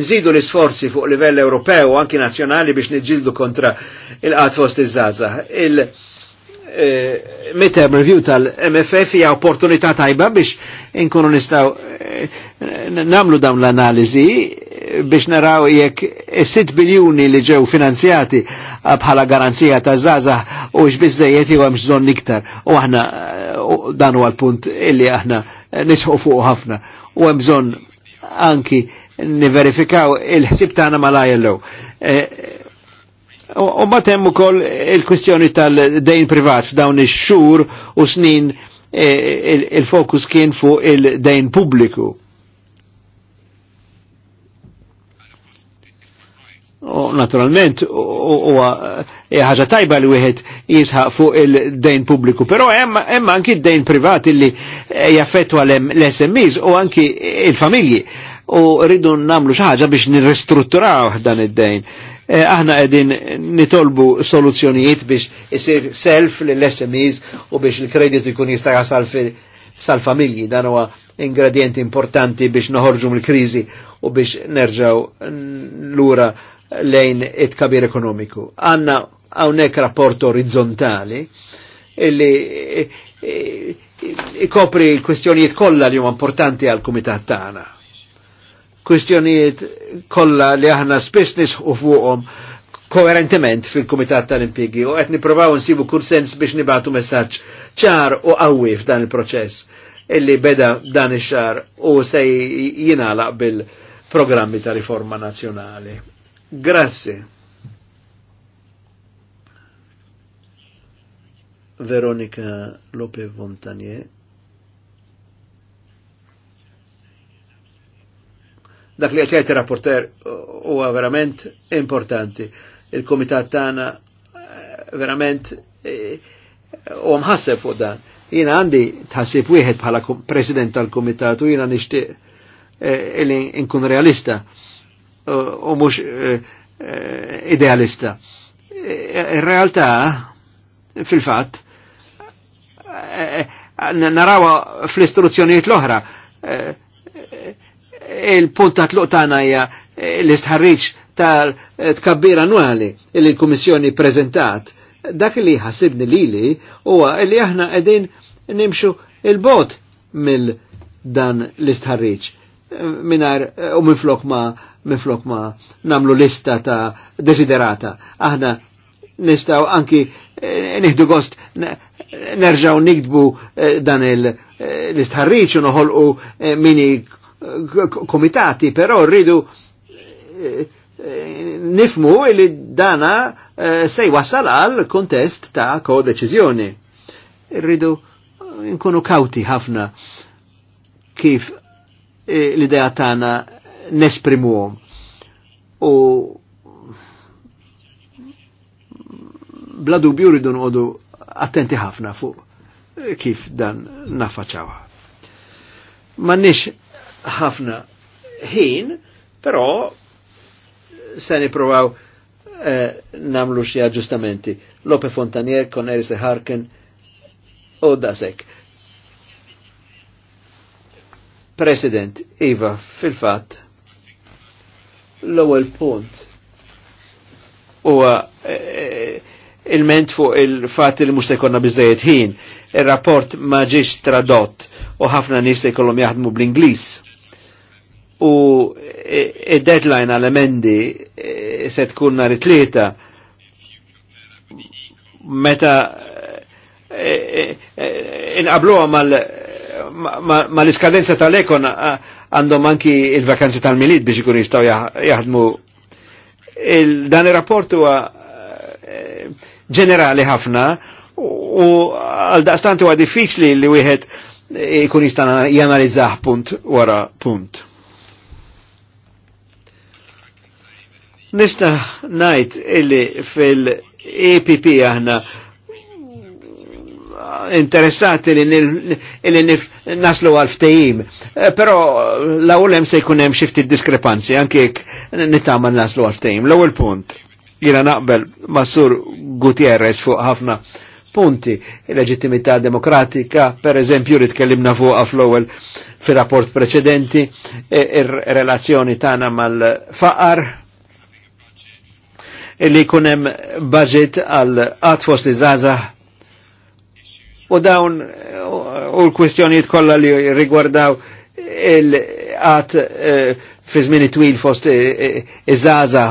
nżidu l sforzi fuq livell Ewropew u anki nazzjonali biex niġġieldu kontra il-qat fost iż-żaza. il meta eh, midterm review tal-MFF hija opportunità tajba biex inkunu nistaw eh, namlu dawn l-analizi eh, biex naraw jekk 6 biljuni li ġew finanzjati bħala garanzija ta' zaza u xbizzejiet jew hemm bżonn iktar. U aħna dan huwa l-punt illi aħna nisħu fuq ħafna u hemm bżonn anki niverifikaw il-ħsib tagħna mal-ILO. Eh, U ma temmu kol il-kwestjoni tal-dejn privat f'dawn ix-xur u snin e, il-fokus kien fuq il-dejn pubbliku. U naturalment huwa e, ħaġa tajba li wieħed jisħaq fuq il-dejn pubbliku, però hemm anki d-dejn privat illi e, jaffettwa l-SMEs u anki il-familji u rridu namlu xi ħaġa biex nirristrutturaw dan id-dejn. Eh, aħna qegħdin nitolbu soluzzjonijiet biex isir self l smes u biex il kredit jkun jista' sal-familji dan huwa ingredienti importanti biex noħorġu mill-kriżi u biex nerġaw lura lejn it-kabir ekonomiku. Għanna hawnhekk rapport orizzontali illi eh, eh, ikopri kwestjonijiet kollha li huma importanti għal kumitat tagħna kwistjonijiet kolla li aħna spiss nisħu fuqhom koherentement fil-Kumitat tal impigi u qed nippruvaw nsibu kull sens biex nibatu messaġġ ċar u qawwi f'dan il-proċess illi beda dan ix-xar u se jingħalaq bil-programmi ta' riforma nazzjonali. Grazzi. Veronika Lopez Montagnier. Dak li għetjajt rapporter huwa verament importanti. Il-komitat tana eh, verament eh, u mħasseb fuq dan. Jina għandi tħassib wieħed bħala president tal-komitat u jina nishtiq eh, illi nkun realista u mux idealista. il realtà fil-fatt narawa fl-istruzzjonijiet l-oħra il-punt ta' tluqtana eh, l-istħarriġ tal-tkabbir annuali li l-Kummissjoni prezentat. Dak li ħassibni lili huwa li aħna qegħdin nimxu il-bot mill dan l-istħarriġ minar eh, u minflok ma minflok ma namlu lista ta' desiderata. Aħna nistaw anki eh, nieħdu gost nerġaw nikdbu dan l-istħarriċ u noħolqu mini komitati, però rridu eh, eh, nifmu li dana eh, sej wasal għal kontest ta' ko ko-deċizjoni. Rridu nkunu kauti ħafna kif l-idea nesprimu għom. U bladu bjuridun għodu attenti ħafna fuq kif dan Ma nix ħafna ħin, però se niprovaw eh, namlu xie aġustamenti. Lope Fontanier, Coneris Harken u Dasek. President, Iva, fil-fat, l ewel punt u eh, il-ment fuq il-fat li mhux se jkollna ħin. il rapport maġiġ ġiex tradott u ħafna nis se jkollhom jaħdmu bl inglis u id-deadline għal-emendi eh, se tkun nhar it-tlieta meta eh, eh, inqabluha mal-iskadenza tal-ekon għandhom anki il-vakanzi tal-milit biex ikun jistgħu jaħdmu dan ir-rapport huwa ġenerali ħafna u għal daqstant huwa diffiċli li wieħed ikun jista' janalizzah punt wara punt. Nista najt illi fil-EPP aħna interessati li, naslu għal ftejim. Eh, Pero l-għol se jkun hemm xifti diskrepanzi anke jekk nittama naslu għal ftejim. L-ewwel punt Jira naqbel Massur Gutierrez fuq ħafna punti il-leġittimità demokratika, per eżempju li tkellimna fuq fl-ewwel fir-rapport preċedenti, e-, ir-relazzjoni tagħna mal-faqar, illi kunem budget għal għatfos li zazah u dawn u l kwestjoniet kollha li rigwardaw il-għat eh, fi żmien twil fost eh, eh, iż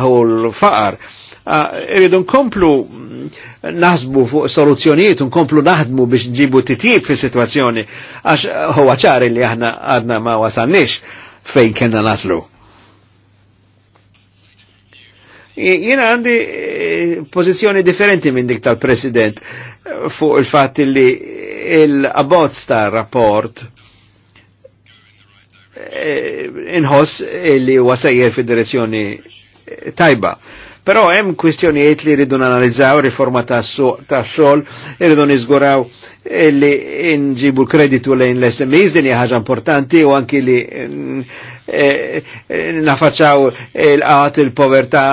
u l-faqar. Ah, irridu nkomplu mm, naħsbu fuq soluzzjonijiet, nkomplu naħdmu biex ġibu titjib fi situazzjoni, għax huwa ċari li aħna għadna ma wasannix fejn kena naslu jina għandi eh, pozizjoni differenti minn dik tal-President eh, fuq il-fat li il-abbozz ta' rapport eh, inħoss li wasajjer fi direzzjoni tajba. Però hemm kwistjonijiet li rridu analizzaw riforma ta' xogħol, irridu niżguraw li nġibu l-kreditu lejn l-SMEs, din hija ħaġa importanti u anki li mm, Eh, eh, nafaċaw il-qat, il-povertà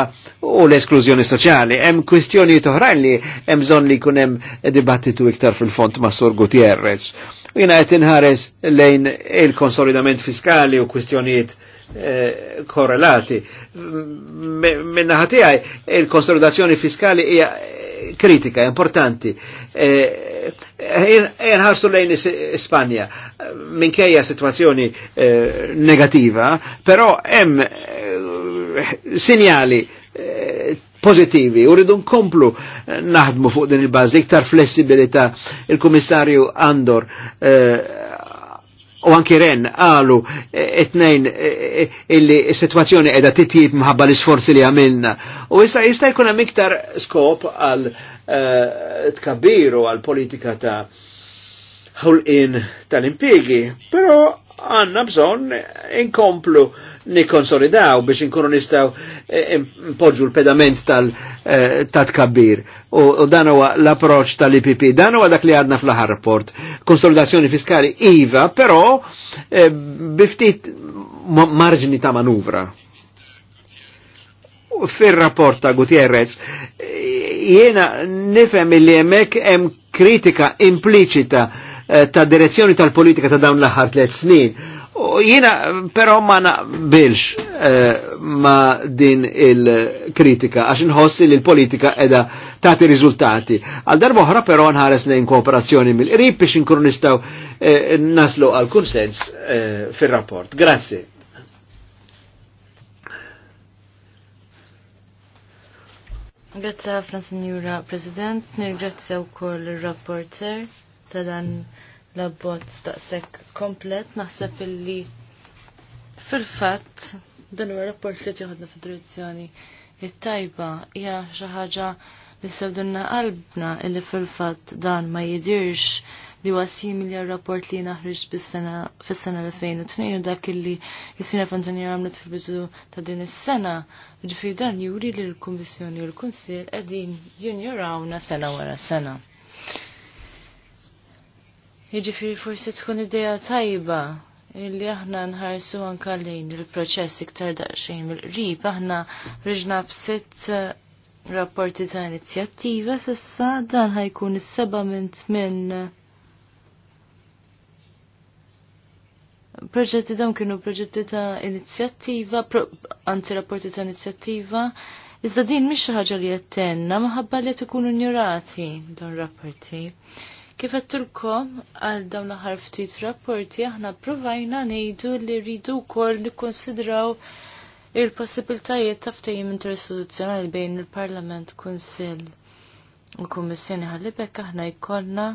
u l-esklużjoni soċjali. Hemm kwistjoni toħrajn li hemm bżonn li jkun hemm dibattitu iktar fil-font ma' Sur Gutierrez. U jiena qed inħares lejn il-konsolidament fiskali u kwistjonijiet eh, korrelati. Minna ħatijaj, il-konsolidazzjoni fiskali hija kritika importanti. Jenħarsu e, e, lejn Ispanja minkejja situazzjoni e, negativa, però hemm sinjali pozitivi u ridun komplu naħdmu fuq din il-baż iktar flessibilità il komissarju Andor u anki Ren għalu e, e, etnejn e, illi situazzjoni edha titjib mħabba l-isforzi li għamilna. U issa jista' jkun hemm iktar skop għal tkabiru għal politika ta' ħulqin tal-impiegi, pero għanna bżon inkomplu nikonsolidaw biex inkunu nistaw eh, impoġġu l-pedament tal-tkabbir. Eh, u dan huwa l-approċ tal-IPP, dan huwa dak li għadna fl-aħħar rapport. Konsolidazzjoni fiskali iva, però eh, biftit marġni ta' manuvra fil-rapport ta' Gutierrez, jiena nifem li jemmek hemm kritika impliċita Eh, ta' direzzjoni tal-politika ta' dawn l-aħħar tliet snin. jiena però ma naqbilx eh, ma din il-kritika għax inħossi li l-politika edha tagħti riżultati. Għal darba oħra però nħares lejn kooperazzjoni mill-qrib biex inkunu nistgħu eh, naslu għal kunsens fir-rapport. Grazzi. Grazie ħafna, Signora President. Ringrazio wkoll il rapporter ta' dan l-abbozz daqshekk komplet naħseb illi fil-fatt dan u rapport li tiħodna fid-direzzjoni il tajba hija xi ħaġa li sewdunna qalbna illi fil-fatt dan ma jidirx li huwa simili rapport li naħriġ bis-sena fis-sena 2002 u dak illi jisina fantani għamlet fil-bidu ta' din is-sena. Ġifieri dan juri li l-Kummissjoni u l-Kunsill qegħdin jinjurawna sena wara sena. Jiġifieri forsi tkun idea tajba illi aħna nħarsu anka lejn il-proċess iktar daqsxejn mill-qrib, aħna riġna b'sitt eh, rapporti ta' inizjattiva s'issa dan ħajkun is-seba' minn tmien proġetti dawn kienu proġetti ta' inizjattiva, anzi rapporti ta' inizjattiva, iżda din mhix xi ħaġa li qed maħabba li qed ikunu njurati dawn rapporti. Kif għattulkom għal dawn l-ħar ftit rapporti aħna provajna nejdu li rridu kol nikkonsidraw il-possibiltajiet ta' ftejim bejn il-Parlament, Kunsill u Kummissjoni għal bekk aħna jkollna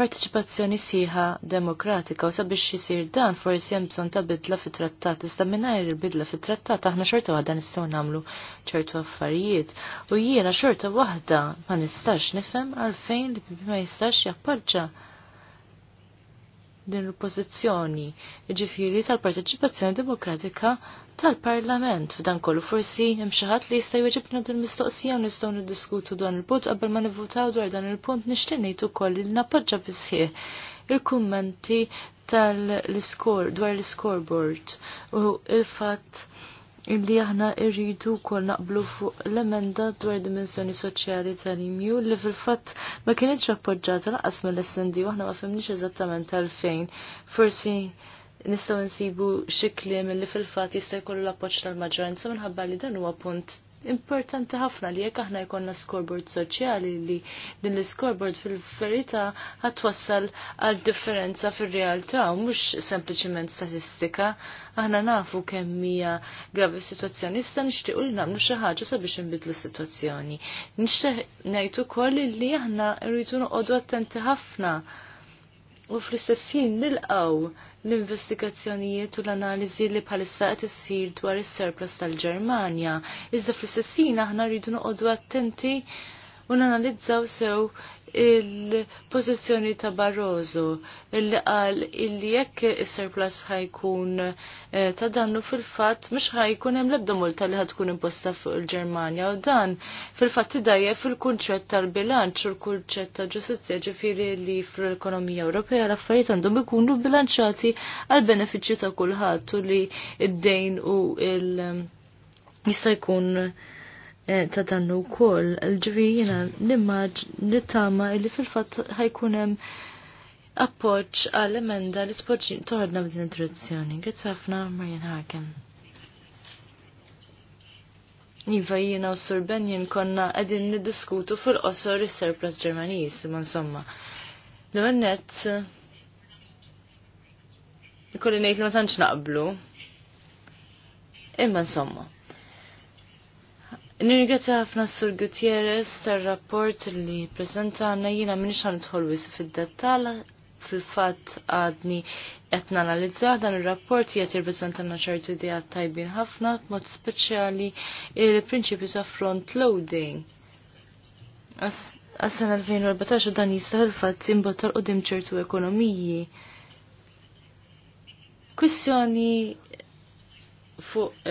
partiċipazzjoni sieħa demokratika u sabiex jisir dan forsi hemm bżonn ta' bidla fit-trattat. Iżda mingħajr il-bidla fit-trattat aħna xorta waħda nistgħu nagħmlu ċertu affarijiet. U jiena xorta waħda ma nistax nifhem għalfejn li ma jistax jappoġġa din il-pożizzjoni ġifiri tal-parteċipazzjoni demokratika tal-Parlament f'dan kollu forsi hemm xi ħadd li jista' jweġibna din mistoqsija u nistgħu niddiskutu dan il-punt qabel ma nivvutaw dwar dan il-punt nixtieq ngħid ukoll li nappoġġa bisħieħ il-kummenti tal-iskor dwar l-scoreboard u il-fatt illi aħna irridu kol naqblu fuq l-emenda dwar dimensjoni soċjali tal-imju li fil-fatt ma kienieċ appoġġata laqas mill-SND u aħna ma femniex eżattament għalfejn. Forsi nistgħu nsibu xi kliem li fil-fatt jista' jkollu l-appoġġ tal-maġġoranza minħabba li dan huwa punt importanti ħafna li jekk aħna jkollna scoreboard soċjali li din l-scoreboard fil-verità ħatwassal għal differenza fir-realtà u mhux sempliċiment statistika. Aħna nafu kemm hija gravi situazzjoni iżda nixtiequ li nagħmlu xi ħaġa sabiex inbidlu s-sitwazzjoni. Nixtieq ngħid ukoll li aħna rridu noqogħdu attenti ħafna u fl-istessin nilqaw l-investigazzjonijiet u l-analiżi li bħalissa qed issir dwar is-surplus tal-Ġermanja. Iżda fl-istessin aħna rridu noqogħdu attenti u nanalizzaw sew il-pozizjoni ta' Barroso għal qal illi jekk is-surplus ħajkun eh, ta' dannu fil-fatt mhux ħajkun hemm l-ebda multa li ħatkun imposta fuq il-Ġermanja u dan fil-fatt tidaje fil-kunċett tal-bilanċ u l-kunċett ta' ġustizzja ġifiri li fil ekonomija Ewropea l-affarijiet għandhom ikunu bilanċati għal benefiċċju ta' kulħadd u li id-dejn u il- jista' jkun Eh, ta' kol l Ġifi jina nimmaġ nittama li fil-fatt ħajkunem appoċ għall emenda li tpoġġi toħadna b'din id-direzzjoni. Grazzi ħafna Marjan Hakem. Iva jiena u Sur Benjen konna qegħdin niddiskutu fil-qosor is-surplus Ġermaniż, ma insomma. L-għannet, kolli nejt li ma tantx naqblu. Imma insomma. Nirgrazzi ħafna Sur Gutierrez tar-rapport li prezentana jiena minix ħanidħol wis fid dettall fil-fatt għadni qed nanalizza dan ir-rapport qed jirrepreżentana ċertu idejat tajbin ħafna b'mod speċjali il-prinċipju ta' front loading. Għas-sena 2014 dan jista' il-fatt imbagħad tal-qudiem ċertu ekonomiji. Kwissjoni fuq eh,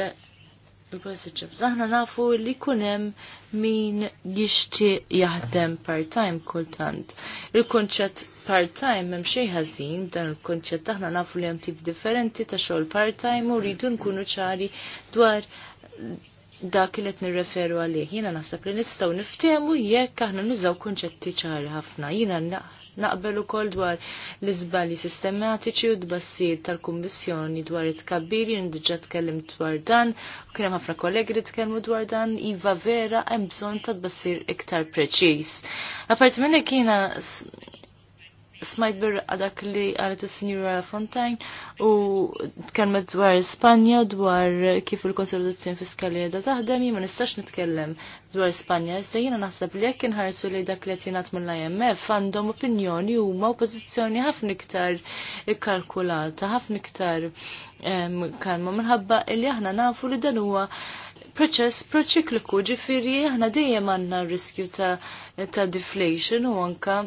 il nafu li kunem min jishti jaħdem part-time kultant. Il-konċett part-time hemm xejn ħażin dan il-konċett aħna nafu li hemm tip differenti ta' xogħol part-time u rridu nkunu ċari dwar dak li qed nirreferu għalih. Jina naħseb li nistgħu niftemu jekk aħna nużaw kunċetti ċari ħafna. Jiena naqbel ukoll dwar l-iżbalji sistematiċi u d-bassir tal-Kummissjoni dwar it-kabbir jien diġà tkellimt dwar dan, u kien hemm ħafna kollegi li tkellmu dwar dan, iva vera hemm bżonn ta' tbassir iktar preċiż. Apart minn hekk jiena smajt birra dak li għalet il-Sinjura Fontaine u tkellmet dwar Spanja dwar kif il-konsolidazzjoni fiskali għedha taħdem, ma nistax nitkellem dwar Spanja, iżda jiena naħseb li jekk inħarsu li dak li qed mill-IMF għandhom opinjoni huma oppożizzjoni ħafna iktar kalkulata, ħafna iktar kalma minħabba li aħna nafu li dan huwa proċess proċikliku ġifiri aħna dejjem għandna riskju ta' deflation u anka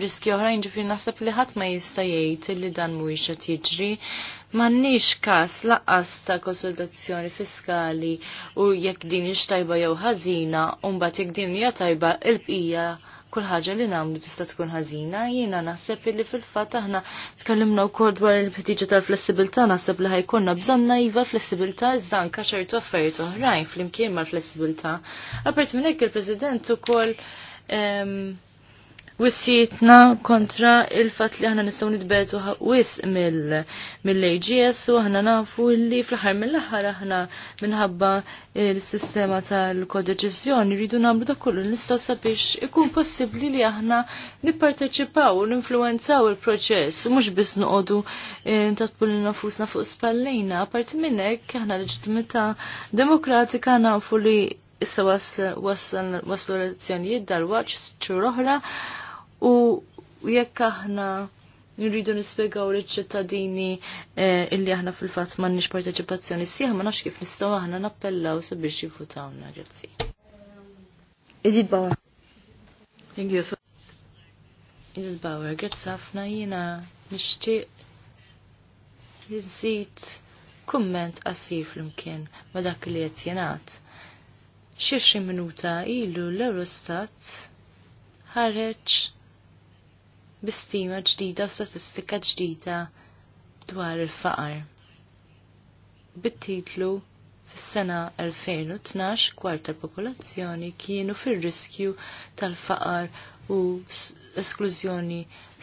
riski oħrajn ġifir nasab li ħadd ma jista' jgħid li dan mhuwiex qed jiġri. M'għandniex każ laqqas ta' konsultazzjoni fiskali u jekk din hix tajba jew ħażina u mbagħad jekk din hija tajba il-bqija kull ħaġa li nagħmlu tista' tkun ħażina, jiena naħseb li fil-fatt aħna tkellimna wkoll dwar il-ħtiġa tal-flessibilità naħseb li ħajkonna bżonna iva flessibilità iżda anke ċertu affarijiet oħrajn flimkien mal-flessibilità. Apart minn hekk il-President ukoll wissietna kontra il-fat li ħana nistaw nitbetu wis mill-AGS u ħana nafu li fl-ħar mill-ħar ħana minħabba il-sistema tal-kodeċizjoni rridu namlu da kullu nistaw sabiex ikun possibli li ħana nipparteċipaw u ninfluenzaw il-proċess mux bis nuqodu eh, tatpu nafusna fuq spallejna parti minnek ħana leġitimita demokratika nafu li issa waslu l-azzjonijiet dal-waċ ċur oħra u jekk aħna nridu nispjegaw liċ-ċittadini eh, illi aħna fil-fatt m'għandniex parteċipazzjoni sieħ ma nafx kif nistgħu aħna nappellaw sabiex jivvutawna. Grazzi. Edith Bauer. Thank you. Edith Bauer, grazzi ħafna jiena nixtieq jizzit kumment qasir flimkien ma dak li qed jingħad. Xi minuta ilu l-Eurostat ħareġ bistima ġdida u statistika ġdida dwar il-faqar. Bit-titlu fis-sena 2012 kwart tal-popolazzjoni kienu fir-riskju tal-faqar u esklużjoni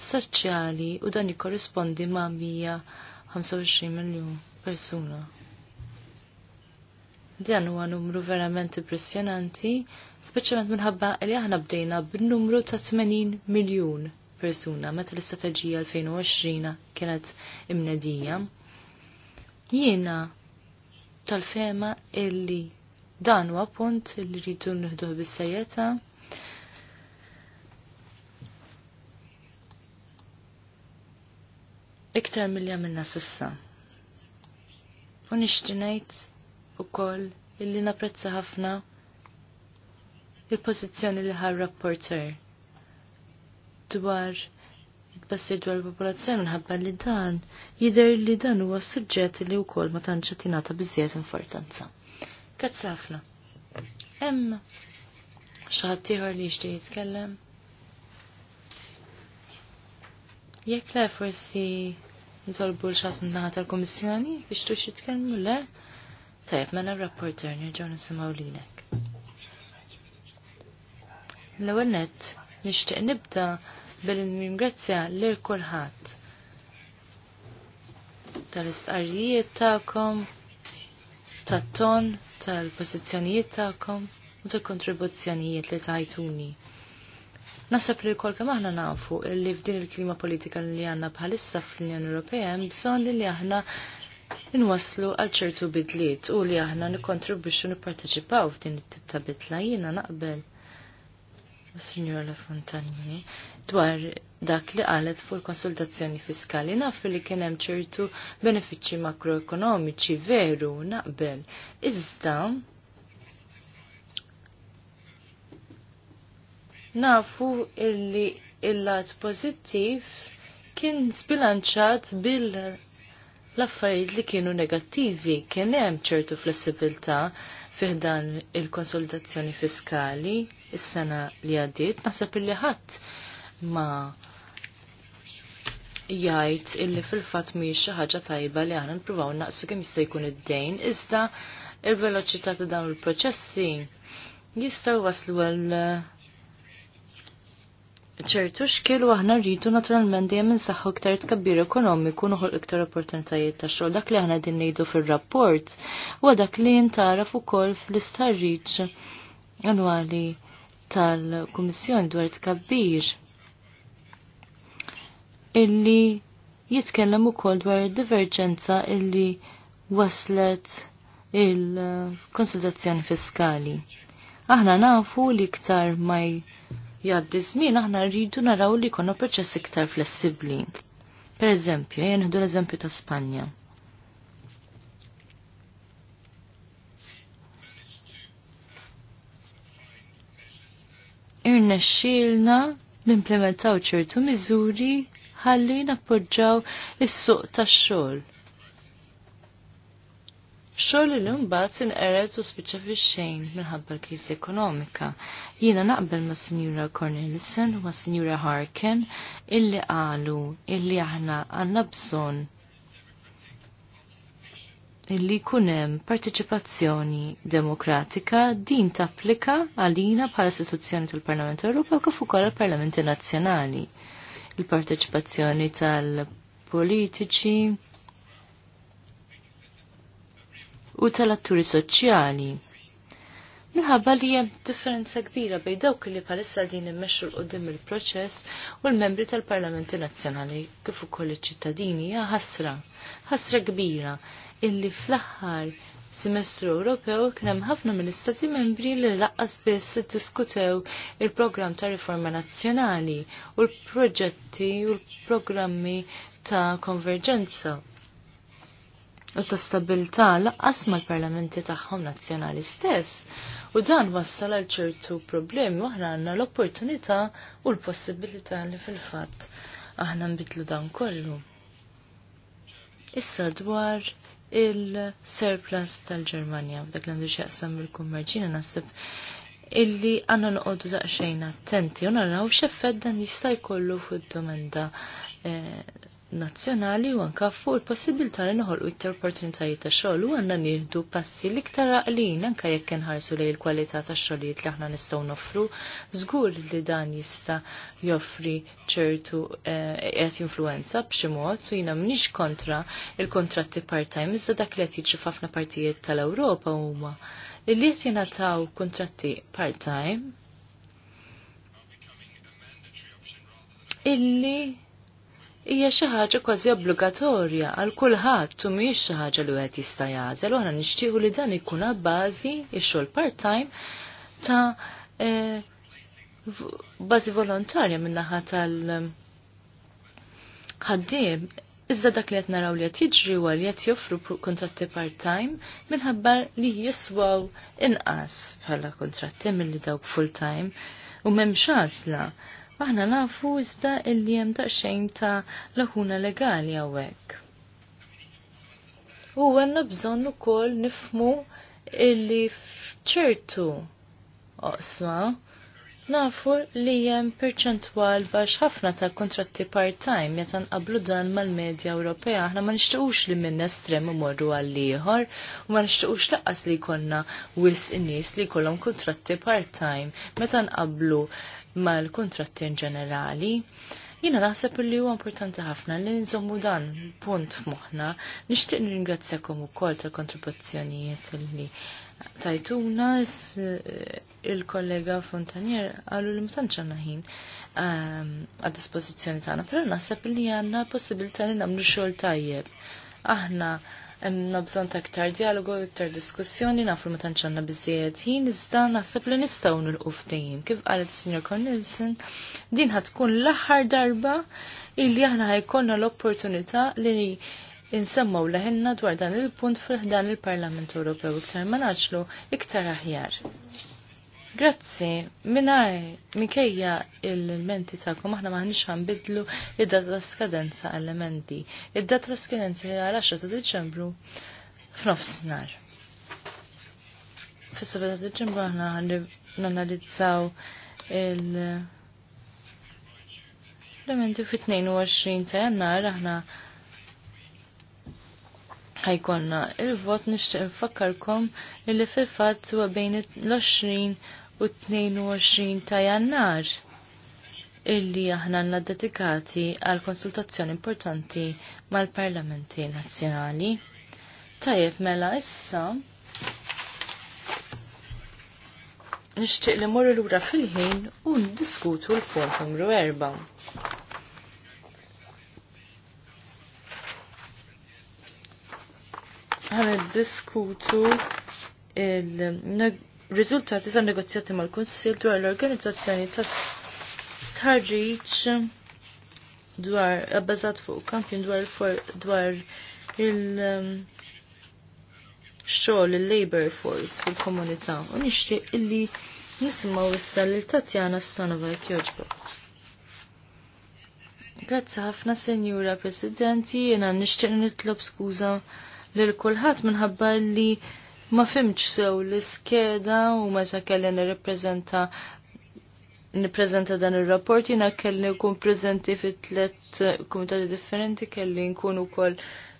soċjali u dan jikorrispondi ma' 125 miljon persuna. Dan huwa numru verament impressjonanti, speċjalment minħabba li aħna bdejna bin-numru ta' 80 miljun persuna meta l-istrateġija 2020 kienet imnedija. Jiena tal-fema illi dan huwa punt illi rridu nieħduh bis-sejjeta. iktar milli għamilna sissa. U nishtinajt u koll illi naprezza ħafna il-pozizjoni li ħar rapporter dwar tbassir dwar il-popolazzjoni minħabba li dan jider li dan huwa suġġett li wkoll ma tantx qed jingħata biżjed importanza. Grazzi ħafna. Hemm xi ħadd ieħor li jixtieq jitkellem. Jekk le forsi ntolbu l-xat minnaħat tal-Komissjoni biex tux jitkellmu le? tajjeb mela r-rapporter nirġaw nisimaw lilek. L-ewwel nett Nixtieq nibda bil ningrazzja lil kulħadd tal-istqarrijiet tagħkom, tat-ton, tal-pożizzjonijiet tagħkom u tal-kontribuzzjonijiet li tajtuni. Nasab li kol kem aħna nafu li f'din il-klima politika li għanna bħalissa fl-Unjoni Ewropea hemm bżonn li aħna nwasslu għal ċertu bidliet u li aħna nikkontribwixxu nipparteċipaw f'din it-tip ta' bidla jiena naqbel Signora La Fontanier, dwar dak li qalet fuq konsultazzjoni fiskali naf li kien hemm ċertu benefiċċji makroekonomiċi veru naqbel. Iżda nafu illi il-lat pożittiv kien sbilanċat bil l-affarijiet li kienu negattivi kien hemm ċertu flessibilità fiħdan il-konsultazzjoni fiskali is-sena li għaddiet, naħseb illi ħadd ma jgħid illi fil-fatt mhijiex xi ħaġa tajba li aħna nippruvaw naqsu kemm jista' jkun id-dejn, iżda il-veloċità ta' dawn il-proċessi jistgħu waslu għal ċertu xkil u aħna rridu naturalment dejjem insaħħu iktar tkabbir ekonomiku noħol iktar opportunitajiet ta' xogħol. Dak li aħna din ngħidu fir-rapport huwa dak li jintaraf ukoll fl-istarriċ annwali tal-Kummissjoni dwar tkabbir illi jitkellem ukoll dwar id-diverġenza illi waslet il-konsultazzjoni fiskali. Aħna nafu li iktar ma jgħaddi żmien aħna rridu naraw li jkollna proċess iktar flessibbli. Per eżempju, jgħin l-eżempju ta' Spanja. irna xilna implementaw ċertu miżuri ħalli nappoġġaw is-suq tax-xogħol xogħol li sin eret u spiċa fix-xejn minħabba l-kriżi ekonomika. Jiena naqbel ma' Sinjura Cornelissen u ma' Sinjura Harkin illi qalu illi aħna għandna bżonn illi kunem partiċipazzjoni demokratika din tapplika għalina bħala istituzzjoni tal-Parlament u kif ukoll għall-Parlamenti Nazzjonali. Il-partiċipazzjoni tal-politiċi, u tal-atturi soċjali. Minħabba li hemm differenza kbira bejn dawk li palissa din immexxu l qudiem il-proċess u l-membri tal-Parlamenti Nazzjonali kif ukoll iċ-ċittadini hija ħasra, ħasra kbira illi fl-aħħar semestru Ewropew kien hemm ħafna mill-istati membri li laqqas biss iddiskutew il-programm ta' riforma nazzjonali u l-proġetti u l-programmi ta' konverġenza u ta' stabilità laqqas mal-parlamenti tagħhom nazzjonali stess. U dan wassal għal ċertu problemi u aħna għandna l-opportunità u l-possibilità li fil-fatt aħna nbidlu dan kollu. Issa dwar il-surplus tal-Ġermanja, dak l-għandu xieqsam il kummerġina nasib illi għanna nqoddu daqxejn attenti u naraw x'effed dan jista' jkollu fid-domanda nazzjonali u anka fuq il-possibilità li noħolqu iktar opportunitajiet ta' xogħol u għandna nieħdu passi l-iktar għaqlin anke jekk inħarsu lejn il-kwalità tax xogħlijiet li aħna nistgħu nofru, żgur li dan jista' joffri ċertu eh, qed influenza b'xi mod u jiena mniex kontra il-kontratti part-time iżda dak li qed jiġi f'ħafna partijiet tal-Ewropa huma li qed jingħataw kontratti part-time illi hija xi ħaġa kważi obbligatorja għal kulħadd u mhijiex xi ħaġa li qed jista' jagħżel u aħna nixtiequ li dan ikun bażi x-xogħol part-time ta' e, bażi volontarja min-naħa tal ħaddiem Iżda dak li qed naraw li qed jiġri għal li qed joffru kontratti part-time minħabba li jiswaw inqas bħala kontratti milli dawk full-time u memxasla. xasla Aħna nafu iżda illi hemm daqsxejn ta' laħuna legali hawnhekk. U għanna bżonn ukoll nifmu illi f'ċertu oqsma nafu li hemm perċentwal bax ħafna ta' kontratti part-time meta nqablu dan mal-medja Ewropea. Aħna ma nixtiequx li minn estrem imorru għal ieħor u ma nixtiequx lanqas li jkollna wis nies li jkollhom kontratti part-time meta nqablu mal-kontratti in ġenerali. Jina naħseb li huwa importanti ħafna li nżommu dan punt f'moħħna. Nixtieq nirringrazzjakom ukoll tal kontribuzzjonijiet li tajtuna eh, il-kollega Fontanier għallu li mtanċanna ħin ehm, għad dispożizzjoni tagħna, però naħseb li għandna possibilità li nagħmlu xogħol tajjeb. Aħna għemna bżon ta' iktar dialogu, iktar diskussjoni, nafu ma tanċanna bizziet jien, iżda naħseb li nistawun l uftejim Kif għalet Sr. Cornelson, din ħatkun l-aħħar darba illi aħna ħajkonna l-opportunità li insemmaw leħenna dwar dan il-punt fil-ħdan il-Parlament Ewropew iktar ma naġlu iktar aħjar. Grazzi, minnaj, minkejja il-menti ta'kom, aħna maħnix bidlu id-data ta' skadenza għall-menti. Id-data ta' skadenza hija 10 ta' Deċembru f'nofsinhar. Fis-7 ta' Deċembru aħna nanalizzaw il- L-menti fit-22 ta' jannar aħna ħajkonna il-vot nishtiq nfakkarkom illi fil-fatt huwa bejn l-20 u 22 ta' jannar illi aħna għanna dedikati għal konsultazzjoni importanti mal-parlamenti nazzjonali. Tajjeb mela issa nixtieq li morru lura fil-ħin u ndiskutu l-punt numru 4. Għan diskutu il riżultati tan negozjati mal-Kunsil dwar l-organizzazzjoni ta' starriċ dwar abbażat fuq kampjon dwar dwar il- um, xogħol il-labor force fil-komunità u nixtieq illi nisimgħu issa l Tatjana Stonova jogħġbu. Grazzi ħafna Senjura Presidenti, jiena nixtieq nitlob skuża lil kulħadd minħabba li Ma fimx sew l-iskeda u meta kelli nirrappreżenta nipprezenta dan ir-rapport jiena kelli nkun preżenti fit tliet kumitati differenti kelli nkun ukoll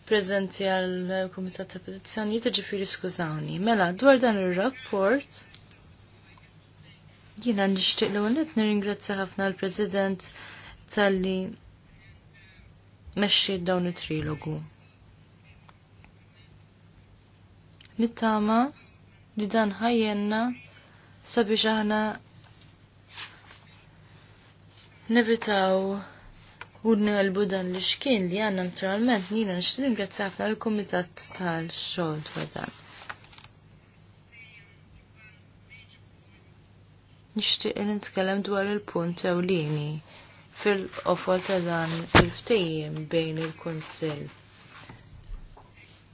preżenti għal kumitat ta' petizzjonijiet ġifieri skużawni. Mela dwar dan ir-rapport jiena nixtieq l qed nirringrazzja ħafna l-President tal-li mexxi dawn it-trilogu. Nittama li dan ħajjenna sabiex aħna nevitaw u nħelbu dan li xkien li għanna naturalment nina nxtrim għazzafna l-komitat tal-xol dwar dan. Nixtieq nitkellem dwar il-punt ewlieni fil-qofol ta' dan il-ftejjem bejn il-Kunsill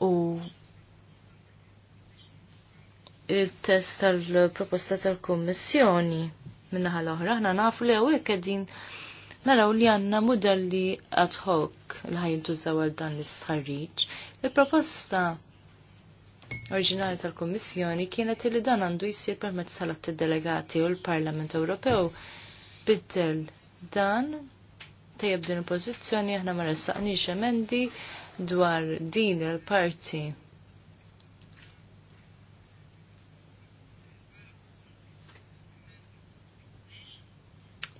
u il-test tal-proposta tal-Kommissjoni minna l-oħra. Aħna nafu li għawek għedin naraw li għanna modelli ad hoc li tużaw għal dan l-sħarriċ. Il-proposta oriġinali tal-Kommissjoni kienet li dan għandu jisir permezz tal-atti delegati u l-Parlament Ewropew biddel dan tajab din il-pozizjoni aħna ma ressaqniex emendi dwar din il-parti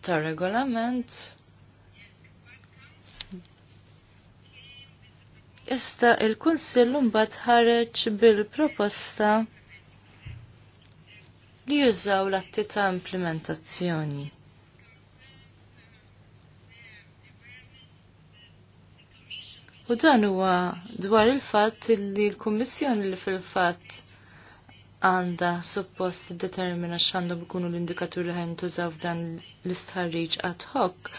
tar regolament Ista il-Kunsill mbagħad ħareġ bil-proposta li jużaw l-atti ta' implementazzjoni. U dan huwa dwar il-fatt li l-Kummissjoni li fil-fatt għanda suppost determina x'għandhom ikunu l-indikatur li ħajn tużaw f'dan l-istħarriġ ad hoc,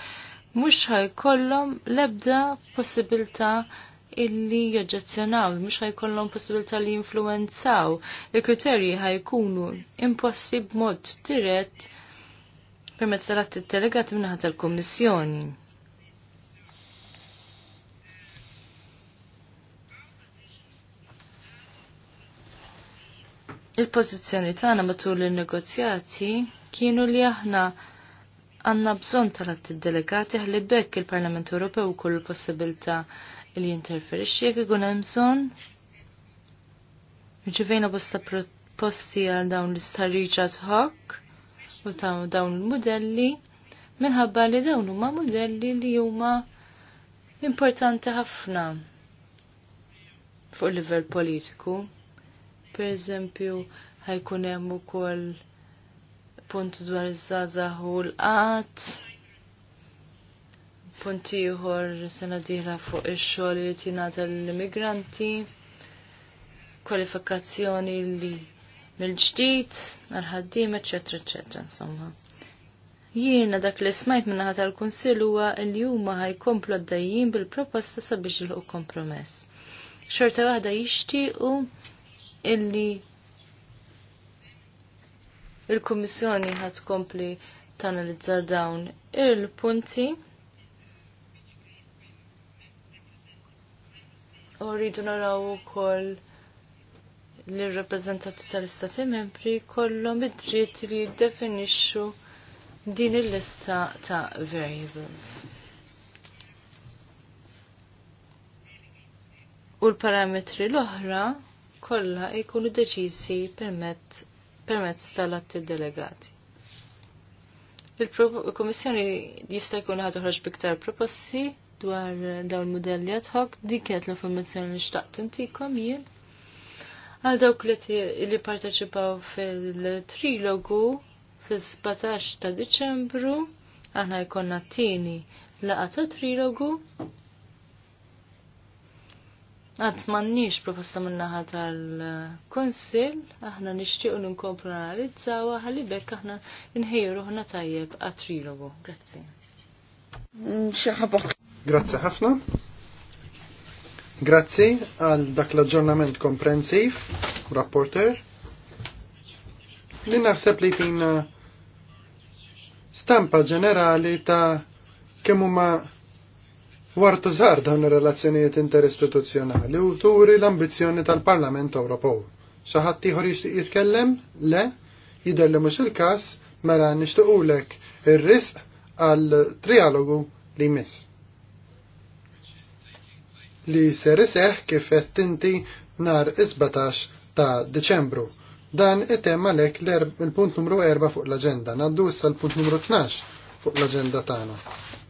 mux ħajkollhom l-ebda possibilità illi joġġezzjonaw, mhux ħajkollhom possibilità li influenzaw. Il-kriterji ħajkunu impossib b'mod dirett permezz tal-atti delegati minnaħat tal-Kummissjoni. il-pozizjoni tagħna matul il-negozjati kienu li aħna għanna bżon tal-att delegati ħalli bekk il-Parlament Ewropew kollu possibilità li jinterferixxi jekk ikun hemm bżonn. Ġivejna bosta proposti għal dawn l-istarriġa tħok u ta' dawn il-modelli minħabba li dawn huma modelli li huma importanti ħafna fuq il livell politiku pereżempju ħajkun hemm ukoll punt dwar iż-żgħażagħ u l qat Punt ieħor sena dieħla fuq ix-xogħol li tingħata l-immigranti. Kwalifikazzjoni li mill-ġdid għal ħaddim eċetera, eċetera, insomma. Jiena dak li smajt minna tal kunsil huwa li huma ħajkomplu għaddajjin bil-proposta sabiex il kompromess. Xorta waħda jixtiequ illi il-Kummissjoni ħat kompli tanalizza dawn il-punti u rridu naraw ukoll li r-rappreżentanti tal-Istati membri kollhom id-dritt li jiddefinixxu din il-lista ta' variables. U l-parametri l-oħra kollha jkunu deċiżi permezz tal-atti delegati. Il-Komissjoni jista' jkun ħad toħroġ biktar proposti dwar dawn modelli ad hoc, dik kienet l-informazzjoni li xtaqt intikom jien. Għal dawk li parteċipaw fil-trilogu fil-17 ta' Deċembru, aħna jkonna t-tini laqa ta' trilogu Għad mannix proposta minnaħa tal-Konsil, aħna nishtiqu nkomplu analizza u għalli bekk aħna nħejru ħna tajjeb għat-trilogu. Grazzi. Grazzi ħafna. Grazzi għal dak l-aġġornament komprensiv, rapporter. Li naħseb li tina stampa ġenerali ta' kemmu ma' wartu żar dawn ir-relazzjonijiet interistituzzjonali u turi l-ambizzjoni tal-Parlament Ewropew. Xi ħadd ieħor jixtieq jitkellem? Le, jidher li mhux il-każ mela nixtiequlek ir-risq għal trialogu li jmiss. Li ser iseħħ kif qed tinti nhar 17 ta' Deċembru. Dan it-tema lek il-punt numru 4 fuq l-agenda. Naddu issa l-punt numru 12 fuq l-agenda tagħna.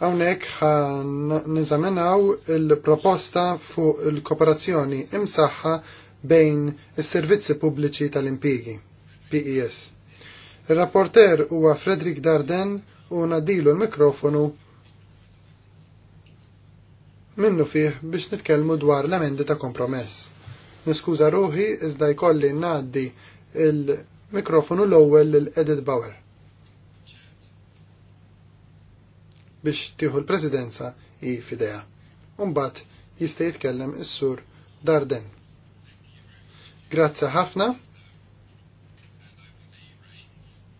Hawnhekk niżaminaw il-proposta fuq il-kooperazzjoni imsaħħa bejn is-servizzi pubbliċi tal-impigi, PES. Il-rapporter huwa Fredrik Darden u nadilu l-mikrofonu minnu fih biex nitkellmu dwar l-emendi ta' kompromess. Niskuża ruħi iżda jkolli ngħaddi il-mikrofonu l-ewwel lil Edit Bauer. biex tieħu l-presidenza i fideja. Umbat jista' jitkellem is-sur Darden. Grazzi ħafna.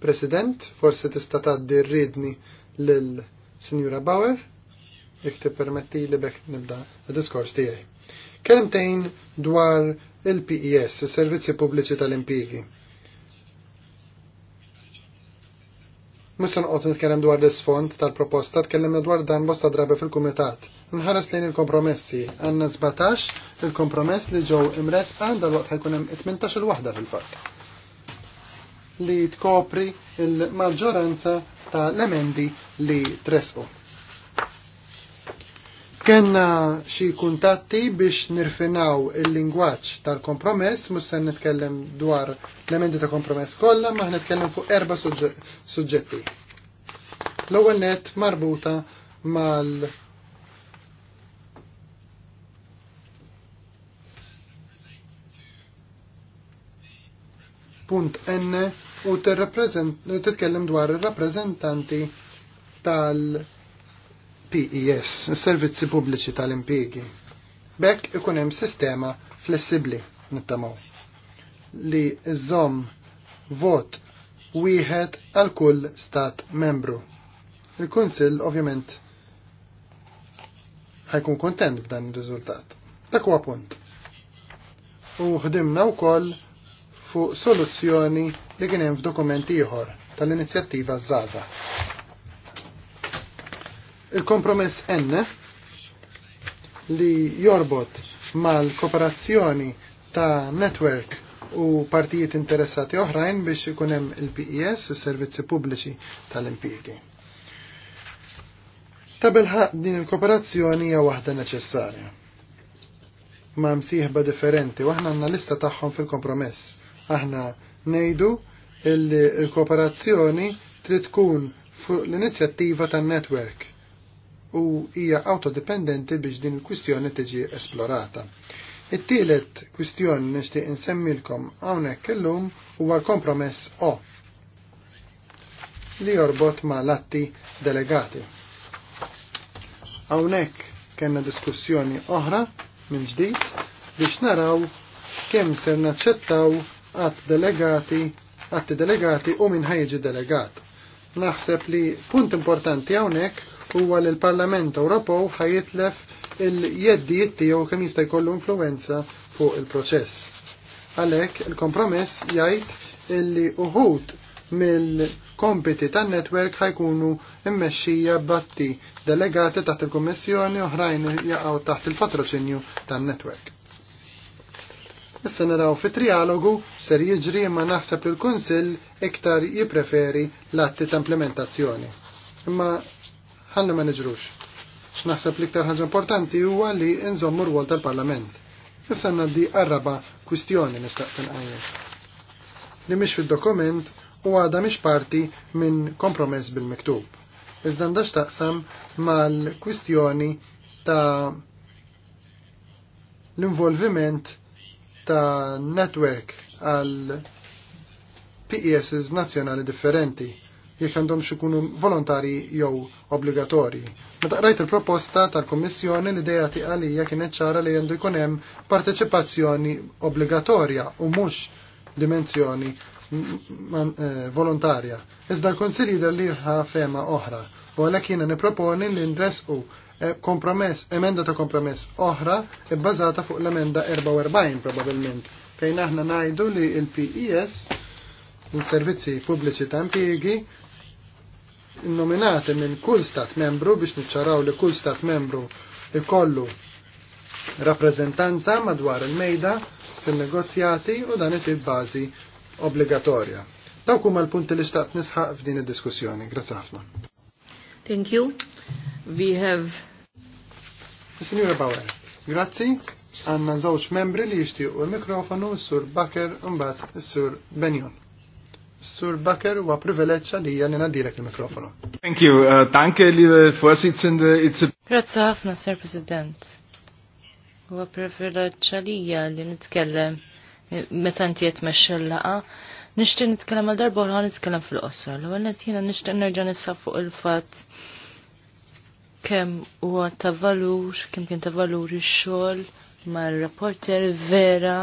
President, forse tista' tgħaddi rridni lil Sinjura Bauer, jekk tippermetti li bek nibda d-diskors tiegħi. Kelmtejn dwar il-PES, is-Servizzi Pubbliċi tal impiegi Mussan qot nitkellem dwar l-isfond tal-proposta tkellimna dwar dan bosta drabi fil-kumitat. Nħares lejn il-kompromessi għandna 17 il-kompromess li ġew imresqa dal-waqt ħajkun hemm 18 il-waħda fil-fatt li tkopri il-maġġoranza ta' l-emendi li tresqu. Kenna xi kuntatti biex nirfinaw il-lingwaġġ tal-kompromess, mhux se dwar l-emendi ta' kompromess kollha, ma netkellem fuq erba' suġġetti. L-ewwel net marbuta mal punt N u t-tkellem dwar ir rappreżentanti tal- PES, servizzi pubbliċi tal impiegi Bekk ikun hemm sistema flessibbli nittamaw li żomm vot wieħed għal kull stat membru. Il-Kunsill ovvjament ħajkun kontent b'dan ir-riżultat. Dak huwa punt. U ħdimna wkoll fuq soluzzjoni li kien hemm f'dokument ieħor tal-inizjattiva Zaza. Il-kompromess N li jorbot mal-kooperazzjoni ta' network u partijiet interessati oħrajn biex ikun hemm il-PES, il servizzi pubbliċi tal-impjiegi. Ta' bilħaq din il-kooperazzjoni hija waħda neċessarja. Ma' msieħba differenti u aħna għandna lista tagħhom fil-kompromess. Aħna ngħidu il-kooperazzjoni trid tkun fuq l-inizjattiva tan-network u hija autodependenti biex din il-kwistjoni tiġi esplorata. It-tielet kwistjoni nixtieq insemmilkom hawnhekk illum huwa l-kompromess O li jorbot ma' atti delegati. Hawnhekk kellna diskussjoni oħra minn ġdid biex naraw kemm ser naċċettaw att delegati għatti delegati u minn ħajġi delegat. Naħseb li punt importanti hawnhekk huwa li l-Parlament Ewropew ħajitlef il-jeddijiet tiegħu kemm jista' jkollu influenza fuq il-proċess. Għalhekk il-kompromess jgħid illi uħud mill-kompiti tan-netwerk ħajkunu mmexxija batti delegati taħt il-Kummissjoni oħrajn jaqgħu taħt il-patroċinju tan-netwerk. Issa naraw fi trialogu ser jiġri imma naħseb li l-Kunsill iktar jippreferi l-atti ta' implementazzjoni. Imma ħalli ma niġrux. X'naħseb l-iktar ħaġa importanti huwa li nżommu rwol tal-Parlament. Issa di arraba kwistjoni nistaq tinqajjem. Li mhix fid-dokument u għada mhix parti minn kompromess bil-miktub. Iżda ndax taqsam mal-kwistjoni ta' l-involviment ta' network għal PESs nazzjonali differenti jekk għandhom x'ikunu volontari jew obbligatorji. Meta qrajt il-proposta tal-Kummissjoni l-idea tiqalija kienet ċara li għandu jkun hemm parteċipazzjoni obbligatorja u mhux dimensjoni eh, volontarja. Iżda l-Konsil jidher li fema oħra u għalhekk jiena nipproponi li nresqu eh, kompromess, emenda ta' kompromess oħra bbażata fuq l-emenda 44 probabbilment fejn aħna ngħidu li l-PES il-servizzi pubbliċi ta' impjiegi nominati minn kull stat membru biex niċċaraw li kull stat membru ikollu rappreżentanza madwar il-mejda fil-negozjati u dan isib bażi obbligatorja. Dawk huma l-punti li xtaqt nisħaq f'din id-diskussjoni. Grazzi ħafna. Thank you. We have Signora Bauer, grazzi. Għanna żewġ membri li jixtiequ l-mikrofonu, s-sur Baker u mbagħad is-sur Benjon. Sur Bakker, huwa privileġġ li li nadilek il-mikrofonu. Thank you, uh, danke, liebe Vorsitzende. A... Grazie ħafna, Sir President. Huwa privileġġ għalija li nitkellem meta inti qed Nishti Nixtieq nitkellem għal darba u nitkellem fil qosra L-ewwel qed jiena nixtieq nerġa' nissa fuq il-fatt kemm huwa ta' valur, kemm kien ta' valur il-xol, xogħol il rapporter vera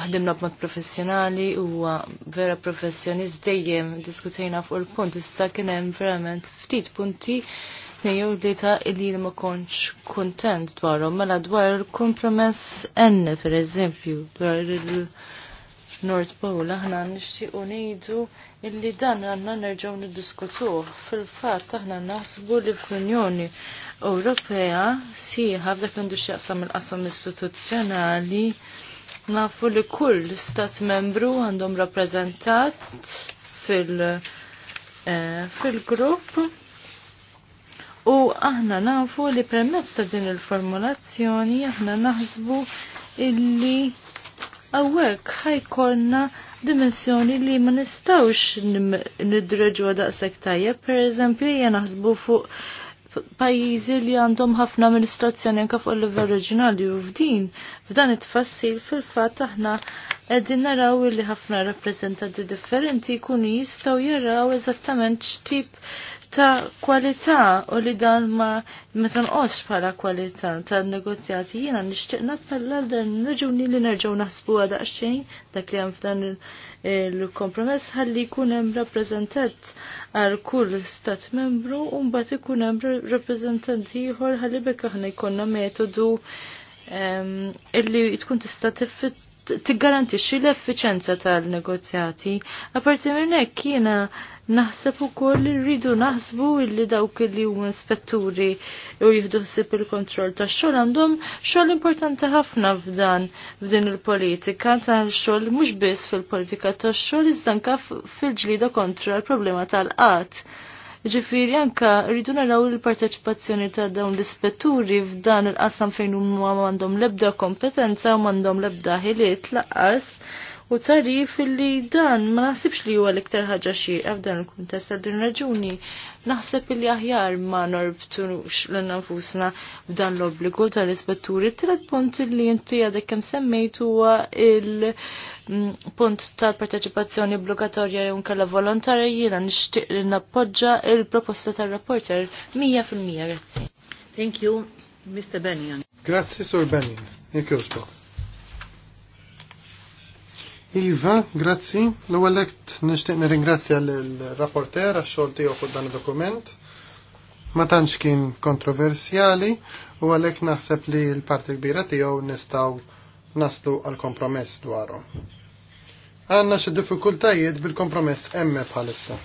ħdimna b'mod professjonali u vera professjonist dejjem diskutejna fuq il-punt issa kien hemm verament ftit punti nejjew dita li ma konċ kontent dwarhom mela dwar il-kompromess N per eżempju dwar il-Nord Pole aħna nixtiequ ngħidu illi dan għandna nerġgħu niddiskutuh fil-fatt aħna naħsbu li fl-Unjoni Ewropea sieħa f'dak l-industri il-qasam istituzzjonali Nafu li kull stat membru għandhom rappresentat eh, fil-grupp u aħna nafu li permezz ta' din il-formulazzjoni aħna naħsbu illi għawek ħajkolna dimensjoni li ma nistawx nidreġu għadaqsek tajja, per eżempju, jena naħsbu fuq pajjiżi li għandhom ħafna amministrazzjoni anke fuq il-livell reġjonali u f'din f'dan it-tfassil fil-fatt aħna qegħdin naraw li ħafna rappreżentanti differenti jkunu jistgħu jaraw eżattament x'tip ta' kwalità u li dan ma meta nqosx bħala kwalità tan-negozjati jiena nixtieq nappella dan raġuni li nerġgħu naħsbu daqsxejn dak li hemm f'dan il-kompromess ħalli jkun hemm rappreżentant għal kull stat membru u mbagħad ikun hemm rappreżentant ieħor ħalli bekk aħna jkollna metodu illi tkun tista' tiffitt tiggarantixxi l-effiċenza tal-negozjati. A minn hekk jiena naħseb ukoll li rridu naħsbu illi dawk li huma inspetturi u jieħdu ħsieb il-kontroll tax-xogħol għandhom xogħol importanti ħafna f'dan f'din il-politika tal-xogħol mhux biss fil-politika tax-xogħol iżda anke fil-ġlida kontra l-problema tal-qatt Ġifiri anka rridu naraw il-parteċipazzjoni ta' dawn l-ispetturi f'dan il-qasam fejn huma m'għandhom l-ebda kompetenza u m'għandhom l-ebda ħiliet laqqas u tarif li dan ma naħsibx li huwa l-iktar ħaġa xierqa f'dan il-kuntest ta' din raġuni naħseb li aħjar ma norbtux l-nafusna f'dan l-obbligu tal-ispetturi. Tret punt li inti għadek kem semmejtu huwa il- Mm, punt tal-parteċipazzjoni obbligatorja jew nkella volontarja jiena nixtieq li nappoġġa il-proposta tar-rapporter 100% grazzi. Thank you, Mr. Benjamin. Grazzi, Sur Bennion. Jekk Iva, grazzi. l lekt nixtieq nirringrazzja l-rapporter għax-xogħol tiegħu fuq dan id-dokument ma tantx kien kontroversjali u għalhekk naħseb li l-parti kbira tiegħu nistgħu naslu għal kompromess dwarhom. Għanna xi diffikultajiet bil-kompromess emme bħalissa.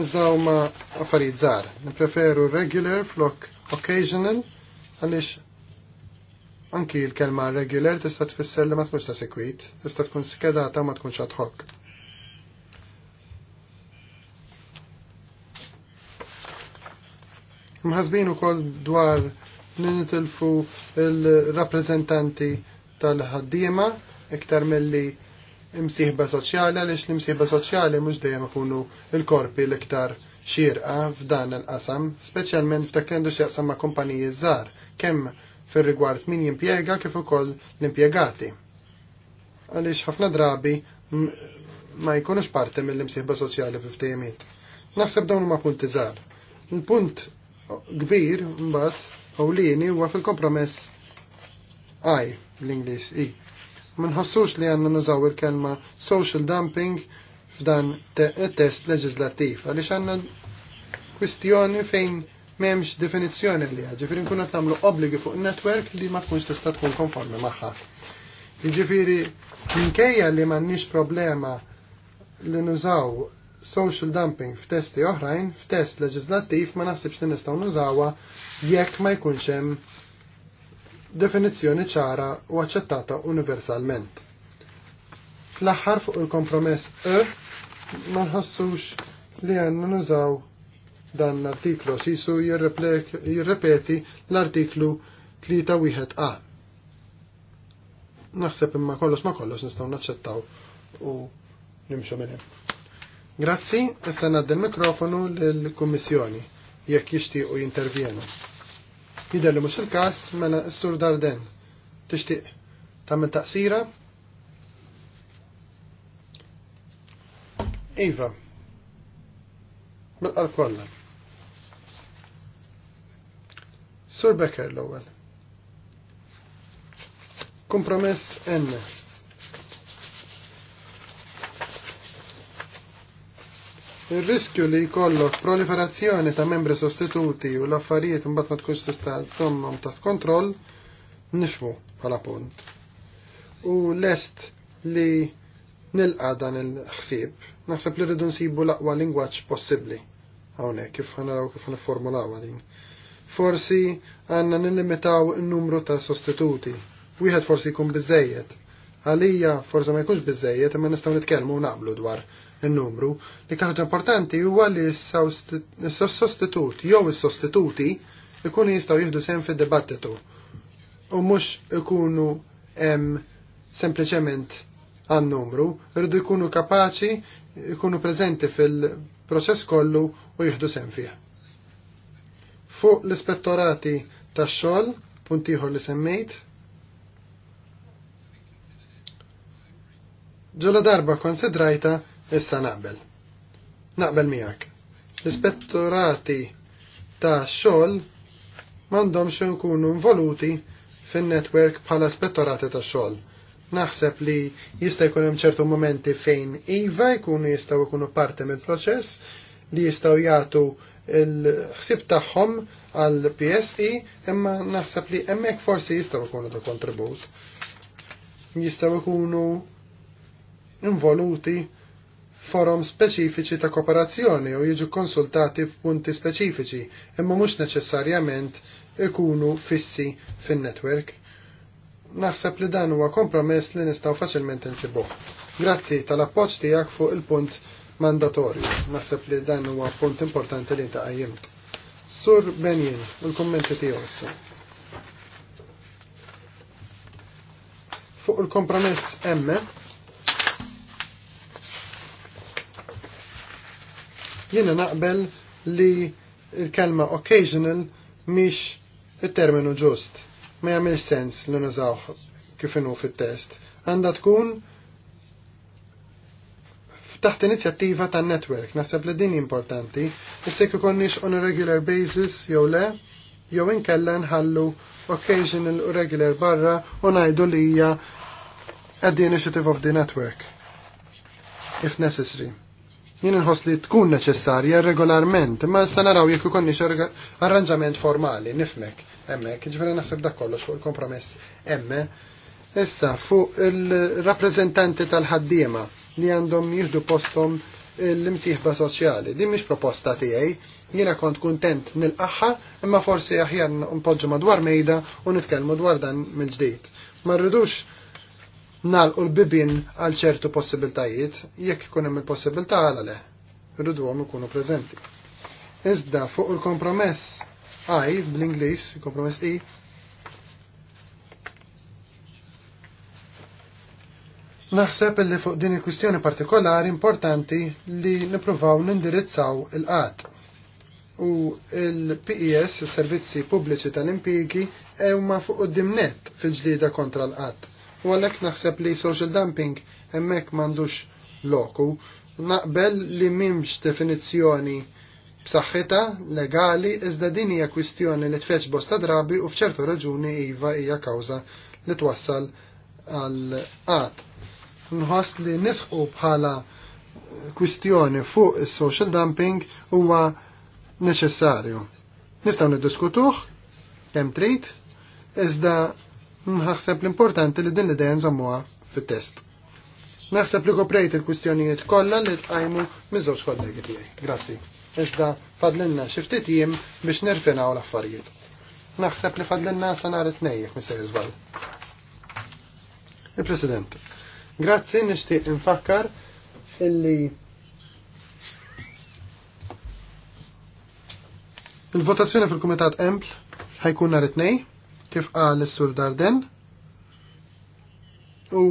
Iżda huma affarijiet żgħar. Nippreferu regular flok occasional għaliex anki l-kelma regular tista' tfisser li ma tkunx ta' sekwit, tista' tkun skedata ma tkunx ad hoc. Mħazbinu kol dwar li nitilfu il-rappresentanti tal-ħaddiema iktar mill-li imsieħba soċjali għaliex l-imsieħba soċjali mhux dejjem ikunu l-korpi l-iktar xirqa f'dan il-qasam, speċjalment f'takrendu xieqsam ma' kumpaniji żgħar, kemm fil rigward min jimpjega kif ukoll l-impjegati. Għaliex ħafna drabi ma jkunux parte mill-imsieħba soċjali f'ftehimiet. Naħseb dawn huma punti żgħar. Il-punt kbir mbagħad Ewlieni huwa fil-kompromess I bl-Ingliż I. Ma nħossux li għandna nużaw il-kelma social dumping f'dan test leġislattiv għaliex għandna kwistjoni fejn m'hemmx definizzjoni li ġifieri nkunu qed nagħmlu obbligi fuq netwerk li ma tkunx tista' tkun konformi magħha. Jiġifieri minkejja li m'għandniex problema li nużaw social dumping f'testi oħrajn, f'test leġislattiv ma naħsibx li nistgħu nużawha jekk ma jkunx hemm definizzjoni ċara u aċċettata universalment. Fl-aħħar fuq il-kompromess E ma nħossux li għandna nużaw dan l-artiklu xisu jirrepeti l-artiklu a Naħseb imma kollox ma kollox nistgħu naċċettaw u nimxu minn hemm. Grazzi, issa nadda l-mikrofonu l-Kummissjoni, jekk jixtiequ jintervjenu. Jidher li mhux il-każ mela s-Sur Darden. Tixtieq tagħmel taqsira? Iva, bil-qal mela kollha. Sur Becker l-ewwel. Kompromess N Il-riskju li jkollok proliferazzjoni ta' membri sostituti u l-affarijiet mbagħad ma tkunx tista' tsommhom taħt kontroll nifhmu bħala punt. U lest li nilqa dan il-ħsieb, naħseb li rridu nsibu l-aqwa lingwaġġ possibbli. Hawnhekk kif ħanaraw kif ħanifformulaw din. Forsi għandna nillimitaw in-numru ta' sostituti. Wieħed forsi jkun biżejjed. Għalija forsi ma jkunx biżejjed imma nistgħu nitkellmu u naqblu dwar il numru Li ħaġa importanti huwa li s sostituti jew is-sostituti ikunu jistgħu jieħdu sem fid-dibattitu u mhux ikunu hemm sempliċement għan numru, rridu jkunu kapaċi, jkunu preżenti fil-proċess kollu u jieħdu sehem fih. Fuq l-ispettorati tax-xogħol, puntiħor li semmejt, ġola darba konsidrajta Issa naqbel. Naqbel miegħek. L-ispettorati ta' xogħol m'għandhomx nkunu involuti fin-netwerk bħala spettorati ta' xogħol. Naħseb li jista' jkun hemm ċertu momenti fejn iva jkunu jistgħu jkunu parti mill-proċess li jistgħu jagħtu il-ħsib tagħhom għal PSI imma naħseb li hemmhekk forsi jistgħu jkunu ta' kontribut. Jistgħu jkunu involuti forum speċifiċi ta' kooperazzjoni u jiġu konsultati f'punti speċifiċi, imma mhux neċessarjament ikunu fissi fin-netwerk. Naħseb li dan huwa kompromess li nistgħu faċilment insibuh. Grazzi tal-appoġġ tiegħek fuq il-punt mandatorju. Naħseb li dan huwa punt importanti li ta' qajjim. Sur Benjin, il-kommenti tiegħu issa. Fuq il-kompromess emme, Jiena naqbel li il-kelma occasional miex il-terminu ġust. Ma jagħmel sens li nużawh kif inhu fit-test. Għandha tkun taħt inizjattiva tan netwerk naħseb li din importanti, issek ikonniex on a regular basis jew le, jew inkella nħallu occasional u regular barra u ngħidu li hija at the initiative of the network if necessary jien inħoss li tkun neċessarja regolarment, ma sa naraw jekk ikolniex arranġament formali, nifmek, hemmhekk, ġifieri naħseb dak kollox fuq il-kompromess emme. Issa fuq il-rappreżentanti tal-ħaddiema li għandhom jieħdu postom l-imsieħba soċjali. Din mhix proposta tiegħi, jiena kont kuntent nilqaħħa, imma forsi aħjar npoġġu madwar mejda u nitkellmu dwar dan mill-ġdid. Ma rridux nalqu l-bibin għal ċertu possibiltajiet jekk ikun hemm il-possibilità għal le, irridhom ikunu preżenti. Iżda fuq il-kompromess I bl-Ingliż, kompromess I, Naħseb li fuq din il-kwistjoni partikolari importanti li nipruvaw nindirizzaw il-qat. U il-PES, il-Servizzi Pubbliċi tal-Impjigi, huma fuq dimnet fil-ġlida kontra l-qat u għalek naħseb li social dumping hemmhekk m'għandux loku. Naqbel li mimx definizzjoni b'saħħitha legali iżda din hija kwistjoni li tfeċ bosta drabi u f'ċertu raġuni iva hija kawża li twassal għal qatt. Nħoss li nisħu bħala kwistjoni fuq is-social dumping huwa neċessarju. Nistgħu niddiskutuh hemm trid, iżda Mħaxseb l-importanti li din l-idea nżammuha fit-test. Naħseb li koprejt il-kwistjonijiet kollha li tqajmu miżewġ żewġ kollegi tiegħi. Grazzi. Iżda fadlinna xi ftit jiem biex nirfinaw l-affarijiet. Naħseb li fadlinna sa nhar it-tnejn Mr. Iżbal. Il-President. Grazzi nixtieq infakkar illi Il-votazzjoni fil-Kumitat Empl ħajkun nhar it-tnejn kif qal is-Sur Darden. U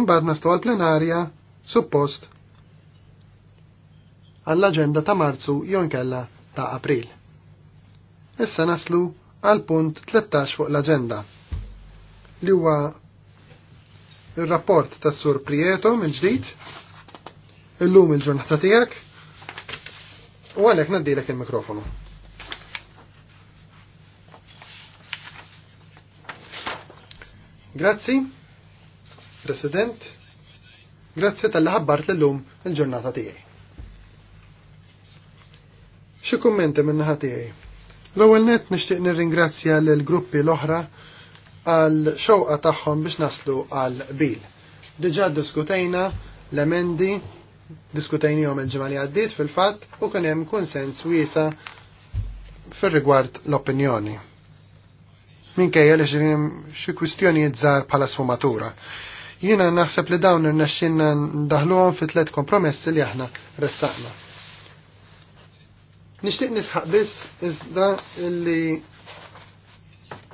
mbagħad nistgħu għall-plenarja suppost għall-aġenda ta' Marzu jew inkella ta' April. Issa naslu għal punt 13 fuq l-aġenda li huwa il-rapport tas Sur Prieto minn ġdid illum il-ġurnata tiegħek u għalhekk nadilek il-mikrofonu. Grazzi, President, grazzi tal ħabbart l-lum il-ġurnata tiegħi. Xi kummenti minn naħa tiegħi. L-ewwel nett nixtieq nirringrazzja lill gruppi l-oħra għal xewqa tagħhom biex naslu għal bil. Diġà diskutejna l-emendi diskutejniehom il-ġimgħa li għaddiet fil-fatt u kien hemm konsens wiesa fir-rigward l-opinjoni minkejja li xi kwistjoni żgħar bħala sfumatura. Jiena naħseb li dawn irnexxinna ndaħluhom fi tliet kompromessi li aħna ressaqna. Nixtieq nisħaq biss iżda li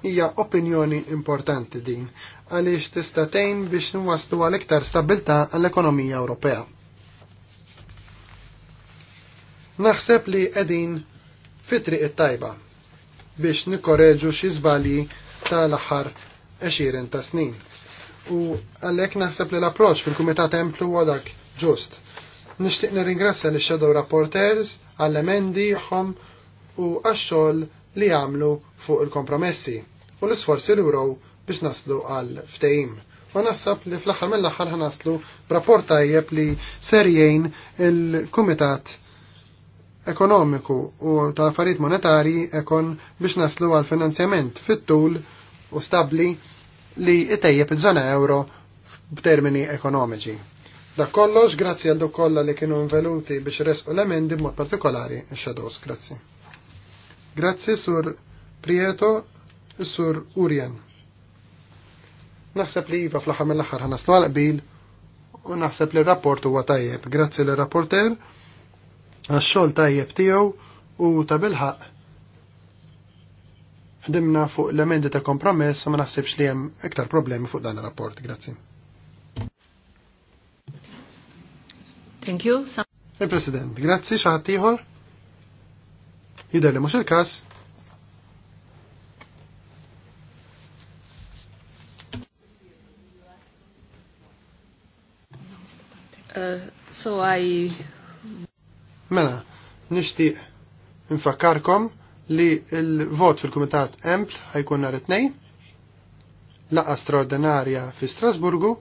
hija opinjoni importanti din għaliex tista' tgħin biex nwaslu għal iktar stabilta għall-ekonomija Ewropea. Naħseb li qegħdin fitri it-tajba biex nikoreġu xi żbalji tal-aħħar 20 ta' snin. U għalhekk naħseb li l-approċċ fil-Kumitat Templu huwa dak ġust. Nixtieq nirringrazzja lix shadow Rapporters għall-emendi tagħhom u għax-xogħol li għamlu fuq il-kompromessi u l-isforzi li wrow biex naslu għal ftehim. U naħseb li fl-aħħar mill-aħħar ħanaslu b'rapport tajjeb li serjejn il-Kumitat ekonomiku u tal-affarijiet monetarji ekon biex naslu għal finanzjament fit-tul u stabli li itejjeb iż-żona euro b'termini ekonomiċi. Dak kollox, grazzi għal dok kollha li kienu nveluti biex resqu l-emendi b'mod partikolari x-shadows, grazzi. Grazzi sur Prieto, sur Urien. Naħseb li jiva fl-aħħar mill-aħħar ħanaslu għal qbil u naħseb li r-rapport huwa tajjeb. Grazzi l-rapporter għax-xogħol tajjeb tiegħu u ta' bilħaq ħdimna fuq l-emendi ta' kompromess ma naħsibx li hemm iktar problemi fuq dan ir-rapport. Grazzi. Thank you. Il-President, grazzi xaħat ħadd ieħor? li mhux il-każ. Uh, so I Mela, nixtieq infakkarkom li l-vot fil-Kumitat Empl ħajkun nhar it-tnejn, laqa straordinarja fi Strasburgu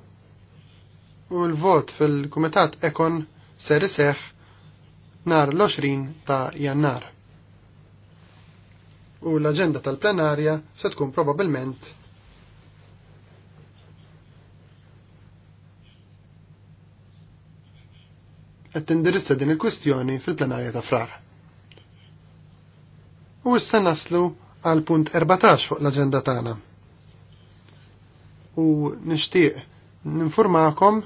u l-vot fil-Kumitat Ekon ser iseħħ nhar l-20 ta' Jannar. U l-aġenda tal-plenarja se tkun probabbilment qed tindirizza din il-kwistjoni fil-plenarja ta' frar. U issa naslu għal punt 14 fuq l-aġenda tagħna. U nixtieq ninformakom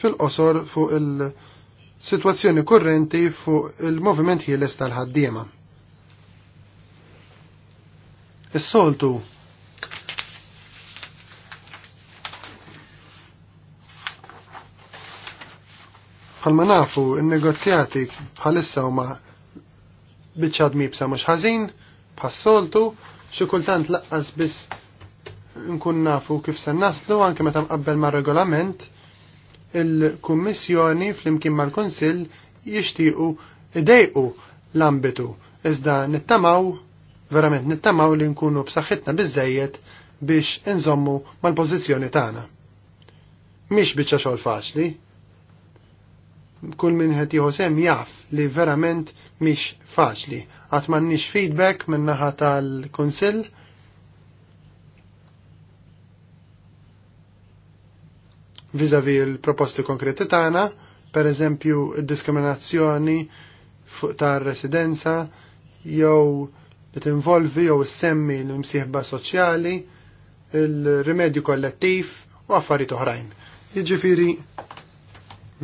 fil-qosor fuq il-sitwazzjoni kurrenti fuq il-moviment ħieles tal-ħaddiema. Is-soltu Ma nafu, il-negozjati bħalissa huma biċċad mibsa mhux ħażin, bħassoltu, xi kultant laqqas biss nkun nafu kif se naslu anke meta mqabbel mar-regolament il-Kummissjoni flimkien mal-Kunsill jixtiequ idejqu l-ambitu iżda nittamaw verament nittamaw li nkunu b'saħħitna bizzejiet biex inżommu mal-pożizzjoni tagħna. Mhix biċċa xogħol faċli, kull minn qed sem jaf li verament mhix faċli. Qatt m'għandniex feedback minn naħa tal-Kunsill. Viżavi l-proposti konkreti tagħna, pereżempju id-diskriminazzjoni fuq tar-residenza jew li tinvolvi jew semmi l-imsieħba soċjali, il-rimedju kollettiv u affarijiet oħrajn. Jiġifieri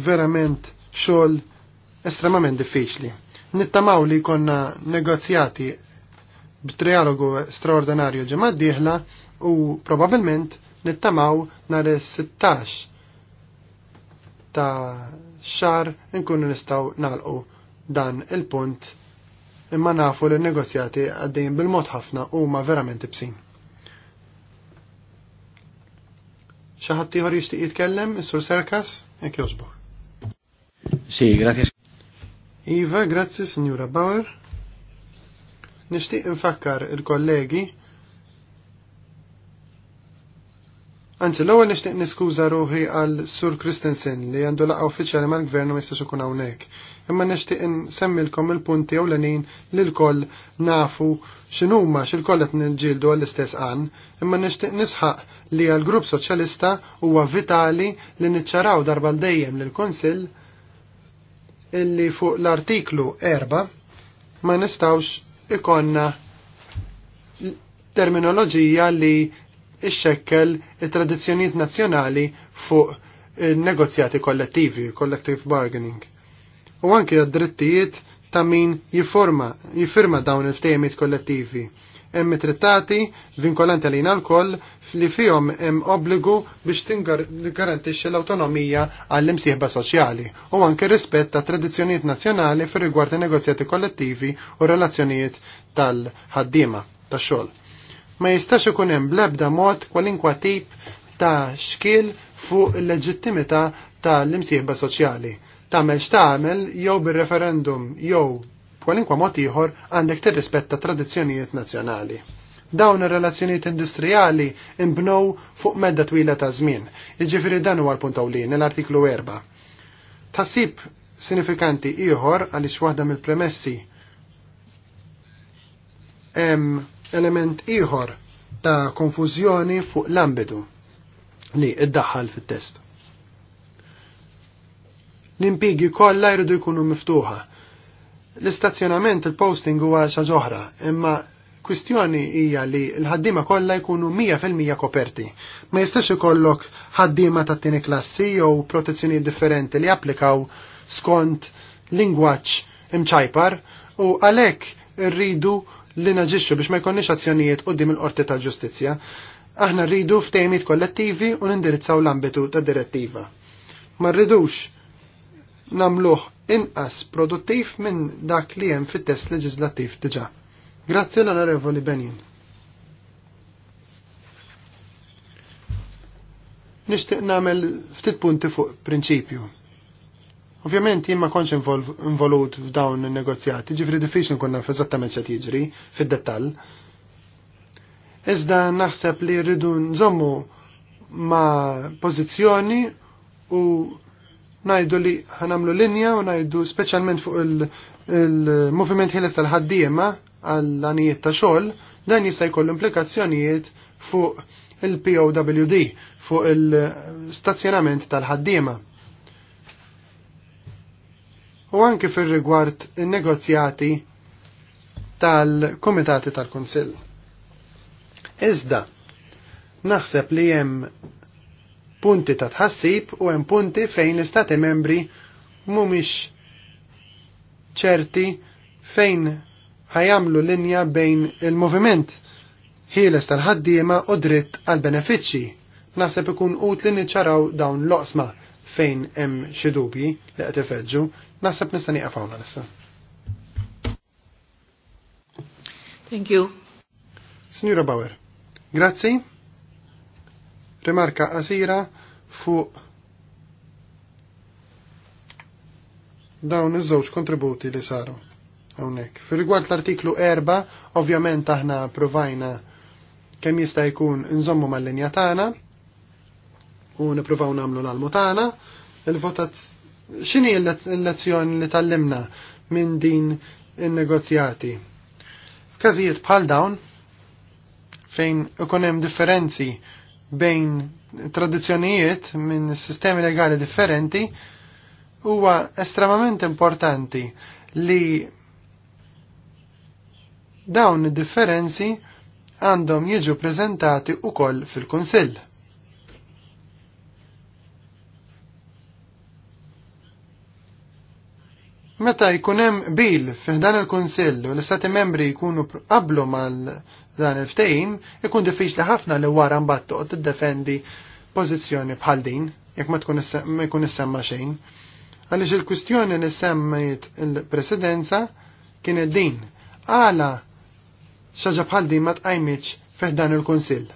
verament xogħol estremament diffiċli. Nittamaw li konna negozjati b'trialogu straordinarju ġemma d-dieħla u probabilment nittamaw nhar 16 ta' xar nkunu nistaw nalqu dan il-punt imma nafu li negozjati għaddejn bil-mod ħafna u ma verament ibsin. Xaħat ieħor jixtieq jitkellem, is-sur Serkas, jekk jogħġbok. Sì, grazie. Iva, grazie signora Bauer. Nishtiq infakkar il-kollegi Anzi, l-ewwel nixtieq niskuża ruħi għal Sur Christensen li għandu laqgħa uffiċjali mal-Gvern ma jistax ikun hawnhekk. Imma nixtieq nsemmilkom il-punti l-għanin li l-koll nafu x'inhuma x'il-koll qed niġġieldu għall-istess qan, imma nixtieq nisħaq li għall-Grupp Soċjalista huwa vitali li niċċaraw darba l dejjem lill-Kunsill illi fuq l-artiklu 4 ma nistawx ikonna terminoloġija li ixxekkel il tradizzjonijiet nazzjonali fuq negozjati kollettivi, collective bargaining. U anki għad-drittijiet ta' min jiforma, jifirma dawn il-ftejmiet kollettivi hemm trittati vinkolanti għalina l-koll li fihom hemm obbligu biex tingarantixxi l-awtonomija għall-imsieħba soċjali u anke rispett ta' tradizzjonijiet nazzjonali fir rigward negozjati kollettivi u relazzjonijiet tal-ħaddiema tax-xogħol. Ma jistax ikun hemm bl-ebda mod kwalinkwa tip ta' xkiel fuq il-leġittimità tal-imsieħba soċjali tagħmel x'tagħmel jew bir-referendum jew Kwalinkwa mod ieħor għandek tirrispetta tradizzjonijiet nazzjonali. Dawn ir-relazzjonijiet industrijali imbnew fuq medda twila ta' żmien. Jiġifieri dan huwa l-punt ewlien l-artiklu 4. Tasib sinifikanti ieħor għaliex waħda mill-premessi hemm element ieħor ta' konfużjoni fuq l-ambitu li iddaħħal fit-test. L-impigi kollha jridu jkunu miftuħa L-istazzjonament, il-posting huwa xi ġoħra, imma kwistjoni hija li l ħaddima kollha jkunu 100% koperti. Ma jistax ikollok ħaddiema ta' tieni klassi jew protezzjoni differenti li applikaw skont lingwaġġ imċajpar u għalhekk rridu li naġixxu biex ma jkollniex azzjonijiet qudiem il-qorti tal-ġustizzja. Aħna rridu ftejmiet kollettivi u nindirizzaw l-ambitu tad direttiva. Ma rridux namluħ inqas produttiv minn dak li hemm fit-test leġislattiv diġà. Grazzi l-Onorevoli Benin. Nixtieq nagħmel ftit punti fuq prinċipju. Ovvjament jien ma kontx involut f'dawn in-negozjati, ġifri diffiċli nkun naf eżattament x'għed jiġri fid-dettall. Iżda naħseb li rridu nżommu ma' pożizzjoni u najdu li ħanamlu linja u najdu specialment fuq il-moviment il tal-ħaddiema għall-anijiet ta' xogħol, dan jista' jkollu implikazzjonijiet fuq il-POWD, fuq il-stazzjonament tal-ħaddiema. U anke fir-rigward in-negozjati tal-Komitati tal-Kunsill. Iżda, naħseb li hemm punti ta' tħassib u hemm punti fejn l-istati membri mhumiex ċerti fejn ħajamlu linja bejn il-moviment ħieles tal-ħaddiema u dritt għal benefiċċji. Naħseb ikun utli niċċaraw dawn l-oqsma fejn hemm xi dubji li qed ifeġġu, naħseb nista' nieqaf hawnna issa. Thank you. Signora Bauer, grazzi. Rimarka qasira fuq dawn iż-żewġ kontributi li saru hawnhekk. fil rigward l-artiklu 4, ovvjament aħna provajna kemm jista' jkun nżommu mal-linja tagħna u nippruvaw nagħmlu l-almu tagħna. X'inhi l-lezzjoni li tallimna minn din in-negozjati? F'każijiet bħal dawn fejn ikun hemm differenzi bejn tradizzjonijiet minn sistemi legali differenti huwa estremament importanti li dawn id-differenzi għandhom jiġu prezentati ukoll fil-Kunsill. Meta jkun hemm bil f'dan il-Kunsill u l-Istati membri jkunu qablu mal dan il-ftehim, ikun diffiċli ħafna li wara mbagħad toqgħod tiddefendi pożizzjoni bħal din, jekk ma jkun issemma xejn. Għaliex il-kwistjoni li semmejt il-presidenza kien id din. Għala xaġa bħal din ma tqajmitx fiħdan il-Kunsill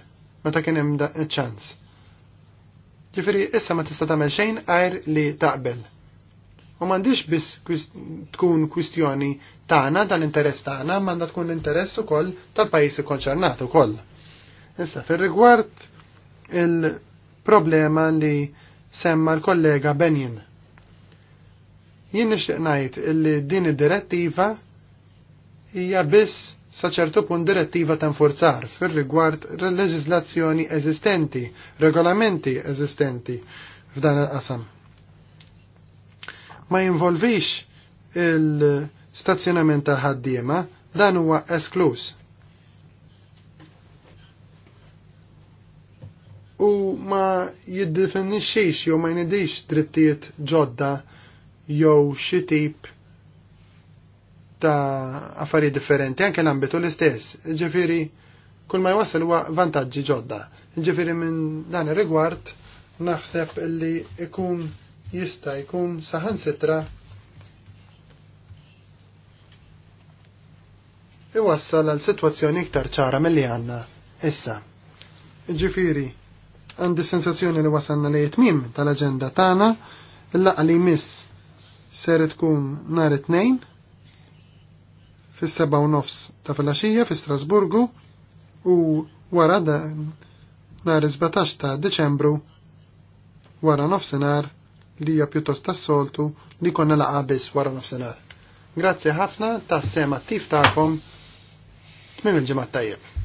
meta kien hemm ċans. Ġifieri issa ma tista' tagħmel xejn għajr li taqbel. U m'għandix biss tkun kwistjoni tagħna tal-interess tagħna, m'għandha tkun l-interess ukoll tal-pajjiż ikkonċernat ukoll. Issa fir-rigward il- problema li semma l-kollega Benjen. Jien nixtieq ngħid illi din id-direttiva hija biss sa ċertu punt direttiva ta' nfurzar fir-rigward leġiżlazzjoni eżistenti, regolamenti eżistenti f'dan il-qasam. Ma jinvolvix il-stazzjonament ta' ħaddiema, dan huwa esklus u ma jiddefinixxiex jew ma jnidix drittijiet ġodda jew xi tip ta' affarijiet differenti anke l-ambitu l-istess. ġifiri kull ma jwassal huwa vantaġġi ġodda. Ġifieri minn dan ir-rigward naħseb li ikun jista' jkun saħansitra iwassal għal sitwazzjoni iktar ċara mill-li għandna issa. Ġifieri għandi sensazzjoni li wasanna li jitmim tal-agenda tagħna il għalli li jmiss ser tkun nhar it-tnejn fis-seba' u nofs ta' filgħaxija fi Strasburgu u wara da nar 17 ta' Deċembru wara nofsinhar li hija pjuttost tas-soltu li konna laqa biss wara nofsinhar. Grazzi ħafna ta' sema attiv tagħkom tmiem il-ġimgħa tajjeb.